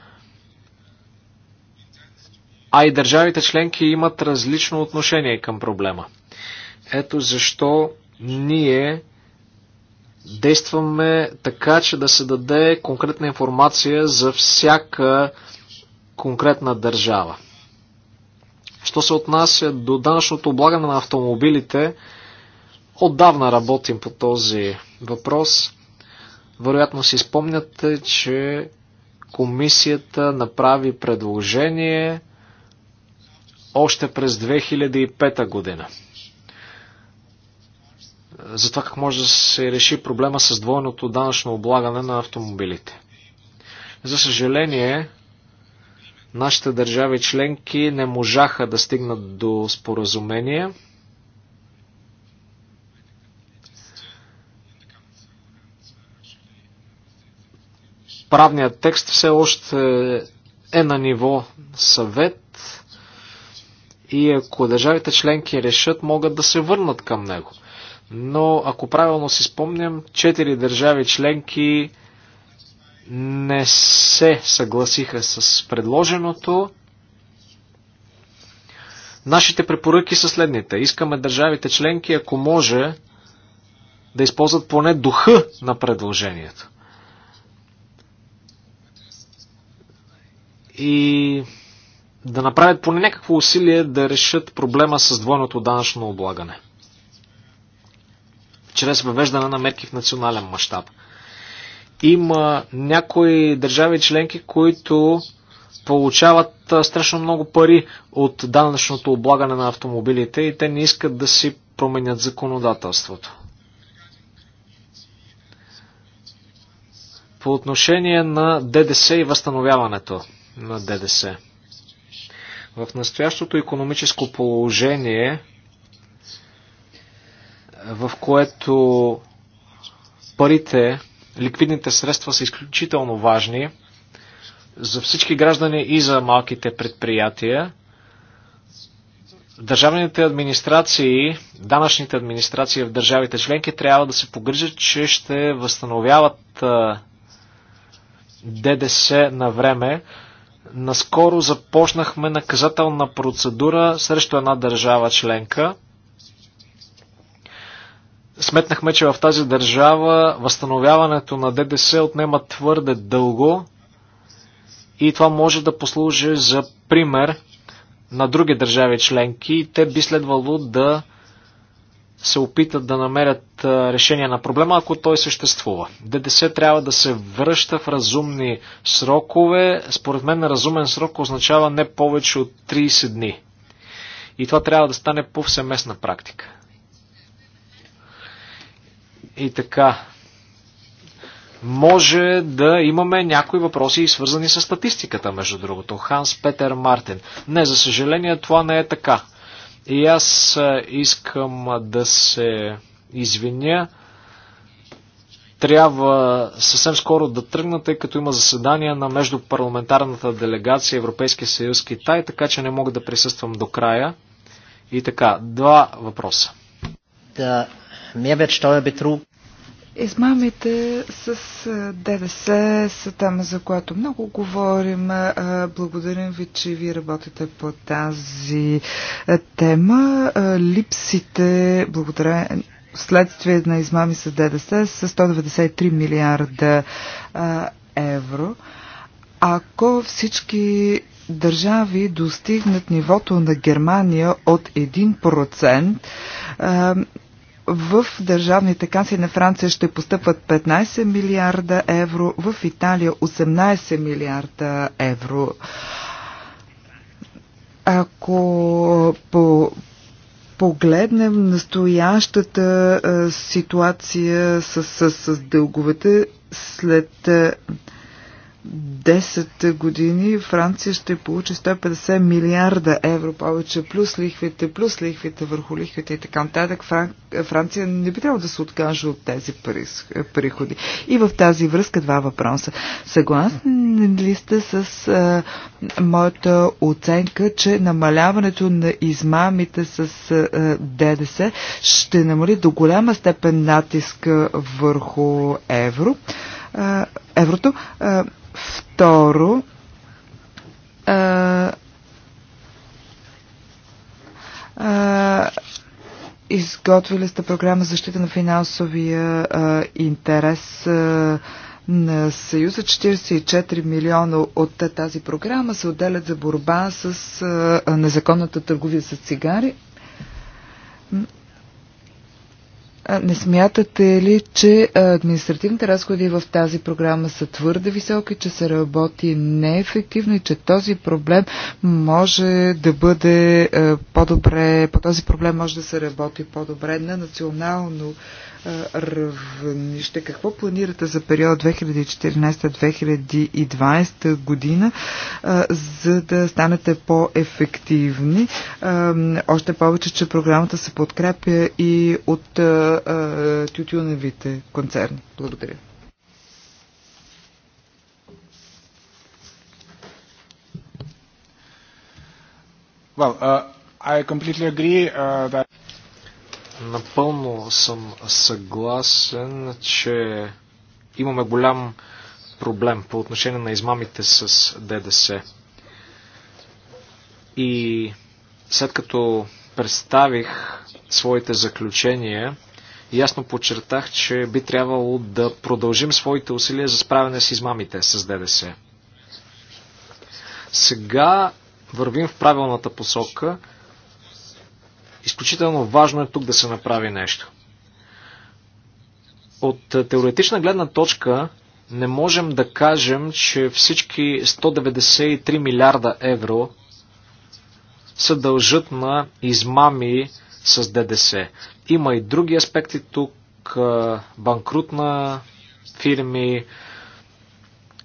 а и държавите членки имат различно отношение към проблема. Ето защо ние действаме така, че да се даде конкретна информация за всяка конкретна държава. Що се отнася до данъчното облагане на автомобилите, отдавна работим по този въпрос. Вероятно си спомняте, че комисията направи предложение още през 2005 година за това как може да се реши проблема с двойното данъчно облагане на автомобилите. За съжаление, нашите държави членки не можаха да стигнат до споразумение. Правният текст все още е на ниво съвет и ако държавите членки решат, могат да се върнат към него – но ако правилно си спомням, четири държави членки не се съгласиха с предложеното. Нашите препоръки са следните. Искаме държавите членки, ако може, да използват поне духа на предложението. И да направят поне някакво усилие да решат проблема с двойното данъчно облагане чрез въвеждане на мерки в национален мащаб. Има някои държави членки, които получават страшно много пари от данъчното облагане на автомобилите и те не искат да си променят законодателството. По отношение на ДДС и възстановяването на ДДС. В настоящото економическо положение в което парите, ликвидните средства са изключително важни за всички граждани и за малките предприятия. Държавните администрации, данъчните администрации в държавите членки трябва да се погрижат, че ще възстановяват ДДС на време. Наскоро започнахме наказателна процедура срещу една държава членка Сметнахме, че в тази държава възстановяването на ДДС отнема твърде дълго и това може да послужи за пример на други държави членки и те би следвало да се опитат да намерят решение на проблема, ако той съществува. ДДС трябва да се връща в разумни срокове. Според мен разумен срок означава не повече от 30 дни. И това трябва да стане повсеместна практика. И така, може да имаме някои въпроси свързани с статистиката, между другото. Ханс Петер Мартин. Не, за съжаление това не е така. И аз искам да се извиня. Трябва съвсем скоро да тръгна, тъй като има заседание на междупарламентарната делегация Европейския съюз Китай, така че не мога да присъствам до края. И така, два въпроса. Да, Mehrwertsteuerbetrug. Измамите с ДДС са тема, за която много говорим. Благодарим ви, че ви работите по тази тема. Липсите, благодаря, следствие на измами с ДДС с 193 милиарда евро. Ако всички държави достигнат нивото на Германия от 1%, в държавните каси на Франция ще постъпват 15 милиарда евро, в Италия 18 милиарда евро. Ако по погледнем настоящата ситуация с, с, с дълговете след 10 години Франция ще получи 150 милиарда евро повече, плюс лихвите, плюс лихвите върху лихвите и така нататък. Франция не би трябвало да се откаже от тези приходи. И в тази връзка два въпроса. Съгласни ли сте с а, моята оценка, че намаляването на измамите с а, ДДС ще намали до голяма степен натиска върху евро? а, еврото. А, второ, а, а, изготвили сте програма защита на финансовия а, интерес. А, на Съюза 44 милиона от тази програма се отделят за борба с а, незаконната търговия с цигари. Не смятате ли, че административните разходи в тази програма са твърде високи, че се работи неефективно и че този проблем може да бъде по-добре, по този проблем може да се работи по-добре на национално равнище. Какво планирате за период 2014-2020 година, за да станете по-ефективни? Още повече, че програмата се подкрепя и от тютюневите концерни. Благодаря. Well, uh, I completely agree uh, that Напълно съм съгласен, че имаме голям проблем по отношение на измамите с ДДС. И след като представих своите заключения, ясно подчертах, че би трябвало да продължим своите усилия за справяне с измамите с ДДС. Сега вървим в правилната посока. Изключително важно е тук да се направи нещо. От е, теоретична гледна точка не можем да кажем, че всички 193 милиарда евро се дължат на измами с ДДС. Има и други аспекти тук, е, банкрут на фирми,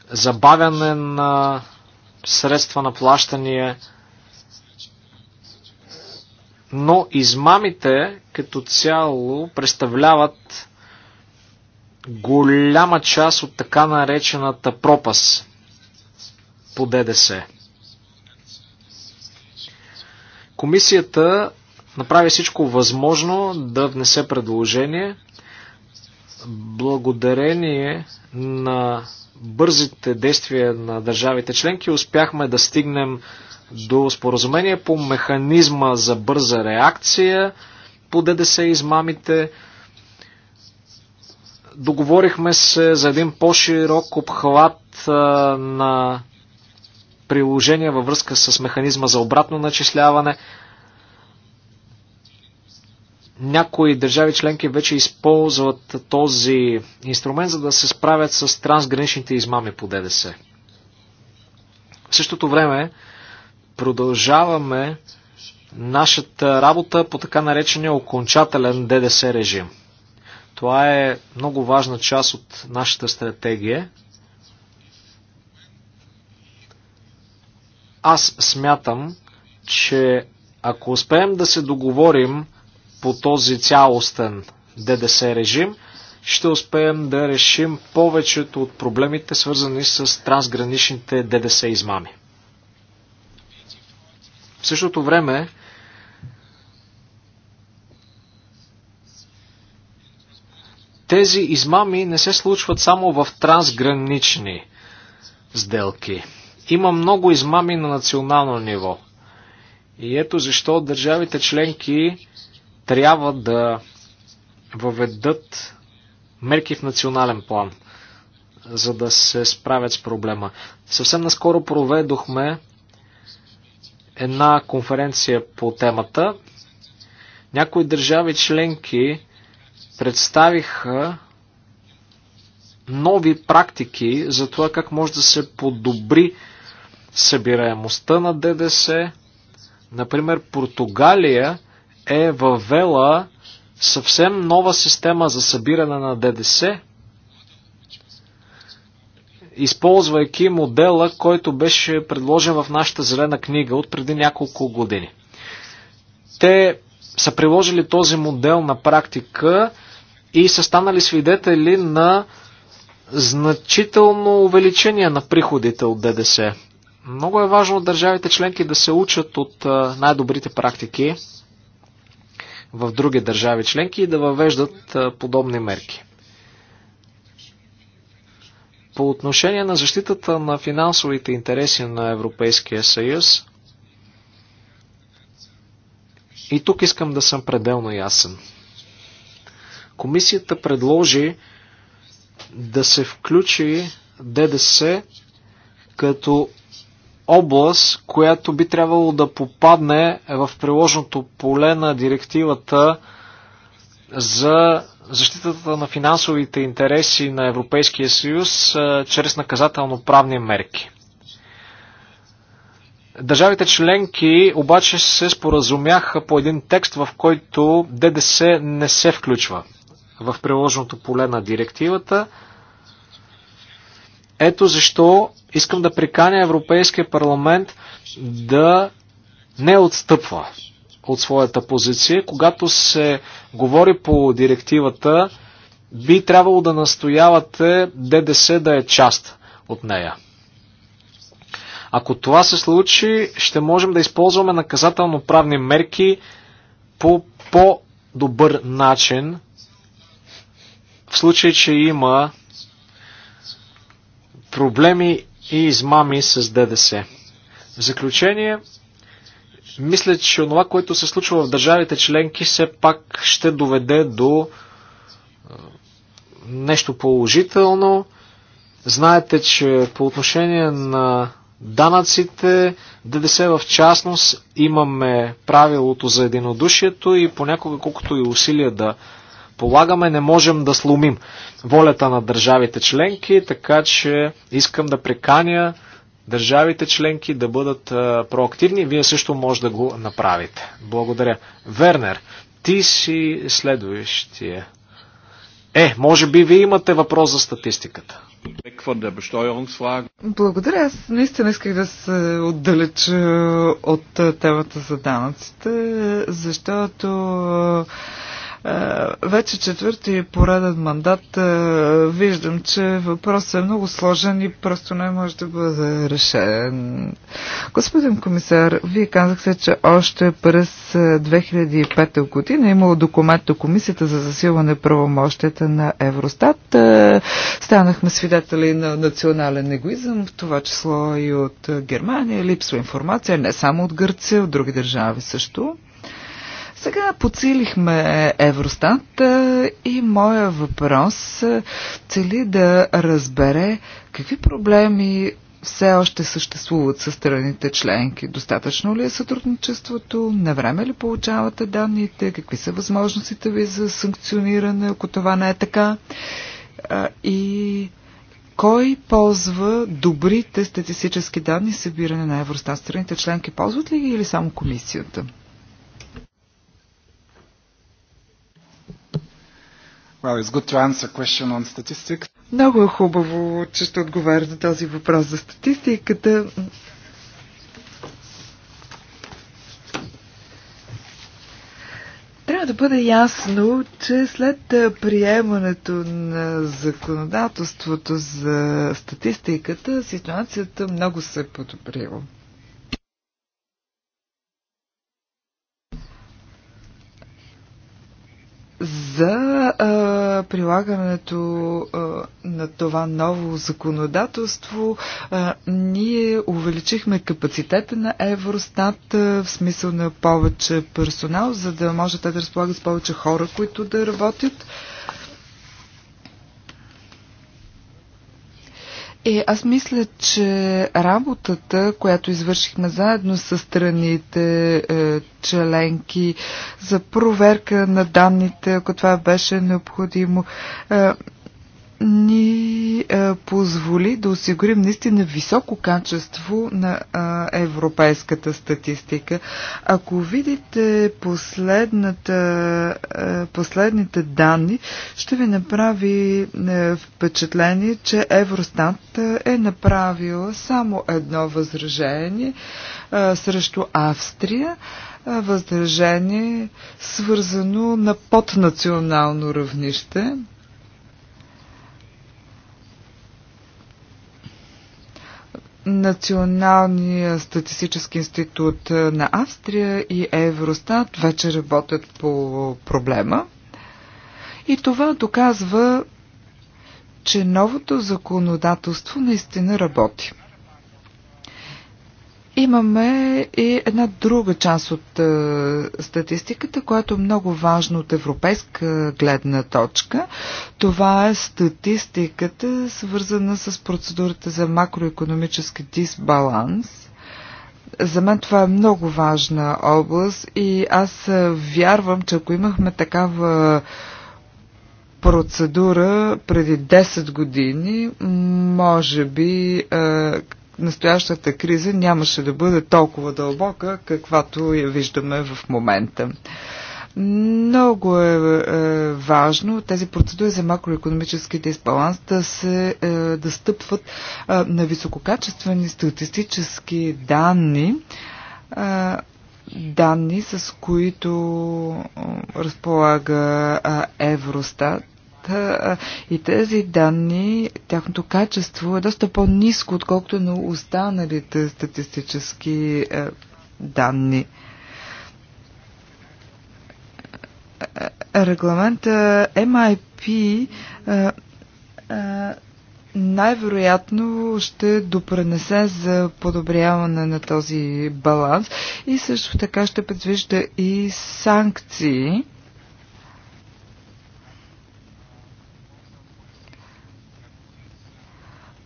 забавяне на средства на плащания. Но измамите като цяло представляват голяма част от така наречената пропас по ДДС. Комисията направи всичко възможно да внесе предложение. Благодарение на бързите действия на държавите членки успяхме да стигнем до споразумение по механизма за бърза реакция по ДДС и измамите. Договорихме се за един по-широк обхват на приложения във връзка с механизма за обратно начисляване. Някои държави членки вече използват този инструмент, за да се справят с трансграничните измами по ДДС. В същото време продължаваме нашата работа по така наречения окончателен ДДС режим. Това е много важна част от нашата стратегия. Аз смятам, че ако успеем да се договорим по този цялостен ДДС режим, ще успеем да решим повечето от проблемите, свързани с трансграничните ДДС измами. В същото време, тези измами не се случват само в трансгранични сделки. Има много измами на национално ниво. И ето защо държавите членки трябва да въведат мерки в национален план, за да се справят с проблема. Съвсем наскоро проведохме една конференция по темата. Някои държави членки представиха нови практики за това как може да се подобри събираемостта на ДДС. Например, Португалия е въвела съвсем нова система за събиране на ДДС, използвайки модела, който беше предложен в нашата зелена книга от преди няколко години. Те са приложили този модел на практика и са станали свидетели на значително увеличение на приходите от ДДС. Много е важно от държавите членки да се учат от най-добрите практики в други държави членки и да въвеждат подобни мерки. По отношение на защитата на финансовите интереси на Европейския съюз, и тук искам да съм пределно ясен. Комисията предложи да се включи ДДС като област, която би трябвало да попадне в приложното поле на директивата за защитата на финансовите интереси на Европейския съюз чрез наказателно-правни мерки. Държавите членки обаче се споразумяха по един текст, в който ДДС не се включва в приложеното поле на директивата. Ето защо искам да приканя Европейския парламент да не отстъпва от своята позиция. Когато се говори по директивата, би трябвало да настоявате ДДС да е част от нея. Ако това се случи, ще можем да използваме наказателно-правни мерки по по-добър начин, в случай, че има проблеми и измами с ДДС. В заключение, мисля, че това, което се случва в държавите членки, все пак ще доведе до е, нещо положително. Знаете, че по отношение на данъците, ДДС в частност, имаме правилото за единодушието и понякога колкото и усилия да полагаме, не можем да сломим волята на държавите членки, така че искам да преканя държавите членки да бъдат проактивни. Вие също може да го направите. Благодаря. Вернер, ти си следващия. Е, може би вие имате въпрос за статистиката. Благодаря. Аз наистина исках да се отдалеча от темата за данъците, защото е, вече четвърти пореден мандат е, виждам, че въпросът е много сложен и просто не може да бъде решен. Господин комисар, вие казахте, че още през 2005 е, година е имало документ до Комисията за засилване правомощията на Евростат. Станахме свидетели на национален егоизъм, в това число и от Германия. Липсва информация не само от Гърция, от други държави също. Сега подсилихме Евростат и моя въпрос цели да разбере какви проблеми все още съществуват със страните членки. Достатъчно ли е сътрудничеството? На време ли получавате данните? Какви са възможностите ви за санкциониране, ако това не е така? И кой ползва добрите статистически данни събиране на Евростат? Страните членки ползват ли ги или само комисията? Well, it's good to answer question on statistics. Много е хубаво, че ще отговаря за този въпрос за статистиката. Трябва да бъде ясно, че след приемането на законодателството за статистиката, ситуацията много се е подобрила. за а, прилагането а, на това ново законодателство а, ние увеличихме капацитета на Евростат а, в смисъл на повече персонал, за да може те да разполагат с повече хора, които да работят. А, Е, аз мисля, че работата, която извършихме заедно с страните е, членки за проверка на данните, ако това беше необходимо, е, ни а, е, позволи да осигурим наистина високо качество на а, е, европейската статистика. Ако видите последната, а, е, последните данни, ще ви направи а, впечатление, че Евростат е направила само едно възражение а, срещу Австрия възражение, свързано на поднационално равнище, Националния статистически институт е, на Австрия и Евростат вече работят по проблема. И това доказва, че новото законодателство наистина работи. Имаме и една друга част от е, статистиката, която е много важна от европейска гледна точка. Това е статистиката, свързана с процедурата за макроекономически дисбаланс – за мен това е много важна област и аз е, вярвам, че ако имахме такава процедура преди 10 години, може би е, настоящата криза нямаше да бъде толкова дълбока, каквато я виждаме в момента. Много е, е важно тези процедури за макроекономически дисбаланс да се е, да стъпват е, на висококачествени статистически данни, е, данни с които е, разполага е, Евростат страната и тези данни, тяхното качество е доста по-низко, отколкото на останалите статистически данни. Регламента MIP най-вероятно ще допренесе за подобряване на този баланс и също така ще предвижда и санкции.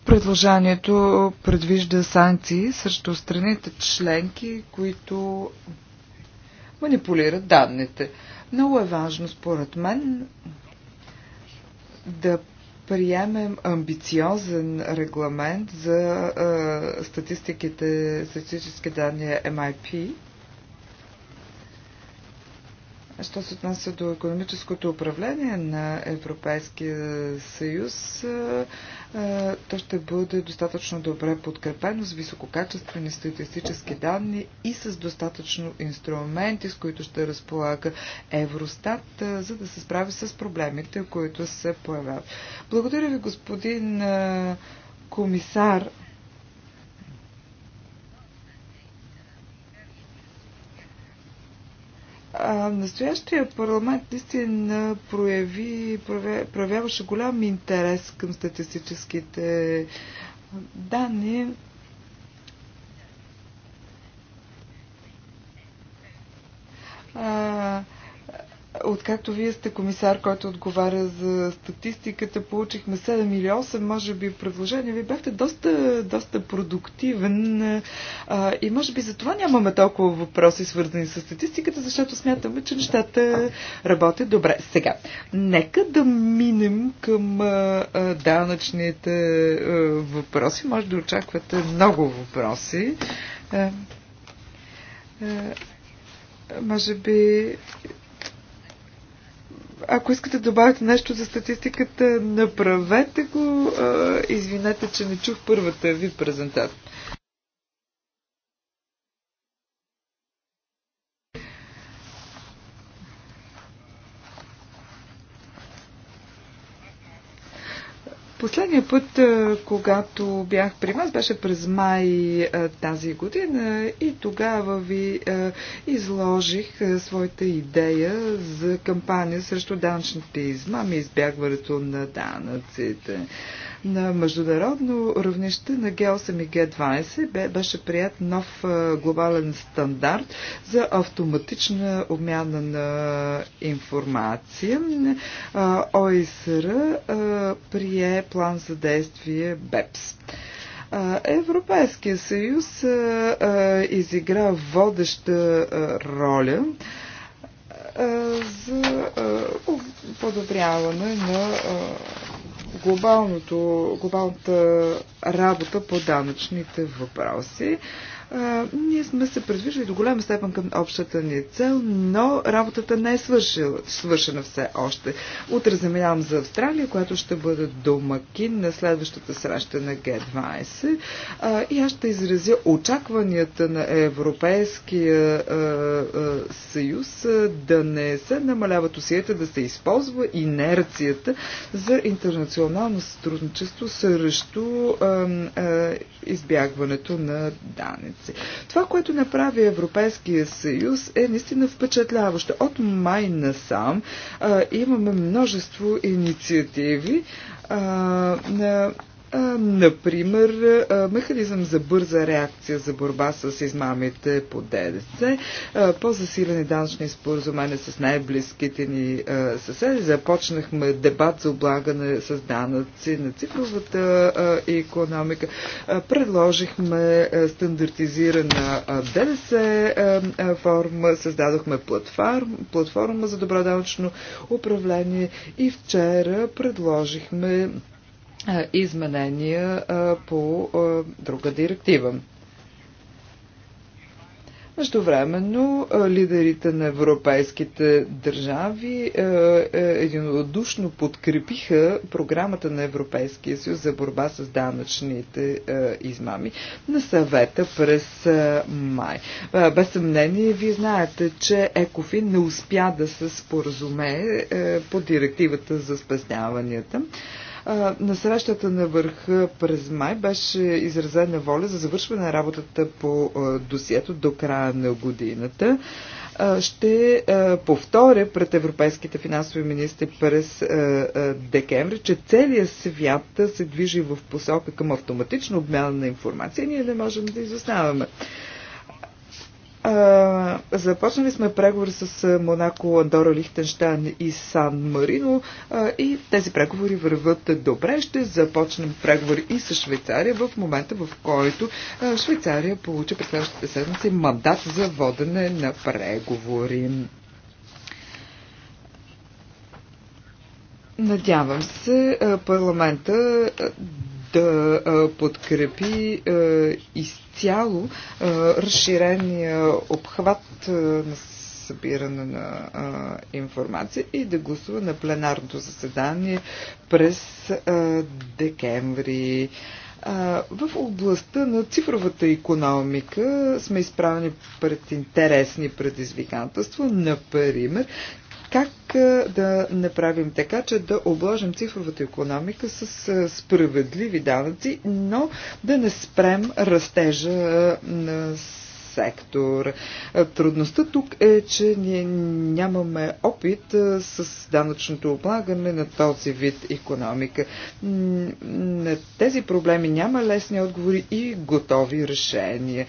Предложението предвижда санкции срещу страните членки, които манипулират данните. Много е важно, според мен, да приемем амбициозен регламент за статистиките, статистически данни е MIP. Що се отнася до економическото управление на Европейския съюз, е, е, то ще бъде достатъчно добре подкрепено с висококачествени статистически данни и с достатъчно инструменти, с които ще разполага Евростат, е, за да се справи с проблемите, които се появяват. Благодаря ви, господин комисар настоящия парламент наистина прояви, проявяваше голям интерес към статистическите данни. А, Откакто вие сте комисар, който отговаря за статистиката, получихме 7 или 8, може би, предложения. Вие бяхте доста, доста продуктивен а, и може би за това нямаме толкова въпроси, свързани с статистиката, защото смятаме, че нещата работят добре. Сега, нека да минем към данъчните въпроси. Може да очаквате много въпроси. А, а, може би ако искате да добавите нещо за статистиката, направете го. Извинете, че не чух първата ви презентация. Последния път, е, когато бях при вас, беше през май е, тази година и тогава ви е, изложих своята идея за кампания срещу данъчните измами и избягването на данъците. На международно равнище на G8 и G20 беше прият нов глобален стандарт за автоматична обмяна на информация. ОИСР прие план за действие БЕПС. Европейския съюз изигра водеща роля за подобряване на глобалното, глобалната работа по данъчните въпроси ние сме се предвижили до голяма степен към общата ни цел, но работата не е свършила, свършена все още. Утре заминавам за Австралия, която ще бъде домакин на следващата среща на Г-20 а, и аз ще изразя очакванията на Европейския а, а, съюз а, да не се намаляват усилията, да се използва инерцията за интернационално сътрудничество срещу а, а, избягването на данните месеци. Това, което направи Европейския съюз е наистина впечатляващо. От май насам а, имаме множество инициативи а, на Например, механизъм за бърза реакция за борба с измамите по ДДС, по-засилени данъчни споразумения с най-близките ни съседи. Започнахме дебат за облагане с данъци на цифровата економика. Предложихме стандартизирана ДДС форма, създадохме платформа, платформа за добро данъчно управление и вчера предложихме изменения по друга директива. Междувременно лидерите на европейските държави е, единодушно подкрепиха програмата на Европейския съюз за борба с данъчните измами на съвета през май. Без съмнение, вие знаете, че Екофин не успя да се споразумее по директивата за спестяванията. На срещата на върха през май беше изразена воля за завършване на работата по досието до края на годината. Ще повторя пред европейските финансови министри през декември, че целият свят се движи в посока към автоматична обмяна на информация. Ние не можем да изоснаваме. А, започнали сме преговори с Монако, Андора, Лихтенштайн и Сан Марино а, и тези преговори върват добре. Ще започнем преговори и с Швейцария в момента, в който а, Швейцария получи през следващите седмици мандат за водене на преговори. Надявам се парламента да подкрепи изцяло разширения обхват на събиране на а, информация и да гласува на пленарното заседание през а, декември. в областта на цифровата економика сме изправени пред интересни предизвикателства. Например, как да направим така, че да обложим цифровата економика с справедливи данъци, но да не спрем растежа на сектор. Трудността тук е, че ние нямаме опит с данъчното облагане на този вид економика. На тези проблеми няма лесни отговори и готови решения.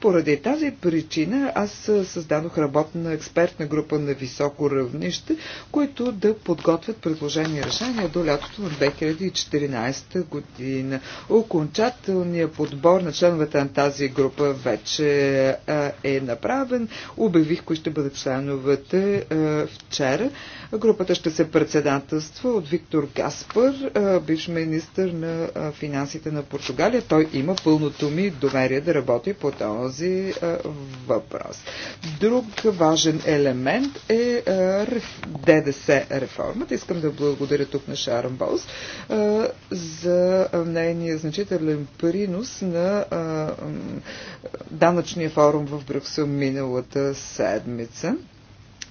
Поради тази причина аз създадох работна експертна група на високо равнище, които да подготвят предложени решения до лятото на 2014 година. Окончателният подбор на членовете на тази група вече е направен. Обявих кои ще бъдат членовете вчера. Групата ще се председателства от Виктор Гаспар, бивш министр на финансите на Португалия. Той има пълното ми доверие да работи по този този е, въпрос. Друг важен елемент е, е ДДС реформата. Искам да благодаря тук на Шарон Болс е, за нейния значителен принос на данъчния форум в Брюксел миналата седмица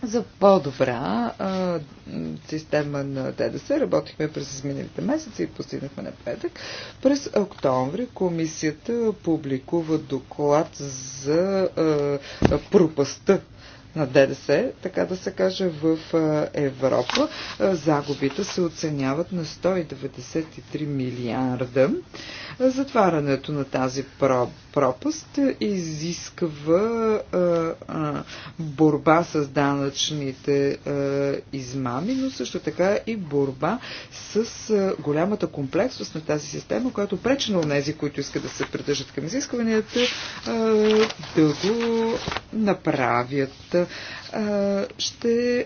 за по-добра система на ДДС. Работихме през изминалите месеци и постигнахме напредък. През октомври комисията публикува доклад за пропаста на ДДС, така да се каже, в Европа. Загубите се оценяват на 193 милиарда. Затварянето на тази пропаст изисква борба с данъчните измами, но също така и борба с голямата комплексност на тази система, която пречи на тези, които искат да се придържат към изискванията, да го направят ще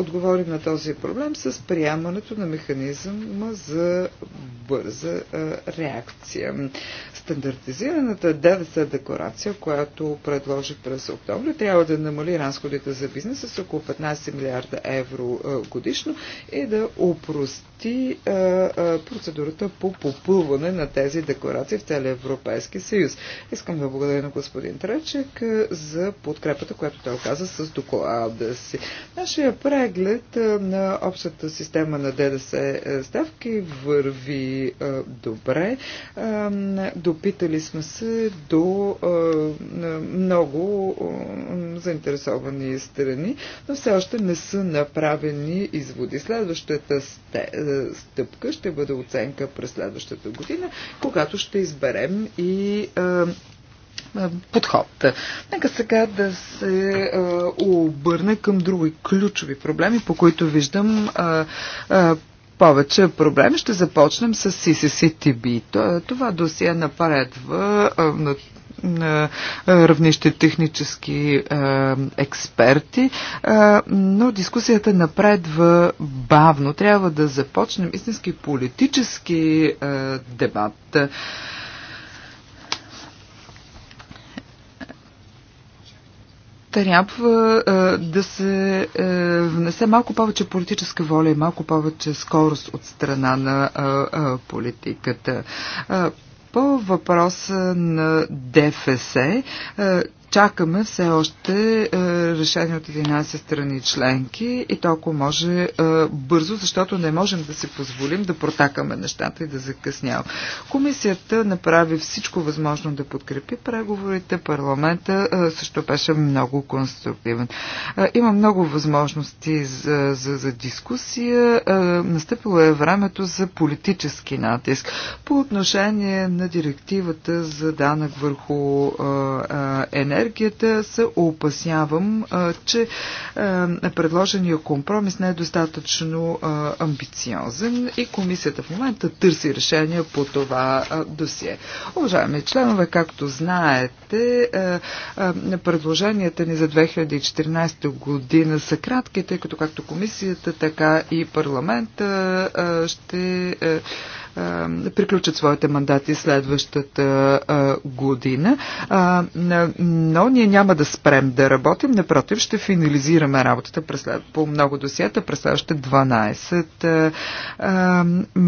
отговорим на този проблем с приемането на механизъм за бърза реакция. Стандартизираната ДДС декларация, която предложи през октомври, трябва да намали разходите за бизнеса с около 15 милиарда евро годишно и да упрости процедурата по попълване на тези декларации в целия Европейски съюз. Искам да благодаря на господин Тречек за подкрепата, която той оказа с доклада си. Нашия проект преглед на общата система на ДДС е, ставки върви добре. Допитали сме се до много заинтересовани страни, но все още не са направени изводи. Следващата стъпка ще бъде оценка през следващата година, когато ще изберем и е, подход. Нека сега да се е, обърне към други ключови проблеми, по които виждам е, повече проблеми. Ще започнем с CCCTB. Това досия напредва на на равнище технически е, експерти, е, но дискусията напредва бавно. Трябва да започнем истински политически е, дебат. трябва а, да се а, внесе малко повече политическа воля и малко повече скорост от страна на а, а, политиката. А, по въпроса на ДФС, а, Чакаме все още е, решение от 11 страни членки и толкова може е, бързо, защото не можем да си позволим да протакаме нещата и да закъснявам. Комисията направи всичко възможно да подкрепи преговорите, парламента е, също беше много конструктивен. Е, има много възможности за, за, за дискусия. Е, настъпило е времето за политически натиск. По отношение на директивата за данък върху е, е, енергия, енергията, се опасявам, че предложения компромис не е достатъчно амбициозен и комисията в момента търси решение по това досие. Уважаеми членове, както знаете, предложенията ни за 2014 година са кратки, тъй като както комисията, така и парламента ще е, приключат своите мандати следващата е, година. Но ние няма да спрем да работим, напротив, ще финализираме работата по много досията през следващите 12 е,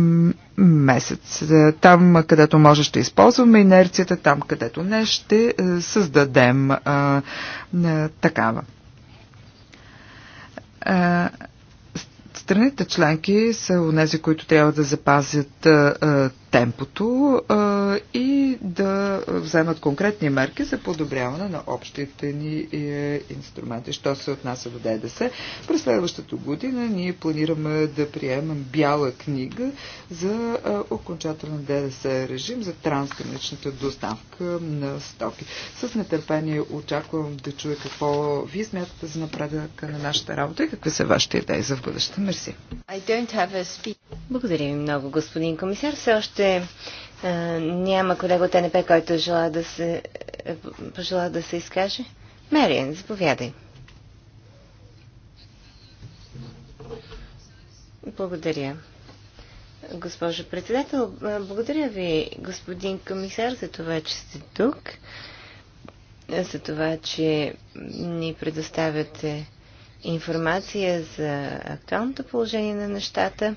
месец. Там, където може, ще използваме инерцията, там, където не, ще създадем а, такава. Страните членки са нези, които трябва да запазят темпото и да вземат конкретни мерки за подобряване на общите ни е, инструменти. Що се отнася до ДДС, през следващата година ние планираме да приемем бяла книга за е, окончателен ДДС режим за трансграничната доставка на стоки. С нетърпение очаквам да чуя какво вие смятате за напредъка на нашата работа и какви са вашите идеи за в бъдеще. Мерси. Благодаря ви много, господин комисар. Все още е, няма колега от НП, който желая да се, пожела е, да се изкаже. Мериен, заповядай. Благодаря. Госпожо председател, е, благодаря ви, господин комисар, за това, че сте тук, за това, че ни предоставяте информация за актуалното положение на нещата.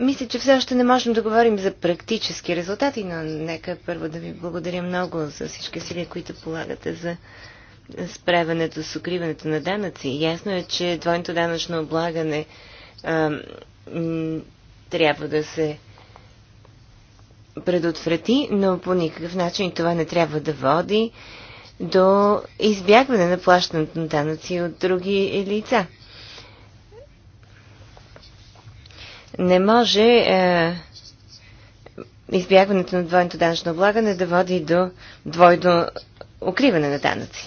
Мисля, че все още не можем да говорим за практически резултати, но нека първо да ви благодаря много за всички сили, които полагате за справянето с укриването на данъци. Ясно е, че двойното данъчно облагане а, трябва да се предотврати, но по никакъв начин това не трябва да води до избягване на плащането на данъци от други лица. Не може е, избягването на двойното данъчно облагане да води до двойно укриване на данъци.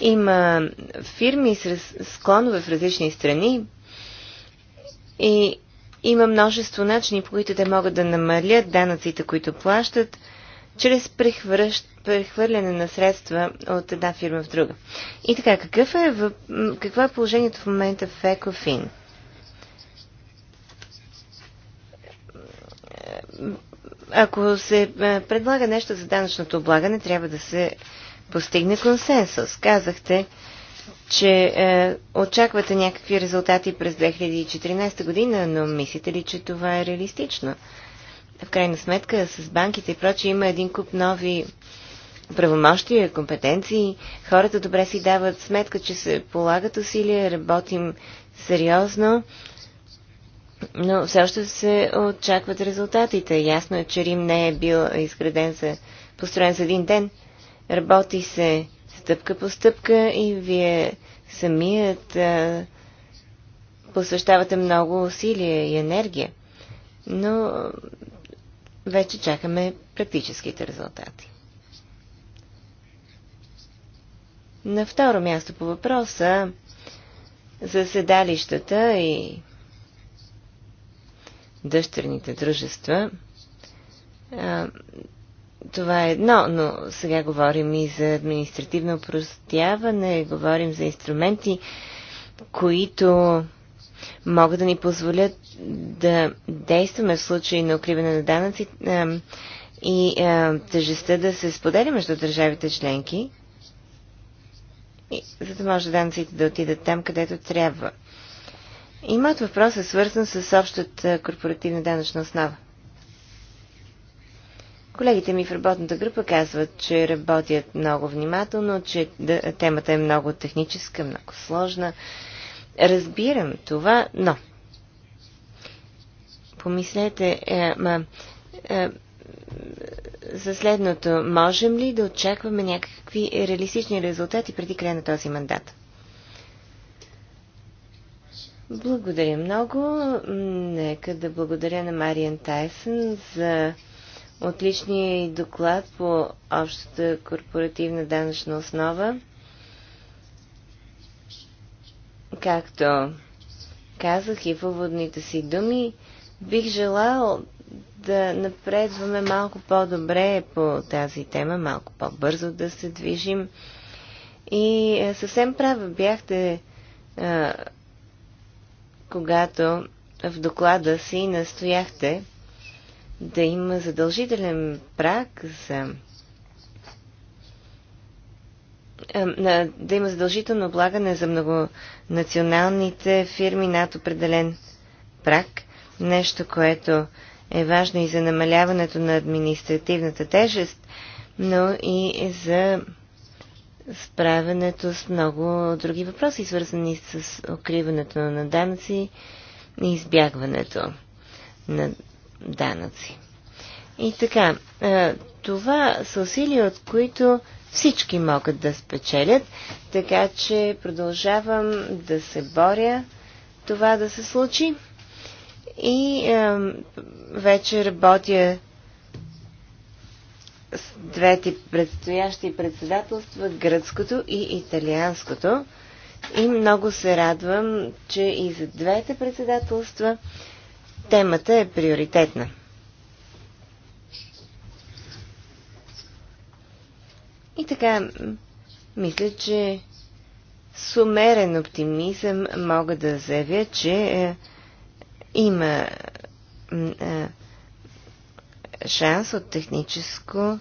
Има фирми с склонове в различни страни и има множество начини, по които те могат да намалят данъците, които плащат, чрез прехвърщ, прехвърляне на средства от една фирма в друга. И така, какъв е, какво е положението в момента в Екофин? ако се е, предлага нещо за данъчното облагане, трябва да се постигне консенсус. Казахте, че е, очаквате някакви резултати през 2014 година, но мислите ли, че това е реалистично? В крайна сметка с банките и прочие има един куп нови правомощия, компетенции. Хората добре си дават сметка, че се полагат усилия, работим сериозно но все още се очакват резултатите. Ясно е, че Рим не е бил изграден за, построен за един ден. Работи се стъпка по стъпка и вие самият а, посвещавате много усилия и енергия. Но вече чакаме практическите резултати. На второ място по въпроса за седалищата и дъщерните дружества. А, това е едно, но сега говорим и за административно простяване, говорим за инструменти, които могат да ни позволят да действаме в случай на укриване на данъци а, и а, тежестта да се споделя между държавите членки, и, за да може данъците да отидат там, където трябва. И моят въпрос е свързан с общата корпоративна данъчна основа. Колегите ми в работната група казват, че работят много внимателно, че темата е много техническа, много сложна. Разбирам това, но помислете е, ма, е, за следното. Можем ли да очакваме някакви реалистични резултати преди края на този мандат? Благодаря много. Нека да благодаря на Мариан Тайсън за отличния доклад по общата корпоративна данъчна основа. Както казах и в уводните си думи, бих желал да напредваме малко по-добре по тази тема, малко по-бързо да се движим. И е, съвсем права бяхте е, когато в доклада си настояхте да има задължителен прак за да има задължително облагане за многонационалните фирми над определен прак, нещо, което е важно и за намаляването на административната тежест, но и за справянето с много други въпроси, свързани с укриването на данъци и избягването на данъци. И така, е, това са усилия, от които всички могат да спечелят, така че продължавам да се боря това да се случи. И е, вече работя двете предстоящи председателства, гръцкото и италианското. И много се радвам, че и за двете председателства темата е приоритетна. И така, мисля, че с умерен оптимизъм мога да заявя, че е, има е, шанс от техническо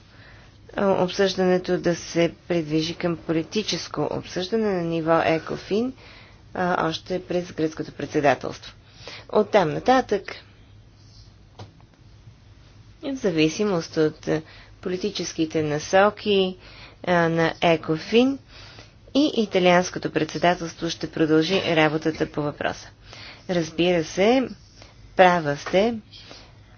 обсъждането да се придвижи към политическо обсъждане на ниво ЕКОФИН още през гръцкото председателство. От там нататък, в зависимост от политическите насоки на ЕКОФИН, и италианското председателство ще продължи работата по въпроса. Разбира се, права сте,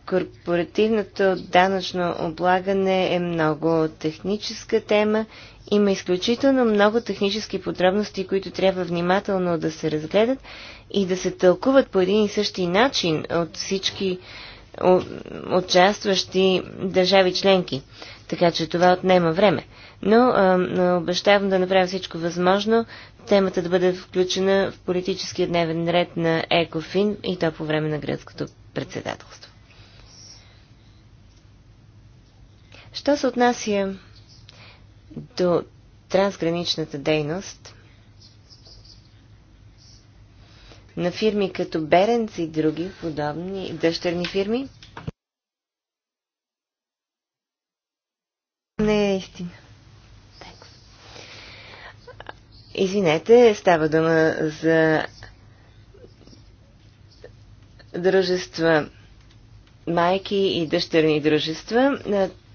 корпоративното данъчно облагане е много техническа тема. Има изключително много технически подробности, които трябва внимателно да се разгледат и да се тълкуват по един и същи начин от всички участващи държави членки. Така че това отнема време. Но а, обещавам да направя всичко възможно темата да бъде включена в политическия дневен ред на ЕКОФИН и то по време на гръцкото председателство. Що се отнася до трансграничната дейност на фирми като Беренц и други подобни дъщерни фирми, не е истина. Извинете, става дума за дружества майки и дъщерни дружества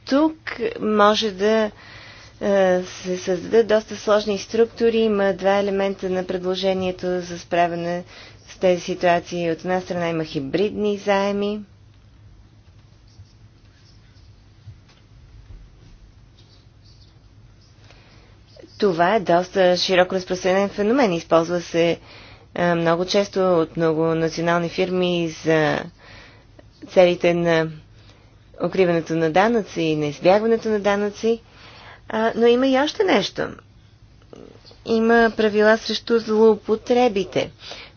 тук може да е, се създадат доста сложни структури. Има два елемента на предложението за справяне с тези ситуации. От една страна има хибридни заеми. Това е доста широко разпространен феномен. Използва се е, много често от много национални фирми за целите на укриването на данъци и на избягването на данъци. А, но има и още нещо. Има правила срещу злоупотребите,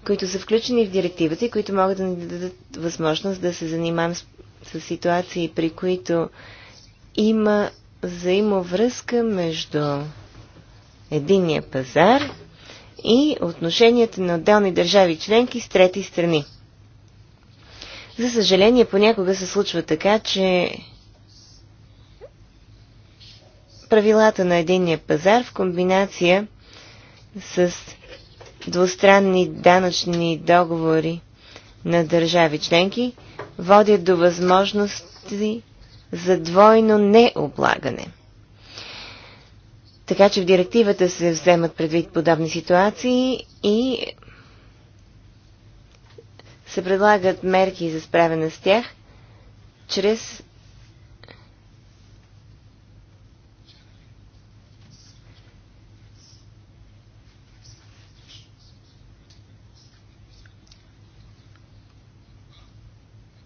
които са включени в директивата и които могат да ни дадат възможност да се занимам с, с ситуации, при които има взаимовръзка между единния пазар и отношенията на отделни държави членки с трети страни. За съжаление, понякога се случва така, че правилата на единния пазар в комбинация с двустранни данъчни договори на държави членки водят до възможности за двойно необлагане. Така че в директивата се вземат предвид подобни ситуации и се предлагат мерки за справяне с тях чрез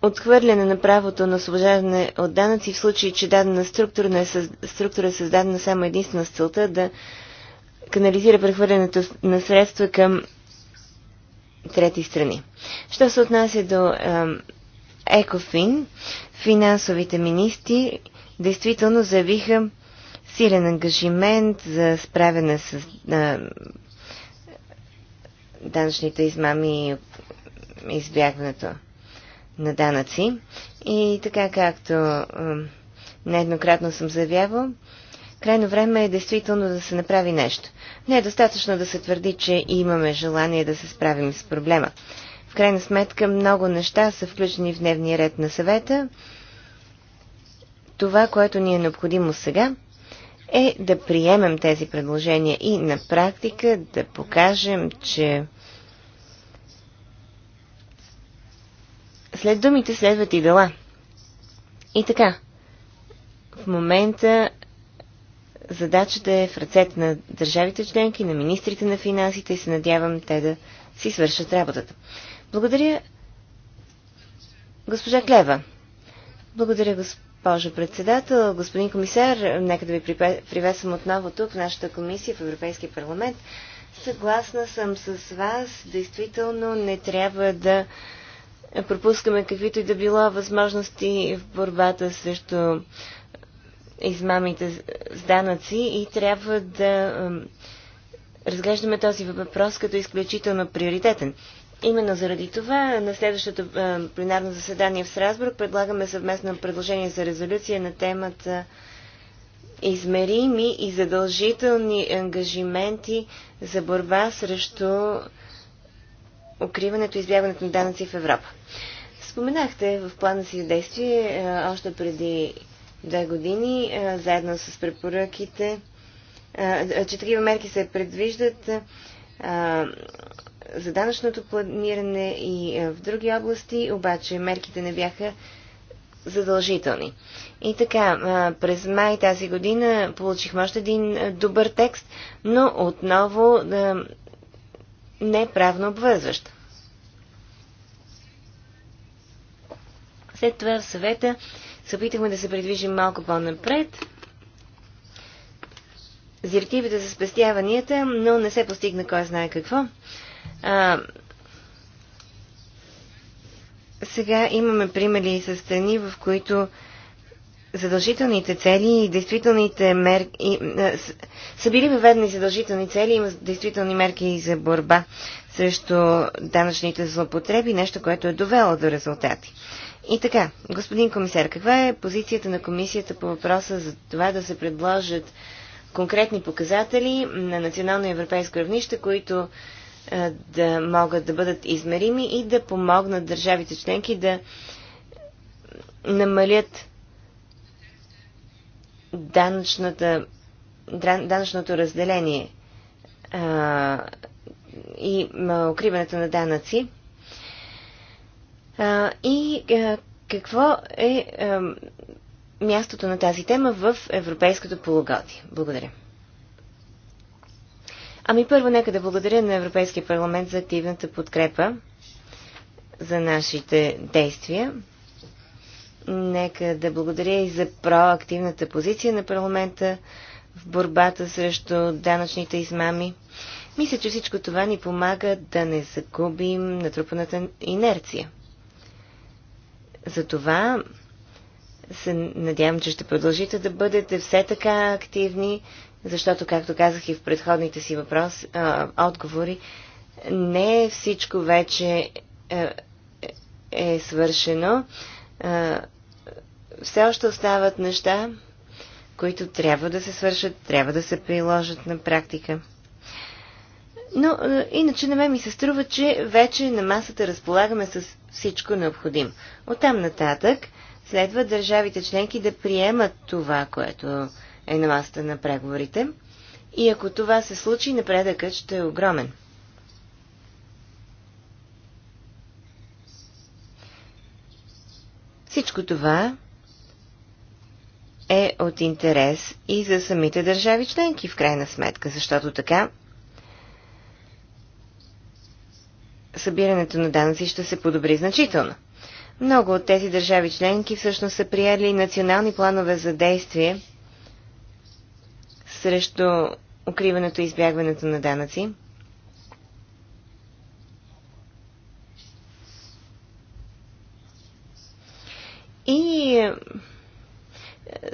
отхвърляне на правото на освобождаване от данъци в случай, че дадена структура, не е съз... структура е създадена само единствено с целта да канализира прехвърлянето на средства към трети страни. Що се отнася до Екофин, финансовите министри действително заявиха силен ангажимент за справяне с а, данъчните измами и избягването на данъци. И така както а, нееднократно съм заявявал, Крайно време е действително да се направи нещо. Не е достатъчно да се твърди, че имаме желание да се справим с проблема. В крайна сметка много неща са включени в дневния ред на съвета. Това, което ни е необходимо сега, е да приемем тези предложения и на практика да покажем, че след думите следват и дела. И така, в момента задачата е в ръцете на държавите членки, на министрите на финансите и се надявам те да си свършат работата. Благодаря, госпожа Клева. Благодаря, госпожо председател. Господин комисар, нека да ви привесам отново тук в нашата комисия в Европейския парламент. Съгласна съм с вас. Действително не трябва да пропускаме каквито и да било възможности в борбата срещу измамите с данъци и трябва да разглеждаме този въпрос като изключително приоритетен. Именно заради това на следващото пленарно заседание в Сразбург предлагаме съвместно предложение за резолюция на темата измерими и задължителни ангажименти за борба срещу укриването и избягването на данъци в Европа. Споменахте в плана си действие още преди две години, заедно с препоръките, че такива мерки се предвиждат за данъчното планиране и в други области, обаче мерките не бяха задължителни. И така, през май тази година получихме още един добър текст, но отново неправно обвързващ. След това в съвета се опитахме да се придвижим малко по-напред. Директивата за спестяванията, но не се постигна кой знае какво. А, сега имаме примери с страни, в които задължителните цели и действителните мерки са били въведени задължителни цели и има действителни мерки за борба срещу данъчните злопотреби, нещо, което е довело до резултати. И така, господин комисар, каква е позицията на комисията по въпроса за това да се предложат конкретни показатели на национално и европейско равнище, които да могат да бъдат измерими и да помогнат държавите членки да намалят данъчното разделение а, и укриването на данъци а, и а, какво е а, мястото на тази тема в европейското полугодие? Благодаря. Ами първо нека да благодаря на Европейския парламент за активната подкрепа за нашите действия. Нека да благодаря и за проактивната позиция на парламента в борбата срещу данъчните измами. Мисля, че всичко това ни помага да не загубим натрупаната инерция. Затова се надявам, че ще продължите да бъдете все така активни, защото, както казах и в предходните си въпрос, а, отговори, не всичко вече е, е свършено. А, все още остават неща, които трябва да се свършат, трябва да се приложат на практика. Но е, иначе на мен ми се струва, че вече на масата разполагаме с всичко необходимо. Оттам нататък следва държавите членки да приемат това, което е на масата на преговорите. И ако това се случи, напредъкът ще е огромен. Всичко това е от интерес и за самите държави членки, в крайна сметка, защото така събирането на данъци ще се подобри значително. Много от тези държави членки всъщност са приели национални планове за действие срещу укриването и избягването на данъци. И е,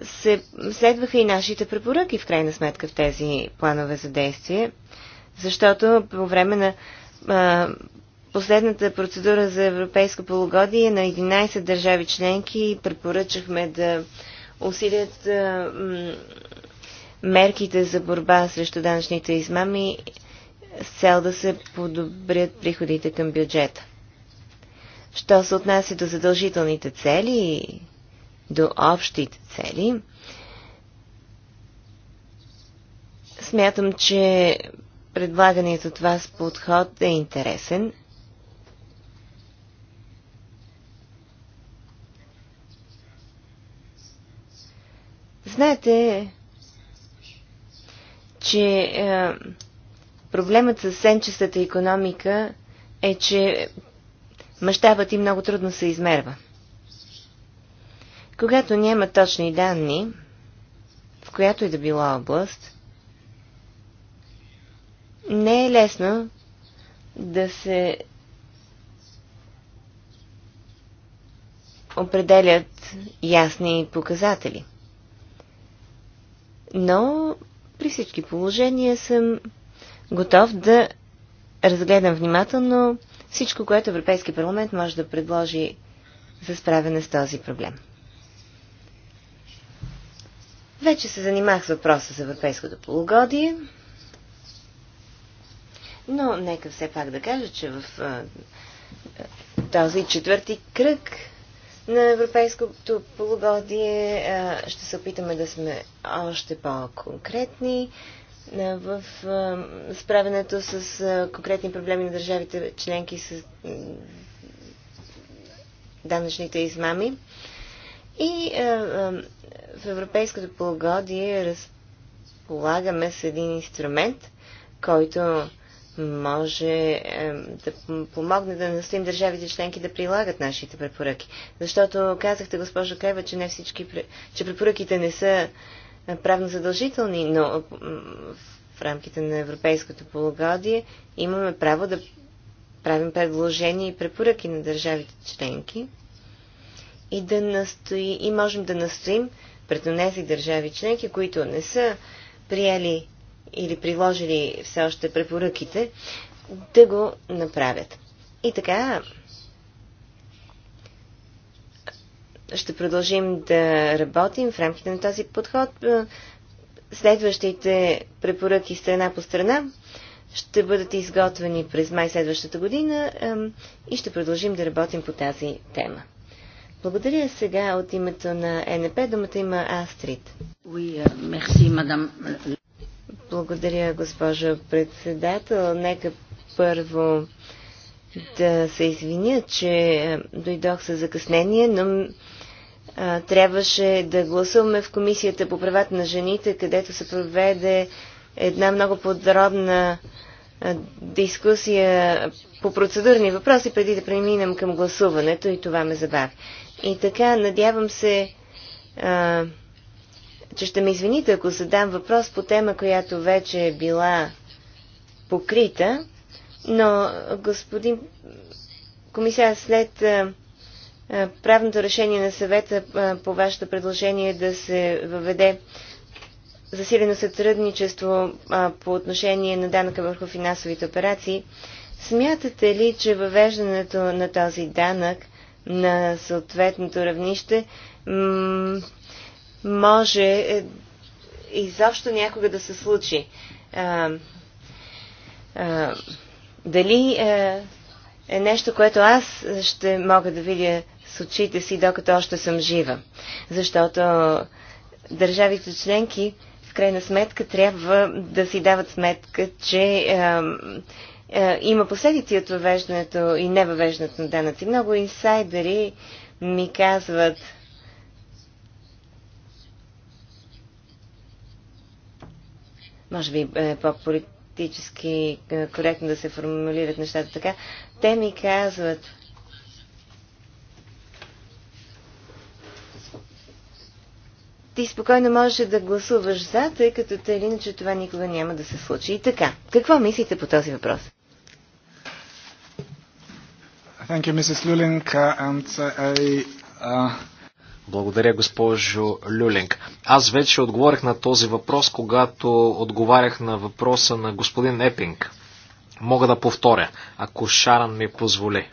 се следваха и нашите препоръки в крайна сметка в тези планове за действие, защото по време на последната процедура за европейско полугодие е на 11 държави членки препоръчахме да усилят мерките за борба срещу данъчните измами с цел да се подобрят приходите към бюджета. Що се отнася до задължителните цели и до общите цели, смятам, че предлаганият от вас подход е интересен. Знаете, че е, проблемът с сенчестата економика е, че мащабът и много трудно се измерва. Когато няма точни данни, в която и да била област, не е лесно да се определят ясни показатели. Но при всички положения съм готов да разгледам внимателно всичко, което Европейски парламент може да предложи за справяне с този проблем. Вече се занимах с въпроса за европейското полугодие, но нека все пак да кажа, че в този четвърти кръг на европейското полугодие ще се опитаме да сме още по-конкретни в справянето с конкретни проблеми на държавите членки с данъчните измами. И в европейското полугодие разполагаме с един инструмент, който може да помогне да настоим държавите членки да прилагат нашите препоръки. Защото казахте, госпожо Кева, че не всички, че препоръките не са е, правно задължителни, но в рамките на европейското полугодие имаме право да правим предложения и препоръки на държавите членки и да настои, и можем да настоим пред тези държави членки, които не са приели или приложили все още препоръките, да го направят. И така, ще продължим да работим в рамките на този подход. Следващите препоръки страна по страна ще бъдат изготвени през май следващата година и ще продължим да работим по тази тема. Благодаря сега от името на НП. Думата има Астрид. Oui, euh, merci, madame. Благодаря, госпожа председател. Нека първо да се извиня, че е, дойдох с закъснение, но а, трябваше да гласуваме в Комисията по правата на жените, където се проведе една много подробна а, дискусия по процедурни въпроси, преди да преминем към гласуването и това ме забави. И така, надявам се, а, че ще ме извините, ако задам въпрос по тема, която вече е била покрита, но господин комисар, след правното решение на съвета по вашето предложение да се въведе засилено сътрудничество по отношение на данъка върху финансовите операции, смятате ли, че въвеждането на този данък на съответното равнище може е, изобщо някога да се случи. А, а, дали а, е, е нещо, което аз ще мога да видя с очите си, докато още съм жива. Защото държавите членки, в крайна сметка, трябва да си дават сметка, че а, е, а, има последици от въвеждането и невъвеждането на данъци. Много инсайдери ми казват, може би е по-политически е, коректно да се формулират нещата така, те ми казват, ти спокойно можеш да гласуваш за, тъй като те или иначе това никога няма да се случи. И така, какво мислите по този въпрос? Thank you, Mrs. Luling, and uh, I uh, благодаря, госпожо Люлинг. Аз вече отговорих на този въпрос, когато отговарях на въпроса на господин Епинг. Мога да повторя, ако Шаран ми позволи.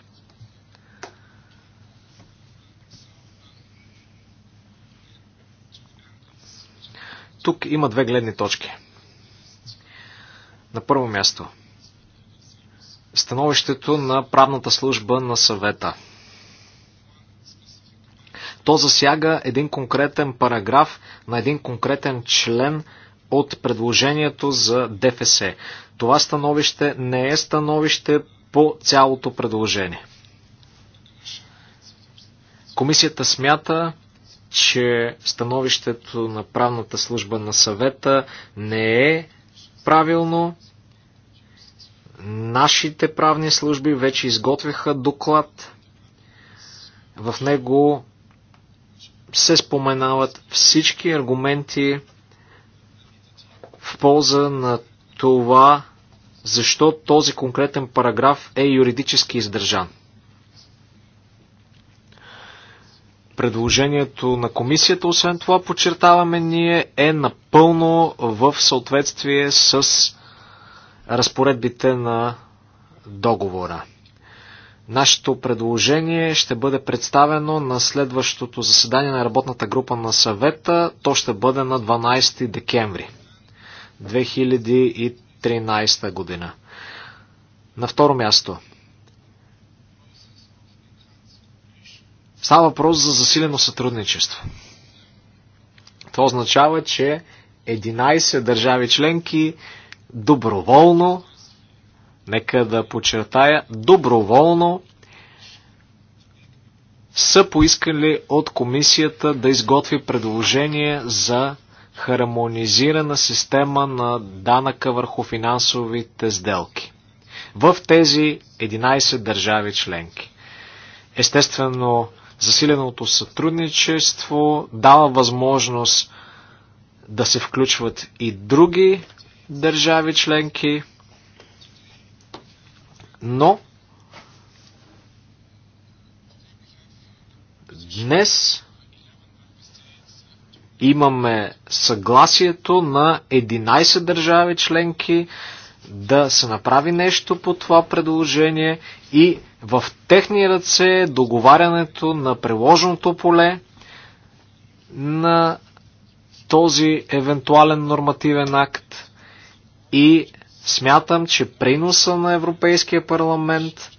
Тук има две гледни точки. На първо място. Становището на правната служба на съвета – то засяга един конкретен параграф на един конкретен член от предложението за ДФС. Това становище не е становище по цялото предложение. Комисията смята, че становището на правната служба на съвета не е правилно. Нашите правни служби вече изготвиха доклад. В него се споменават всички аргументи в полза на това, защо този конкретен параграф е юридически издържан. Предложението на комисията, освен това, подчертаваме ние, е напълно в съответствие с разпоредбите на договора. Нашето предложение ще бъде представено на следващото заседание на работната група на съвета. То ще бъде на 12 декември 2013 година. На второ място. Става въпрос за засилено сътрудничество. Това означава, че 11 държави членки доброволно нека да подчертая, доброволно са поискали от комисията да изготви предложение за хармонизирана система на данъка върху финансовите сделки в тези 11 държави членки. Естествено, засиленото сътрудничество дава възможност да се включват и други държави членки но днес имаме съгласието на 11 държави членки да се направи нещо по това предложение и в техни ръце е договарянето на приложеното поле на този евентуален нормативен акт и Смятам, че приноса на Европейския парламент,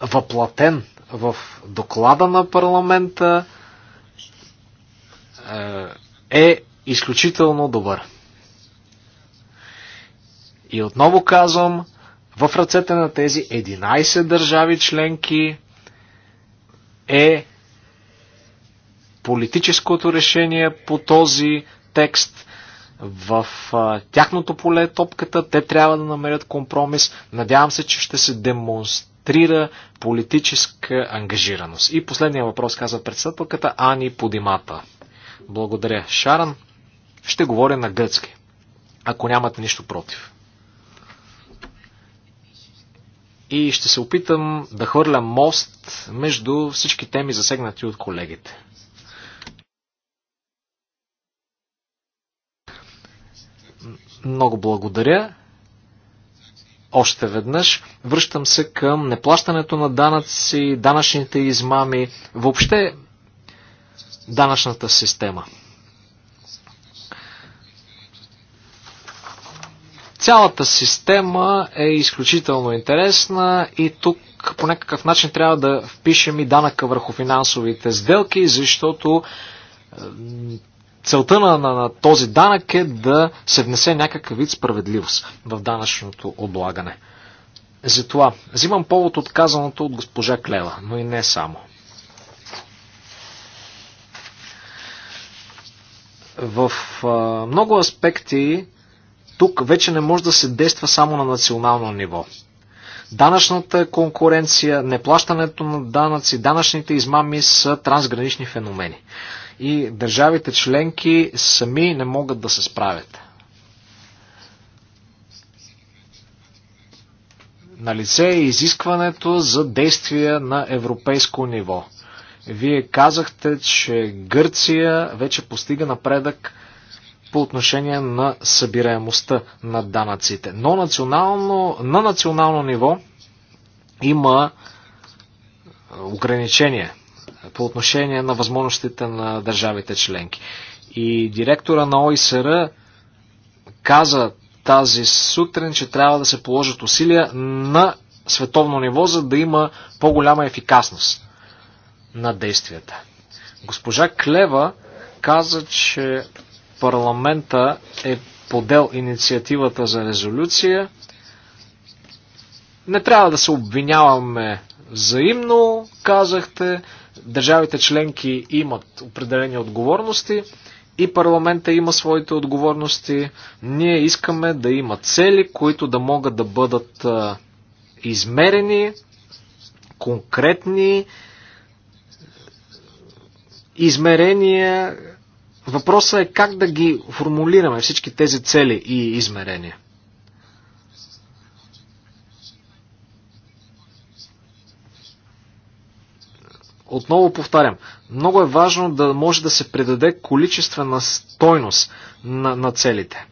въплатен в доклада на парламента, е, е изключително добър. И отново казвам, в ръцете на тези 11 държави членки е политическото решение по този текст в тяхното поле топката, те трябва да намерят компромис. Надявам се, че ще се демонстрира политическа ангажираност. И последния въпрос казва председателката Ани Подимата. Благодаря, Шаран. Ще говоря на гръцки, ако нямате нищо против. И ще се опитам да хвърля мост между всички теми, засегнати от колегите. Много благодаря. Още веднъж връщам се към неплащането на данъци, данъчните измами, въобще данъчната система. Цялата система е изключително интересна и тук по някакъв начин трябва да впишем и данъка върху финансовите сделки, защото целта на, на, на този данък е да се внесе някакъв вид справедливост в данъчното облагане. Затова взимам повод от казаното от госпожа Клева, но и не само. В а, много аспекти тук вече не може да се действа само на национално ниво. Данъчната конкуренция, неплащането на данъци, данъчните измами са трансгранични феномени и държавите членки сами не могат да се справят. На лице е изискването за действия на европейско ниво. Вие казахте, че Гърция вече постига напредък по отношение на събираемостта на данъците. Но национално, на национално ниво има ограничения по отношение на възможностите на държавите членки. И директора на ОИСР каза тази сутрин, че трябва да се положат усилия на световно ниво, за да има по-голяма ефикасност на действията. Госпожа Клева каза, че парламента е подел инициативата за резолюция. Не трябва да се обвиняваме взаимно, казахте. Държавите членки имат определени отговорности и парламента има своите отговорности. Ние искаме да има цели, които да могат да бъдат измерени, конкретни измерения. Въпросът е как да ги формулираме всички тези цели и измерения. Отново повтарям, много е важно да може да се придаде количествена стойност на, на целите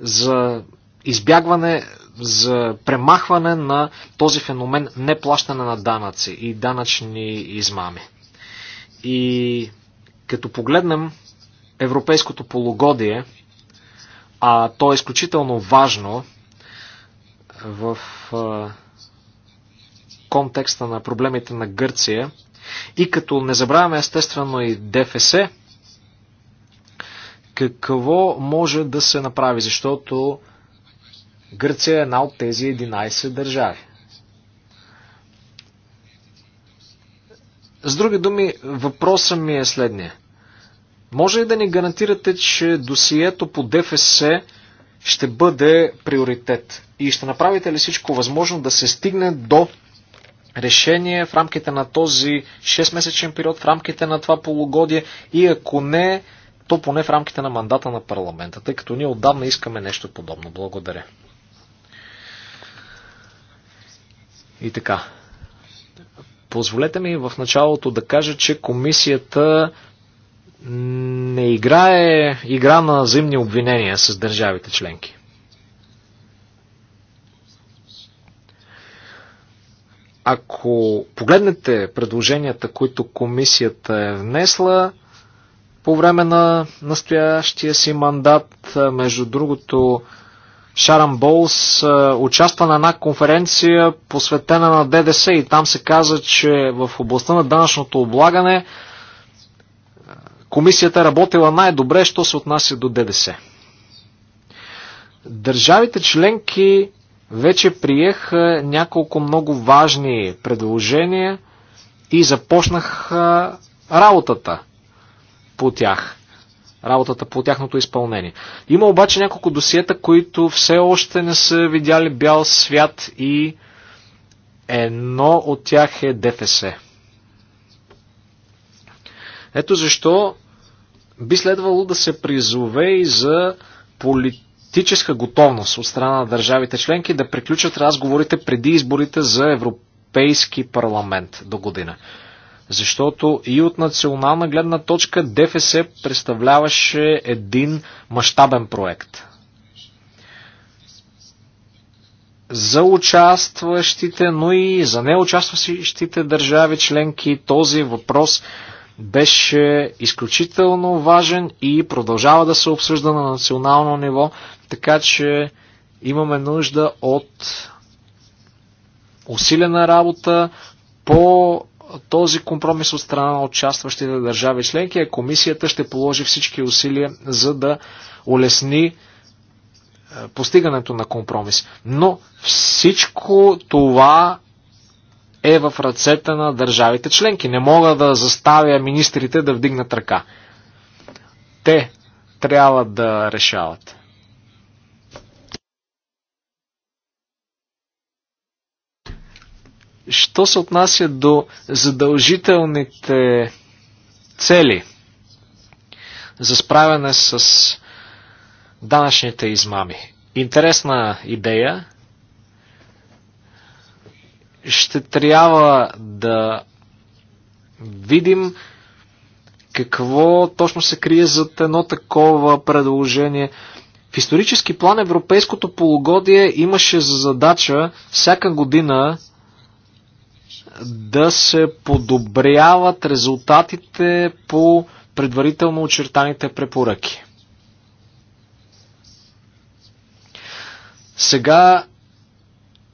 за избягване, за премахване на този феномен неплащане на данъци и данъчни измами. И като погледнем европейското полугодие, а то е изключително важно в контекста на проблемите на Гърция, и като не забравяме естествено и ДФС, какво може да се направи, защото Гърция е една от тези 11 държави. С други думи, въпросът ми е следния. Може ли да ни гарантирате, че досието по ДФС ще бъде приоритет? И ще направите ли всичко възможно да се стигне до решение в рамките на този 6-месечен период, в рамките на това полугодие и ако не, то поне в рамките на мандата на парламента, тъй като ние отдавна искаме нещо подобно. Благодаря. И така. Позволете ми в началото да кажа, че комисията не играе игра на взаимни обвинения с държавите членки. Ако погледнете предложенията, които комисията е внесла по време на настоящия си мандат, между другото, Шаран Болс участва на една конференция посветена на ДДС и там се каза, че в областта на данъчното облагане комисията е работила най-добре, що се отнася до ДДС. Държавите членки вече приех няколко много важни предложения и започнах работата по тях. Работата по тяхното изпълнение. Има обаче няколко досиета, които все още не са видяли бял свят и едно от тях е ДФС. Ето защо би следвало да се призове и за полит политическа готовност от страна на държавите членки да приключат разговорите преди изборите за Европейски парламент до година. Защото и от национална гледна точка ДФС представляваше един мащабен проект. За участващите, но и за неучастващите държави членки този въпрос беше изключително важен и продължава да се обсъжда на национално ниво. Така че имаме нужда от усилена работа по този компромис от страна на участващите държави членки, а комисията ще положи всички усилия за да улесни е, постигането на компромис. Но всичко това е в ръцете на държавите членки. Не мога да заставя министрите да вдигнат ръка. Те трябва да решават. Що се отнася до задължителните цели за справяне с данъчните измами? Интересна идея. Ще трябва да видим какво точно се крие зад едно такова предложение. В исторически план европейското полугодие имаше за задача всяка година да се подобряват резултатите по предварително очертаните препоръки. Сега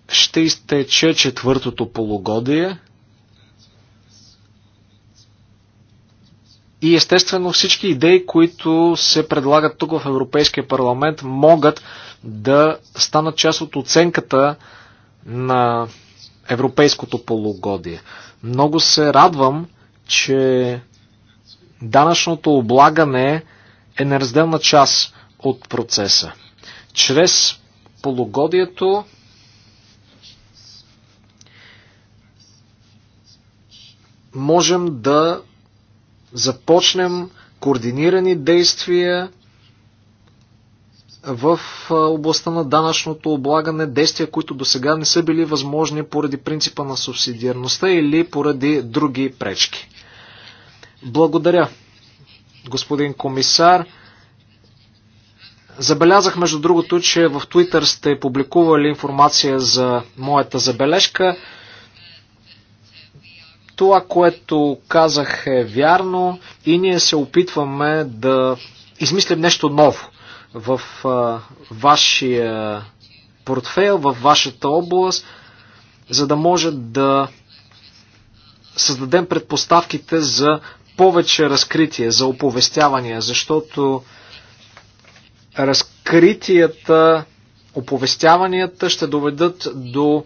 ще изтече четвъртото полугодие и естествено всички идеи, които се предлагат тук в Европейския парламент, могат да станат част от оценката на европейското полугодие. Много се радвам, че данъчното облагане е неразделна част от процеса. Чрез полугодието можем да започнем координирани действия в областта на данъчното облагане действия, които до сега не са били възможни поради принципа на субсидиарността или поради други пречки. Благодаря, господин комисар. Забелязах, между другото, че в Твитър сте публикували информация за моята забележка. Това, което казах е вярно и ние се опитваме да измислим нещо ново в а, вашия портфейл, в вашата област, за да може да създадем предпоставките за повече разкритие, за оповестявания, защото разкритията, оповестяванията ще доведат до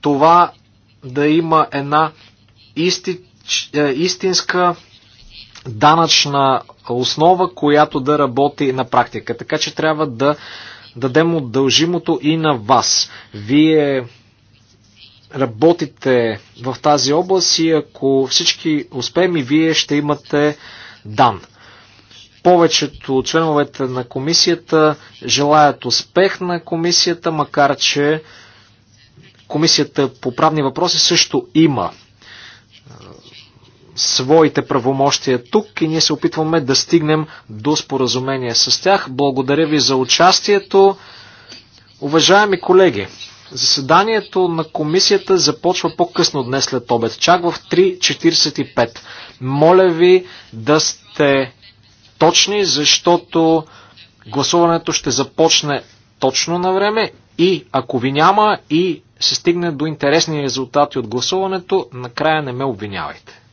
това да има една исти, е, истинска данъчна основа, която да работи на практика. Така че трябва да дадем отдължимото и на вас. Вие работите в тази област и ако всички успеем и вие ще имате дан. Повечето от членовете на комисията желаят успех на комисията, макар че комисията по правни въпроси също има своите правомощия тук и ние се опитваме да стигнем до споразумение с тях. Благодаря ви за участието. Уважаеми колеги, заседанието на комисията започва по-късно днес след обед. Чак в 3.45. Моля ви да сте точни, защото гласуването ще започне точно на време и ако ви няма и се стигне до интересни резултати от гласуването, накрая не ме обвинявайте.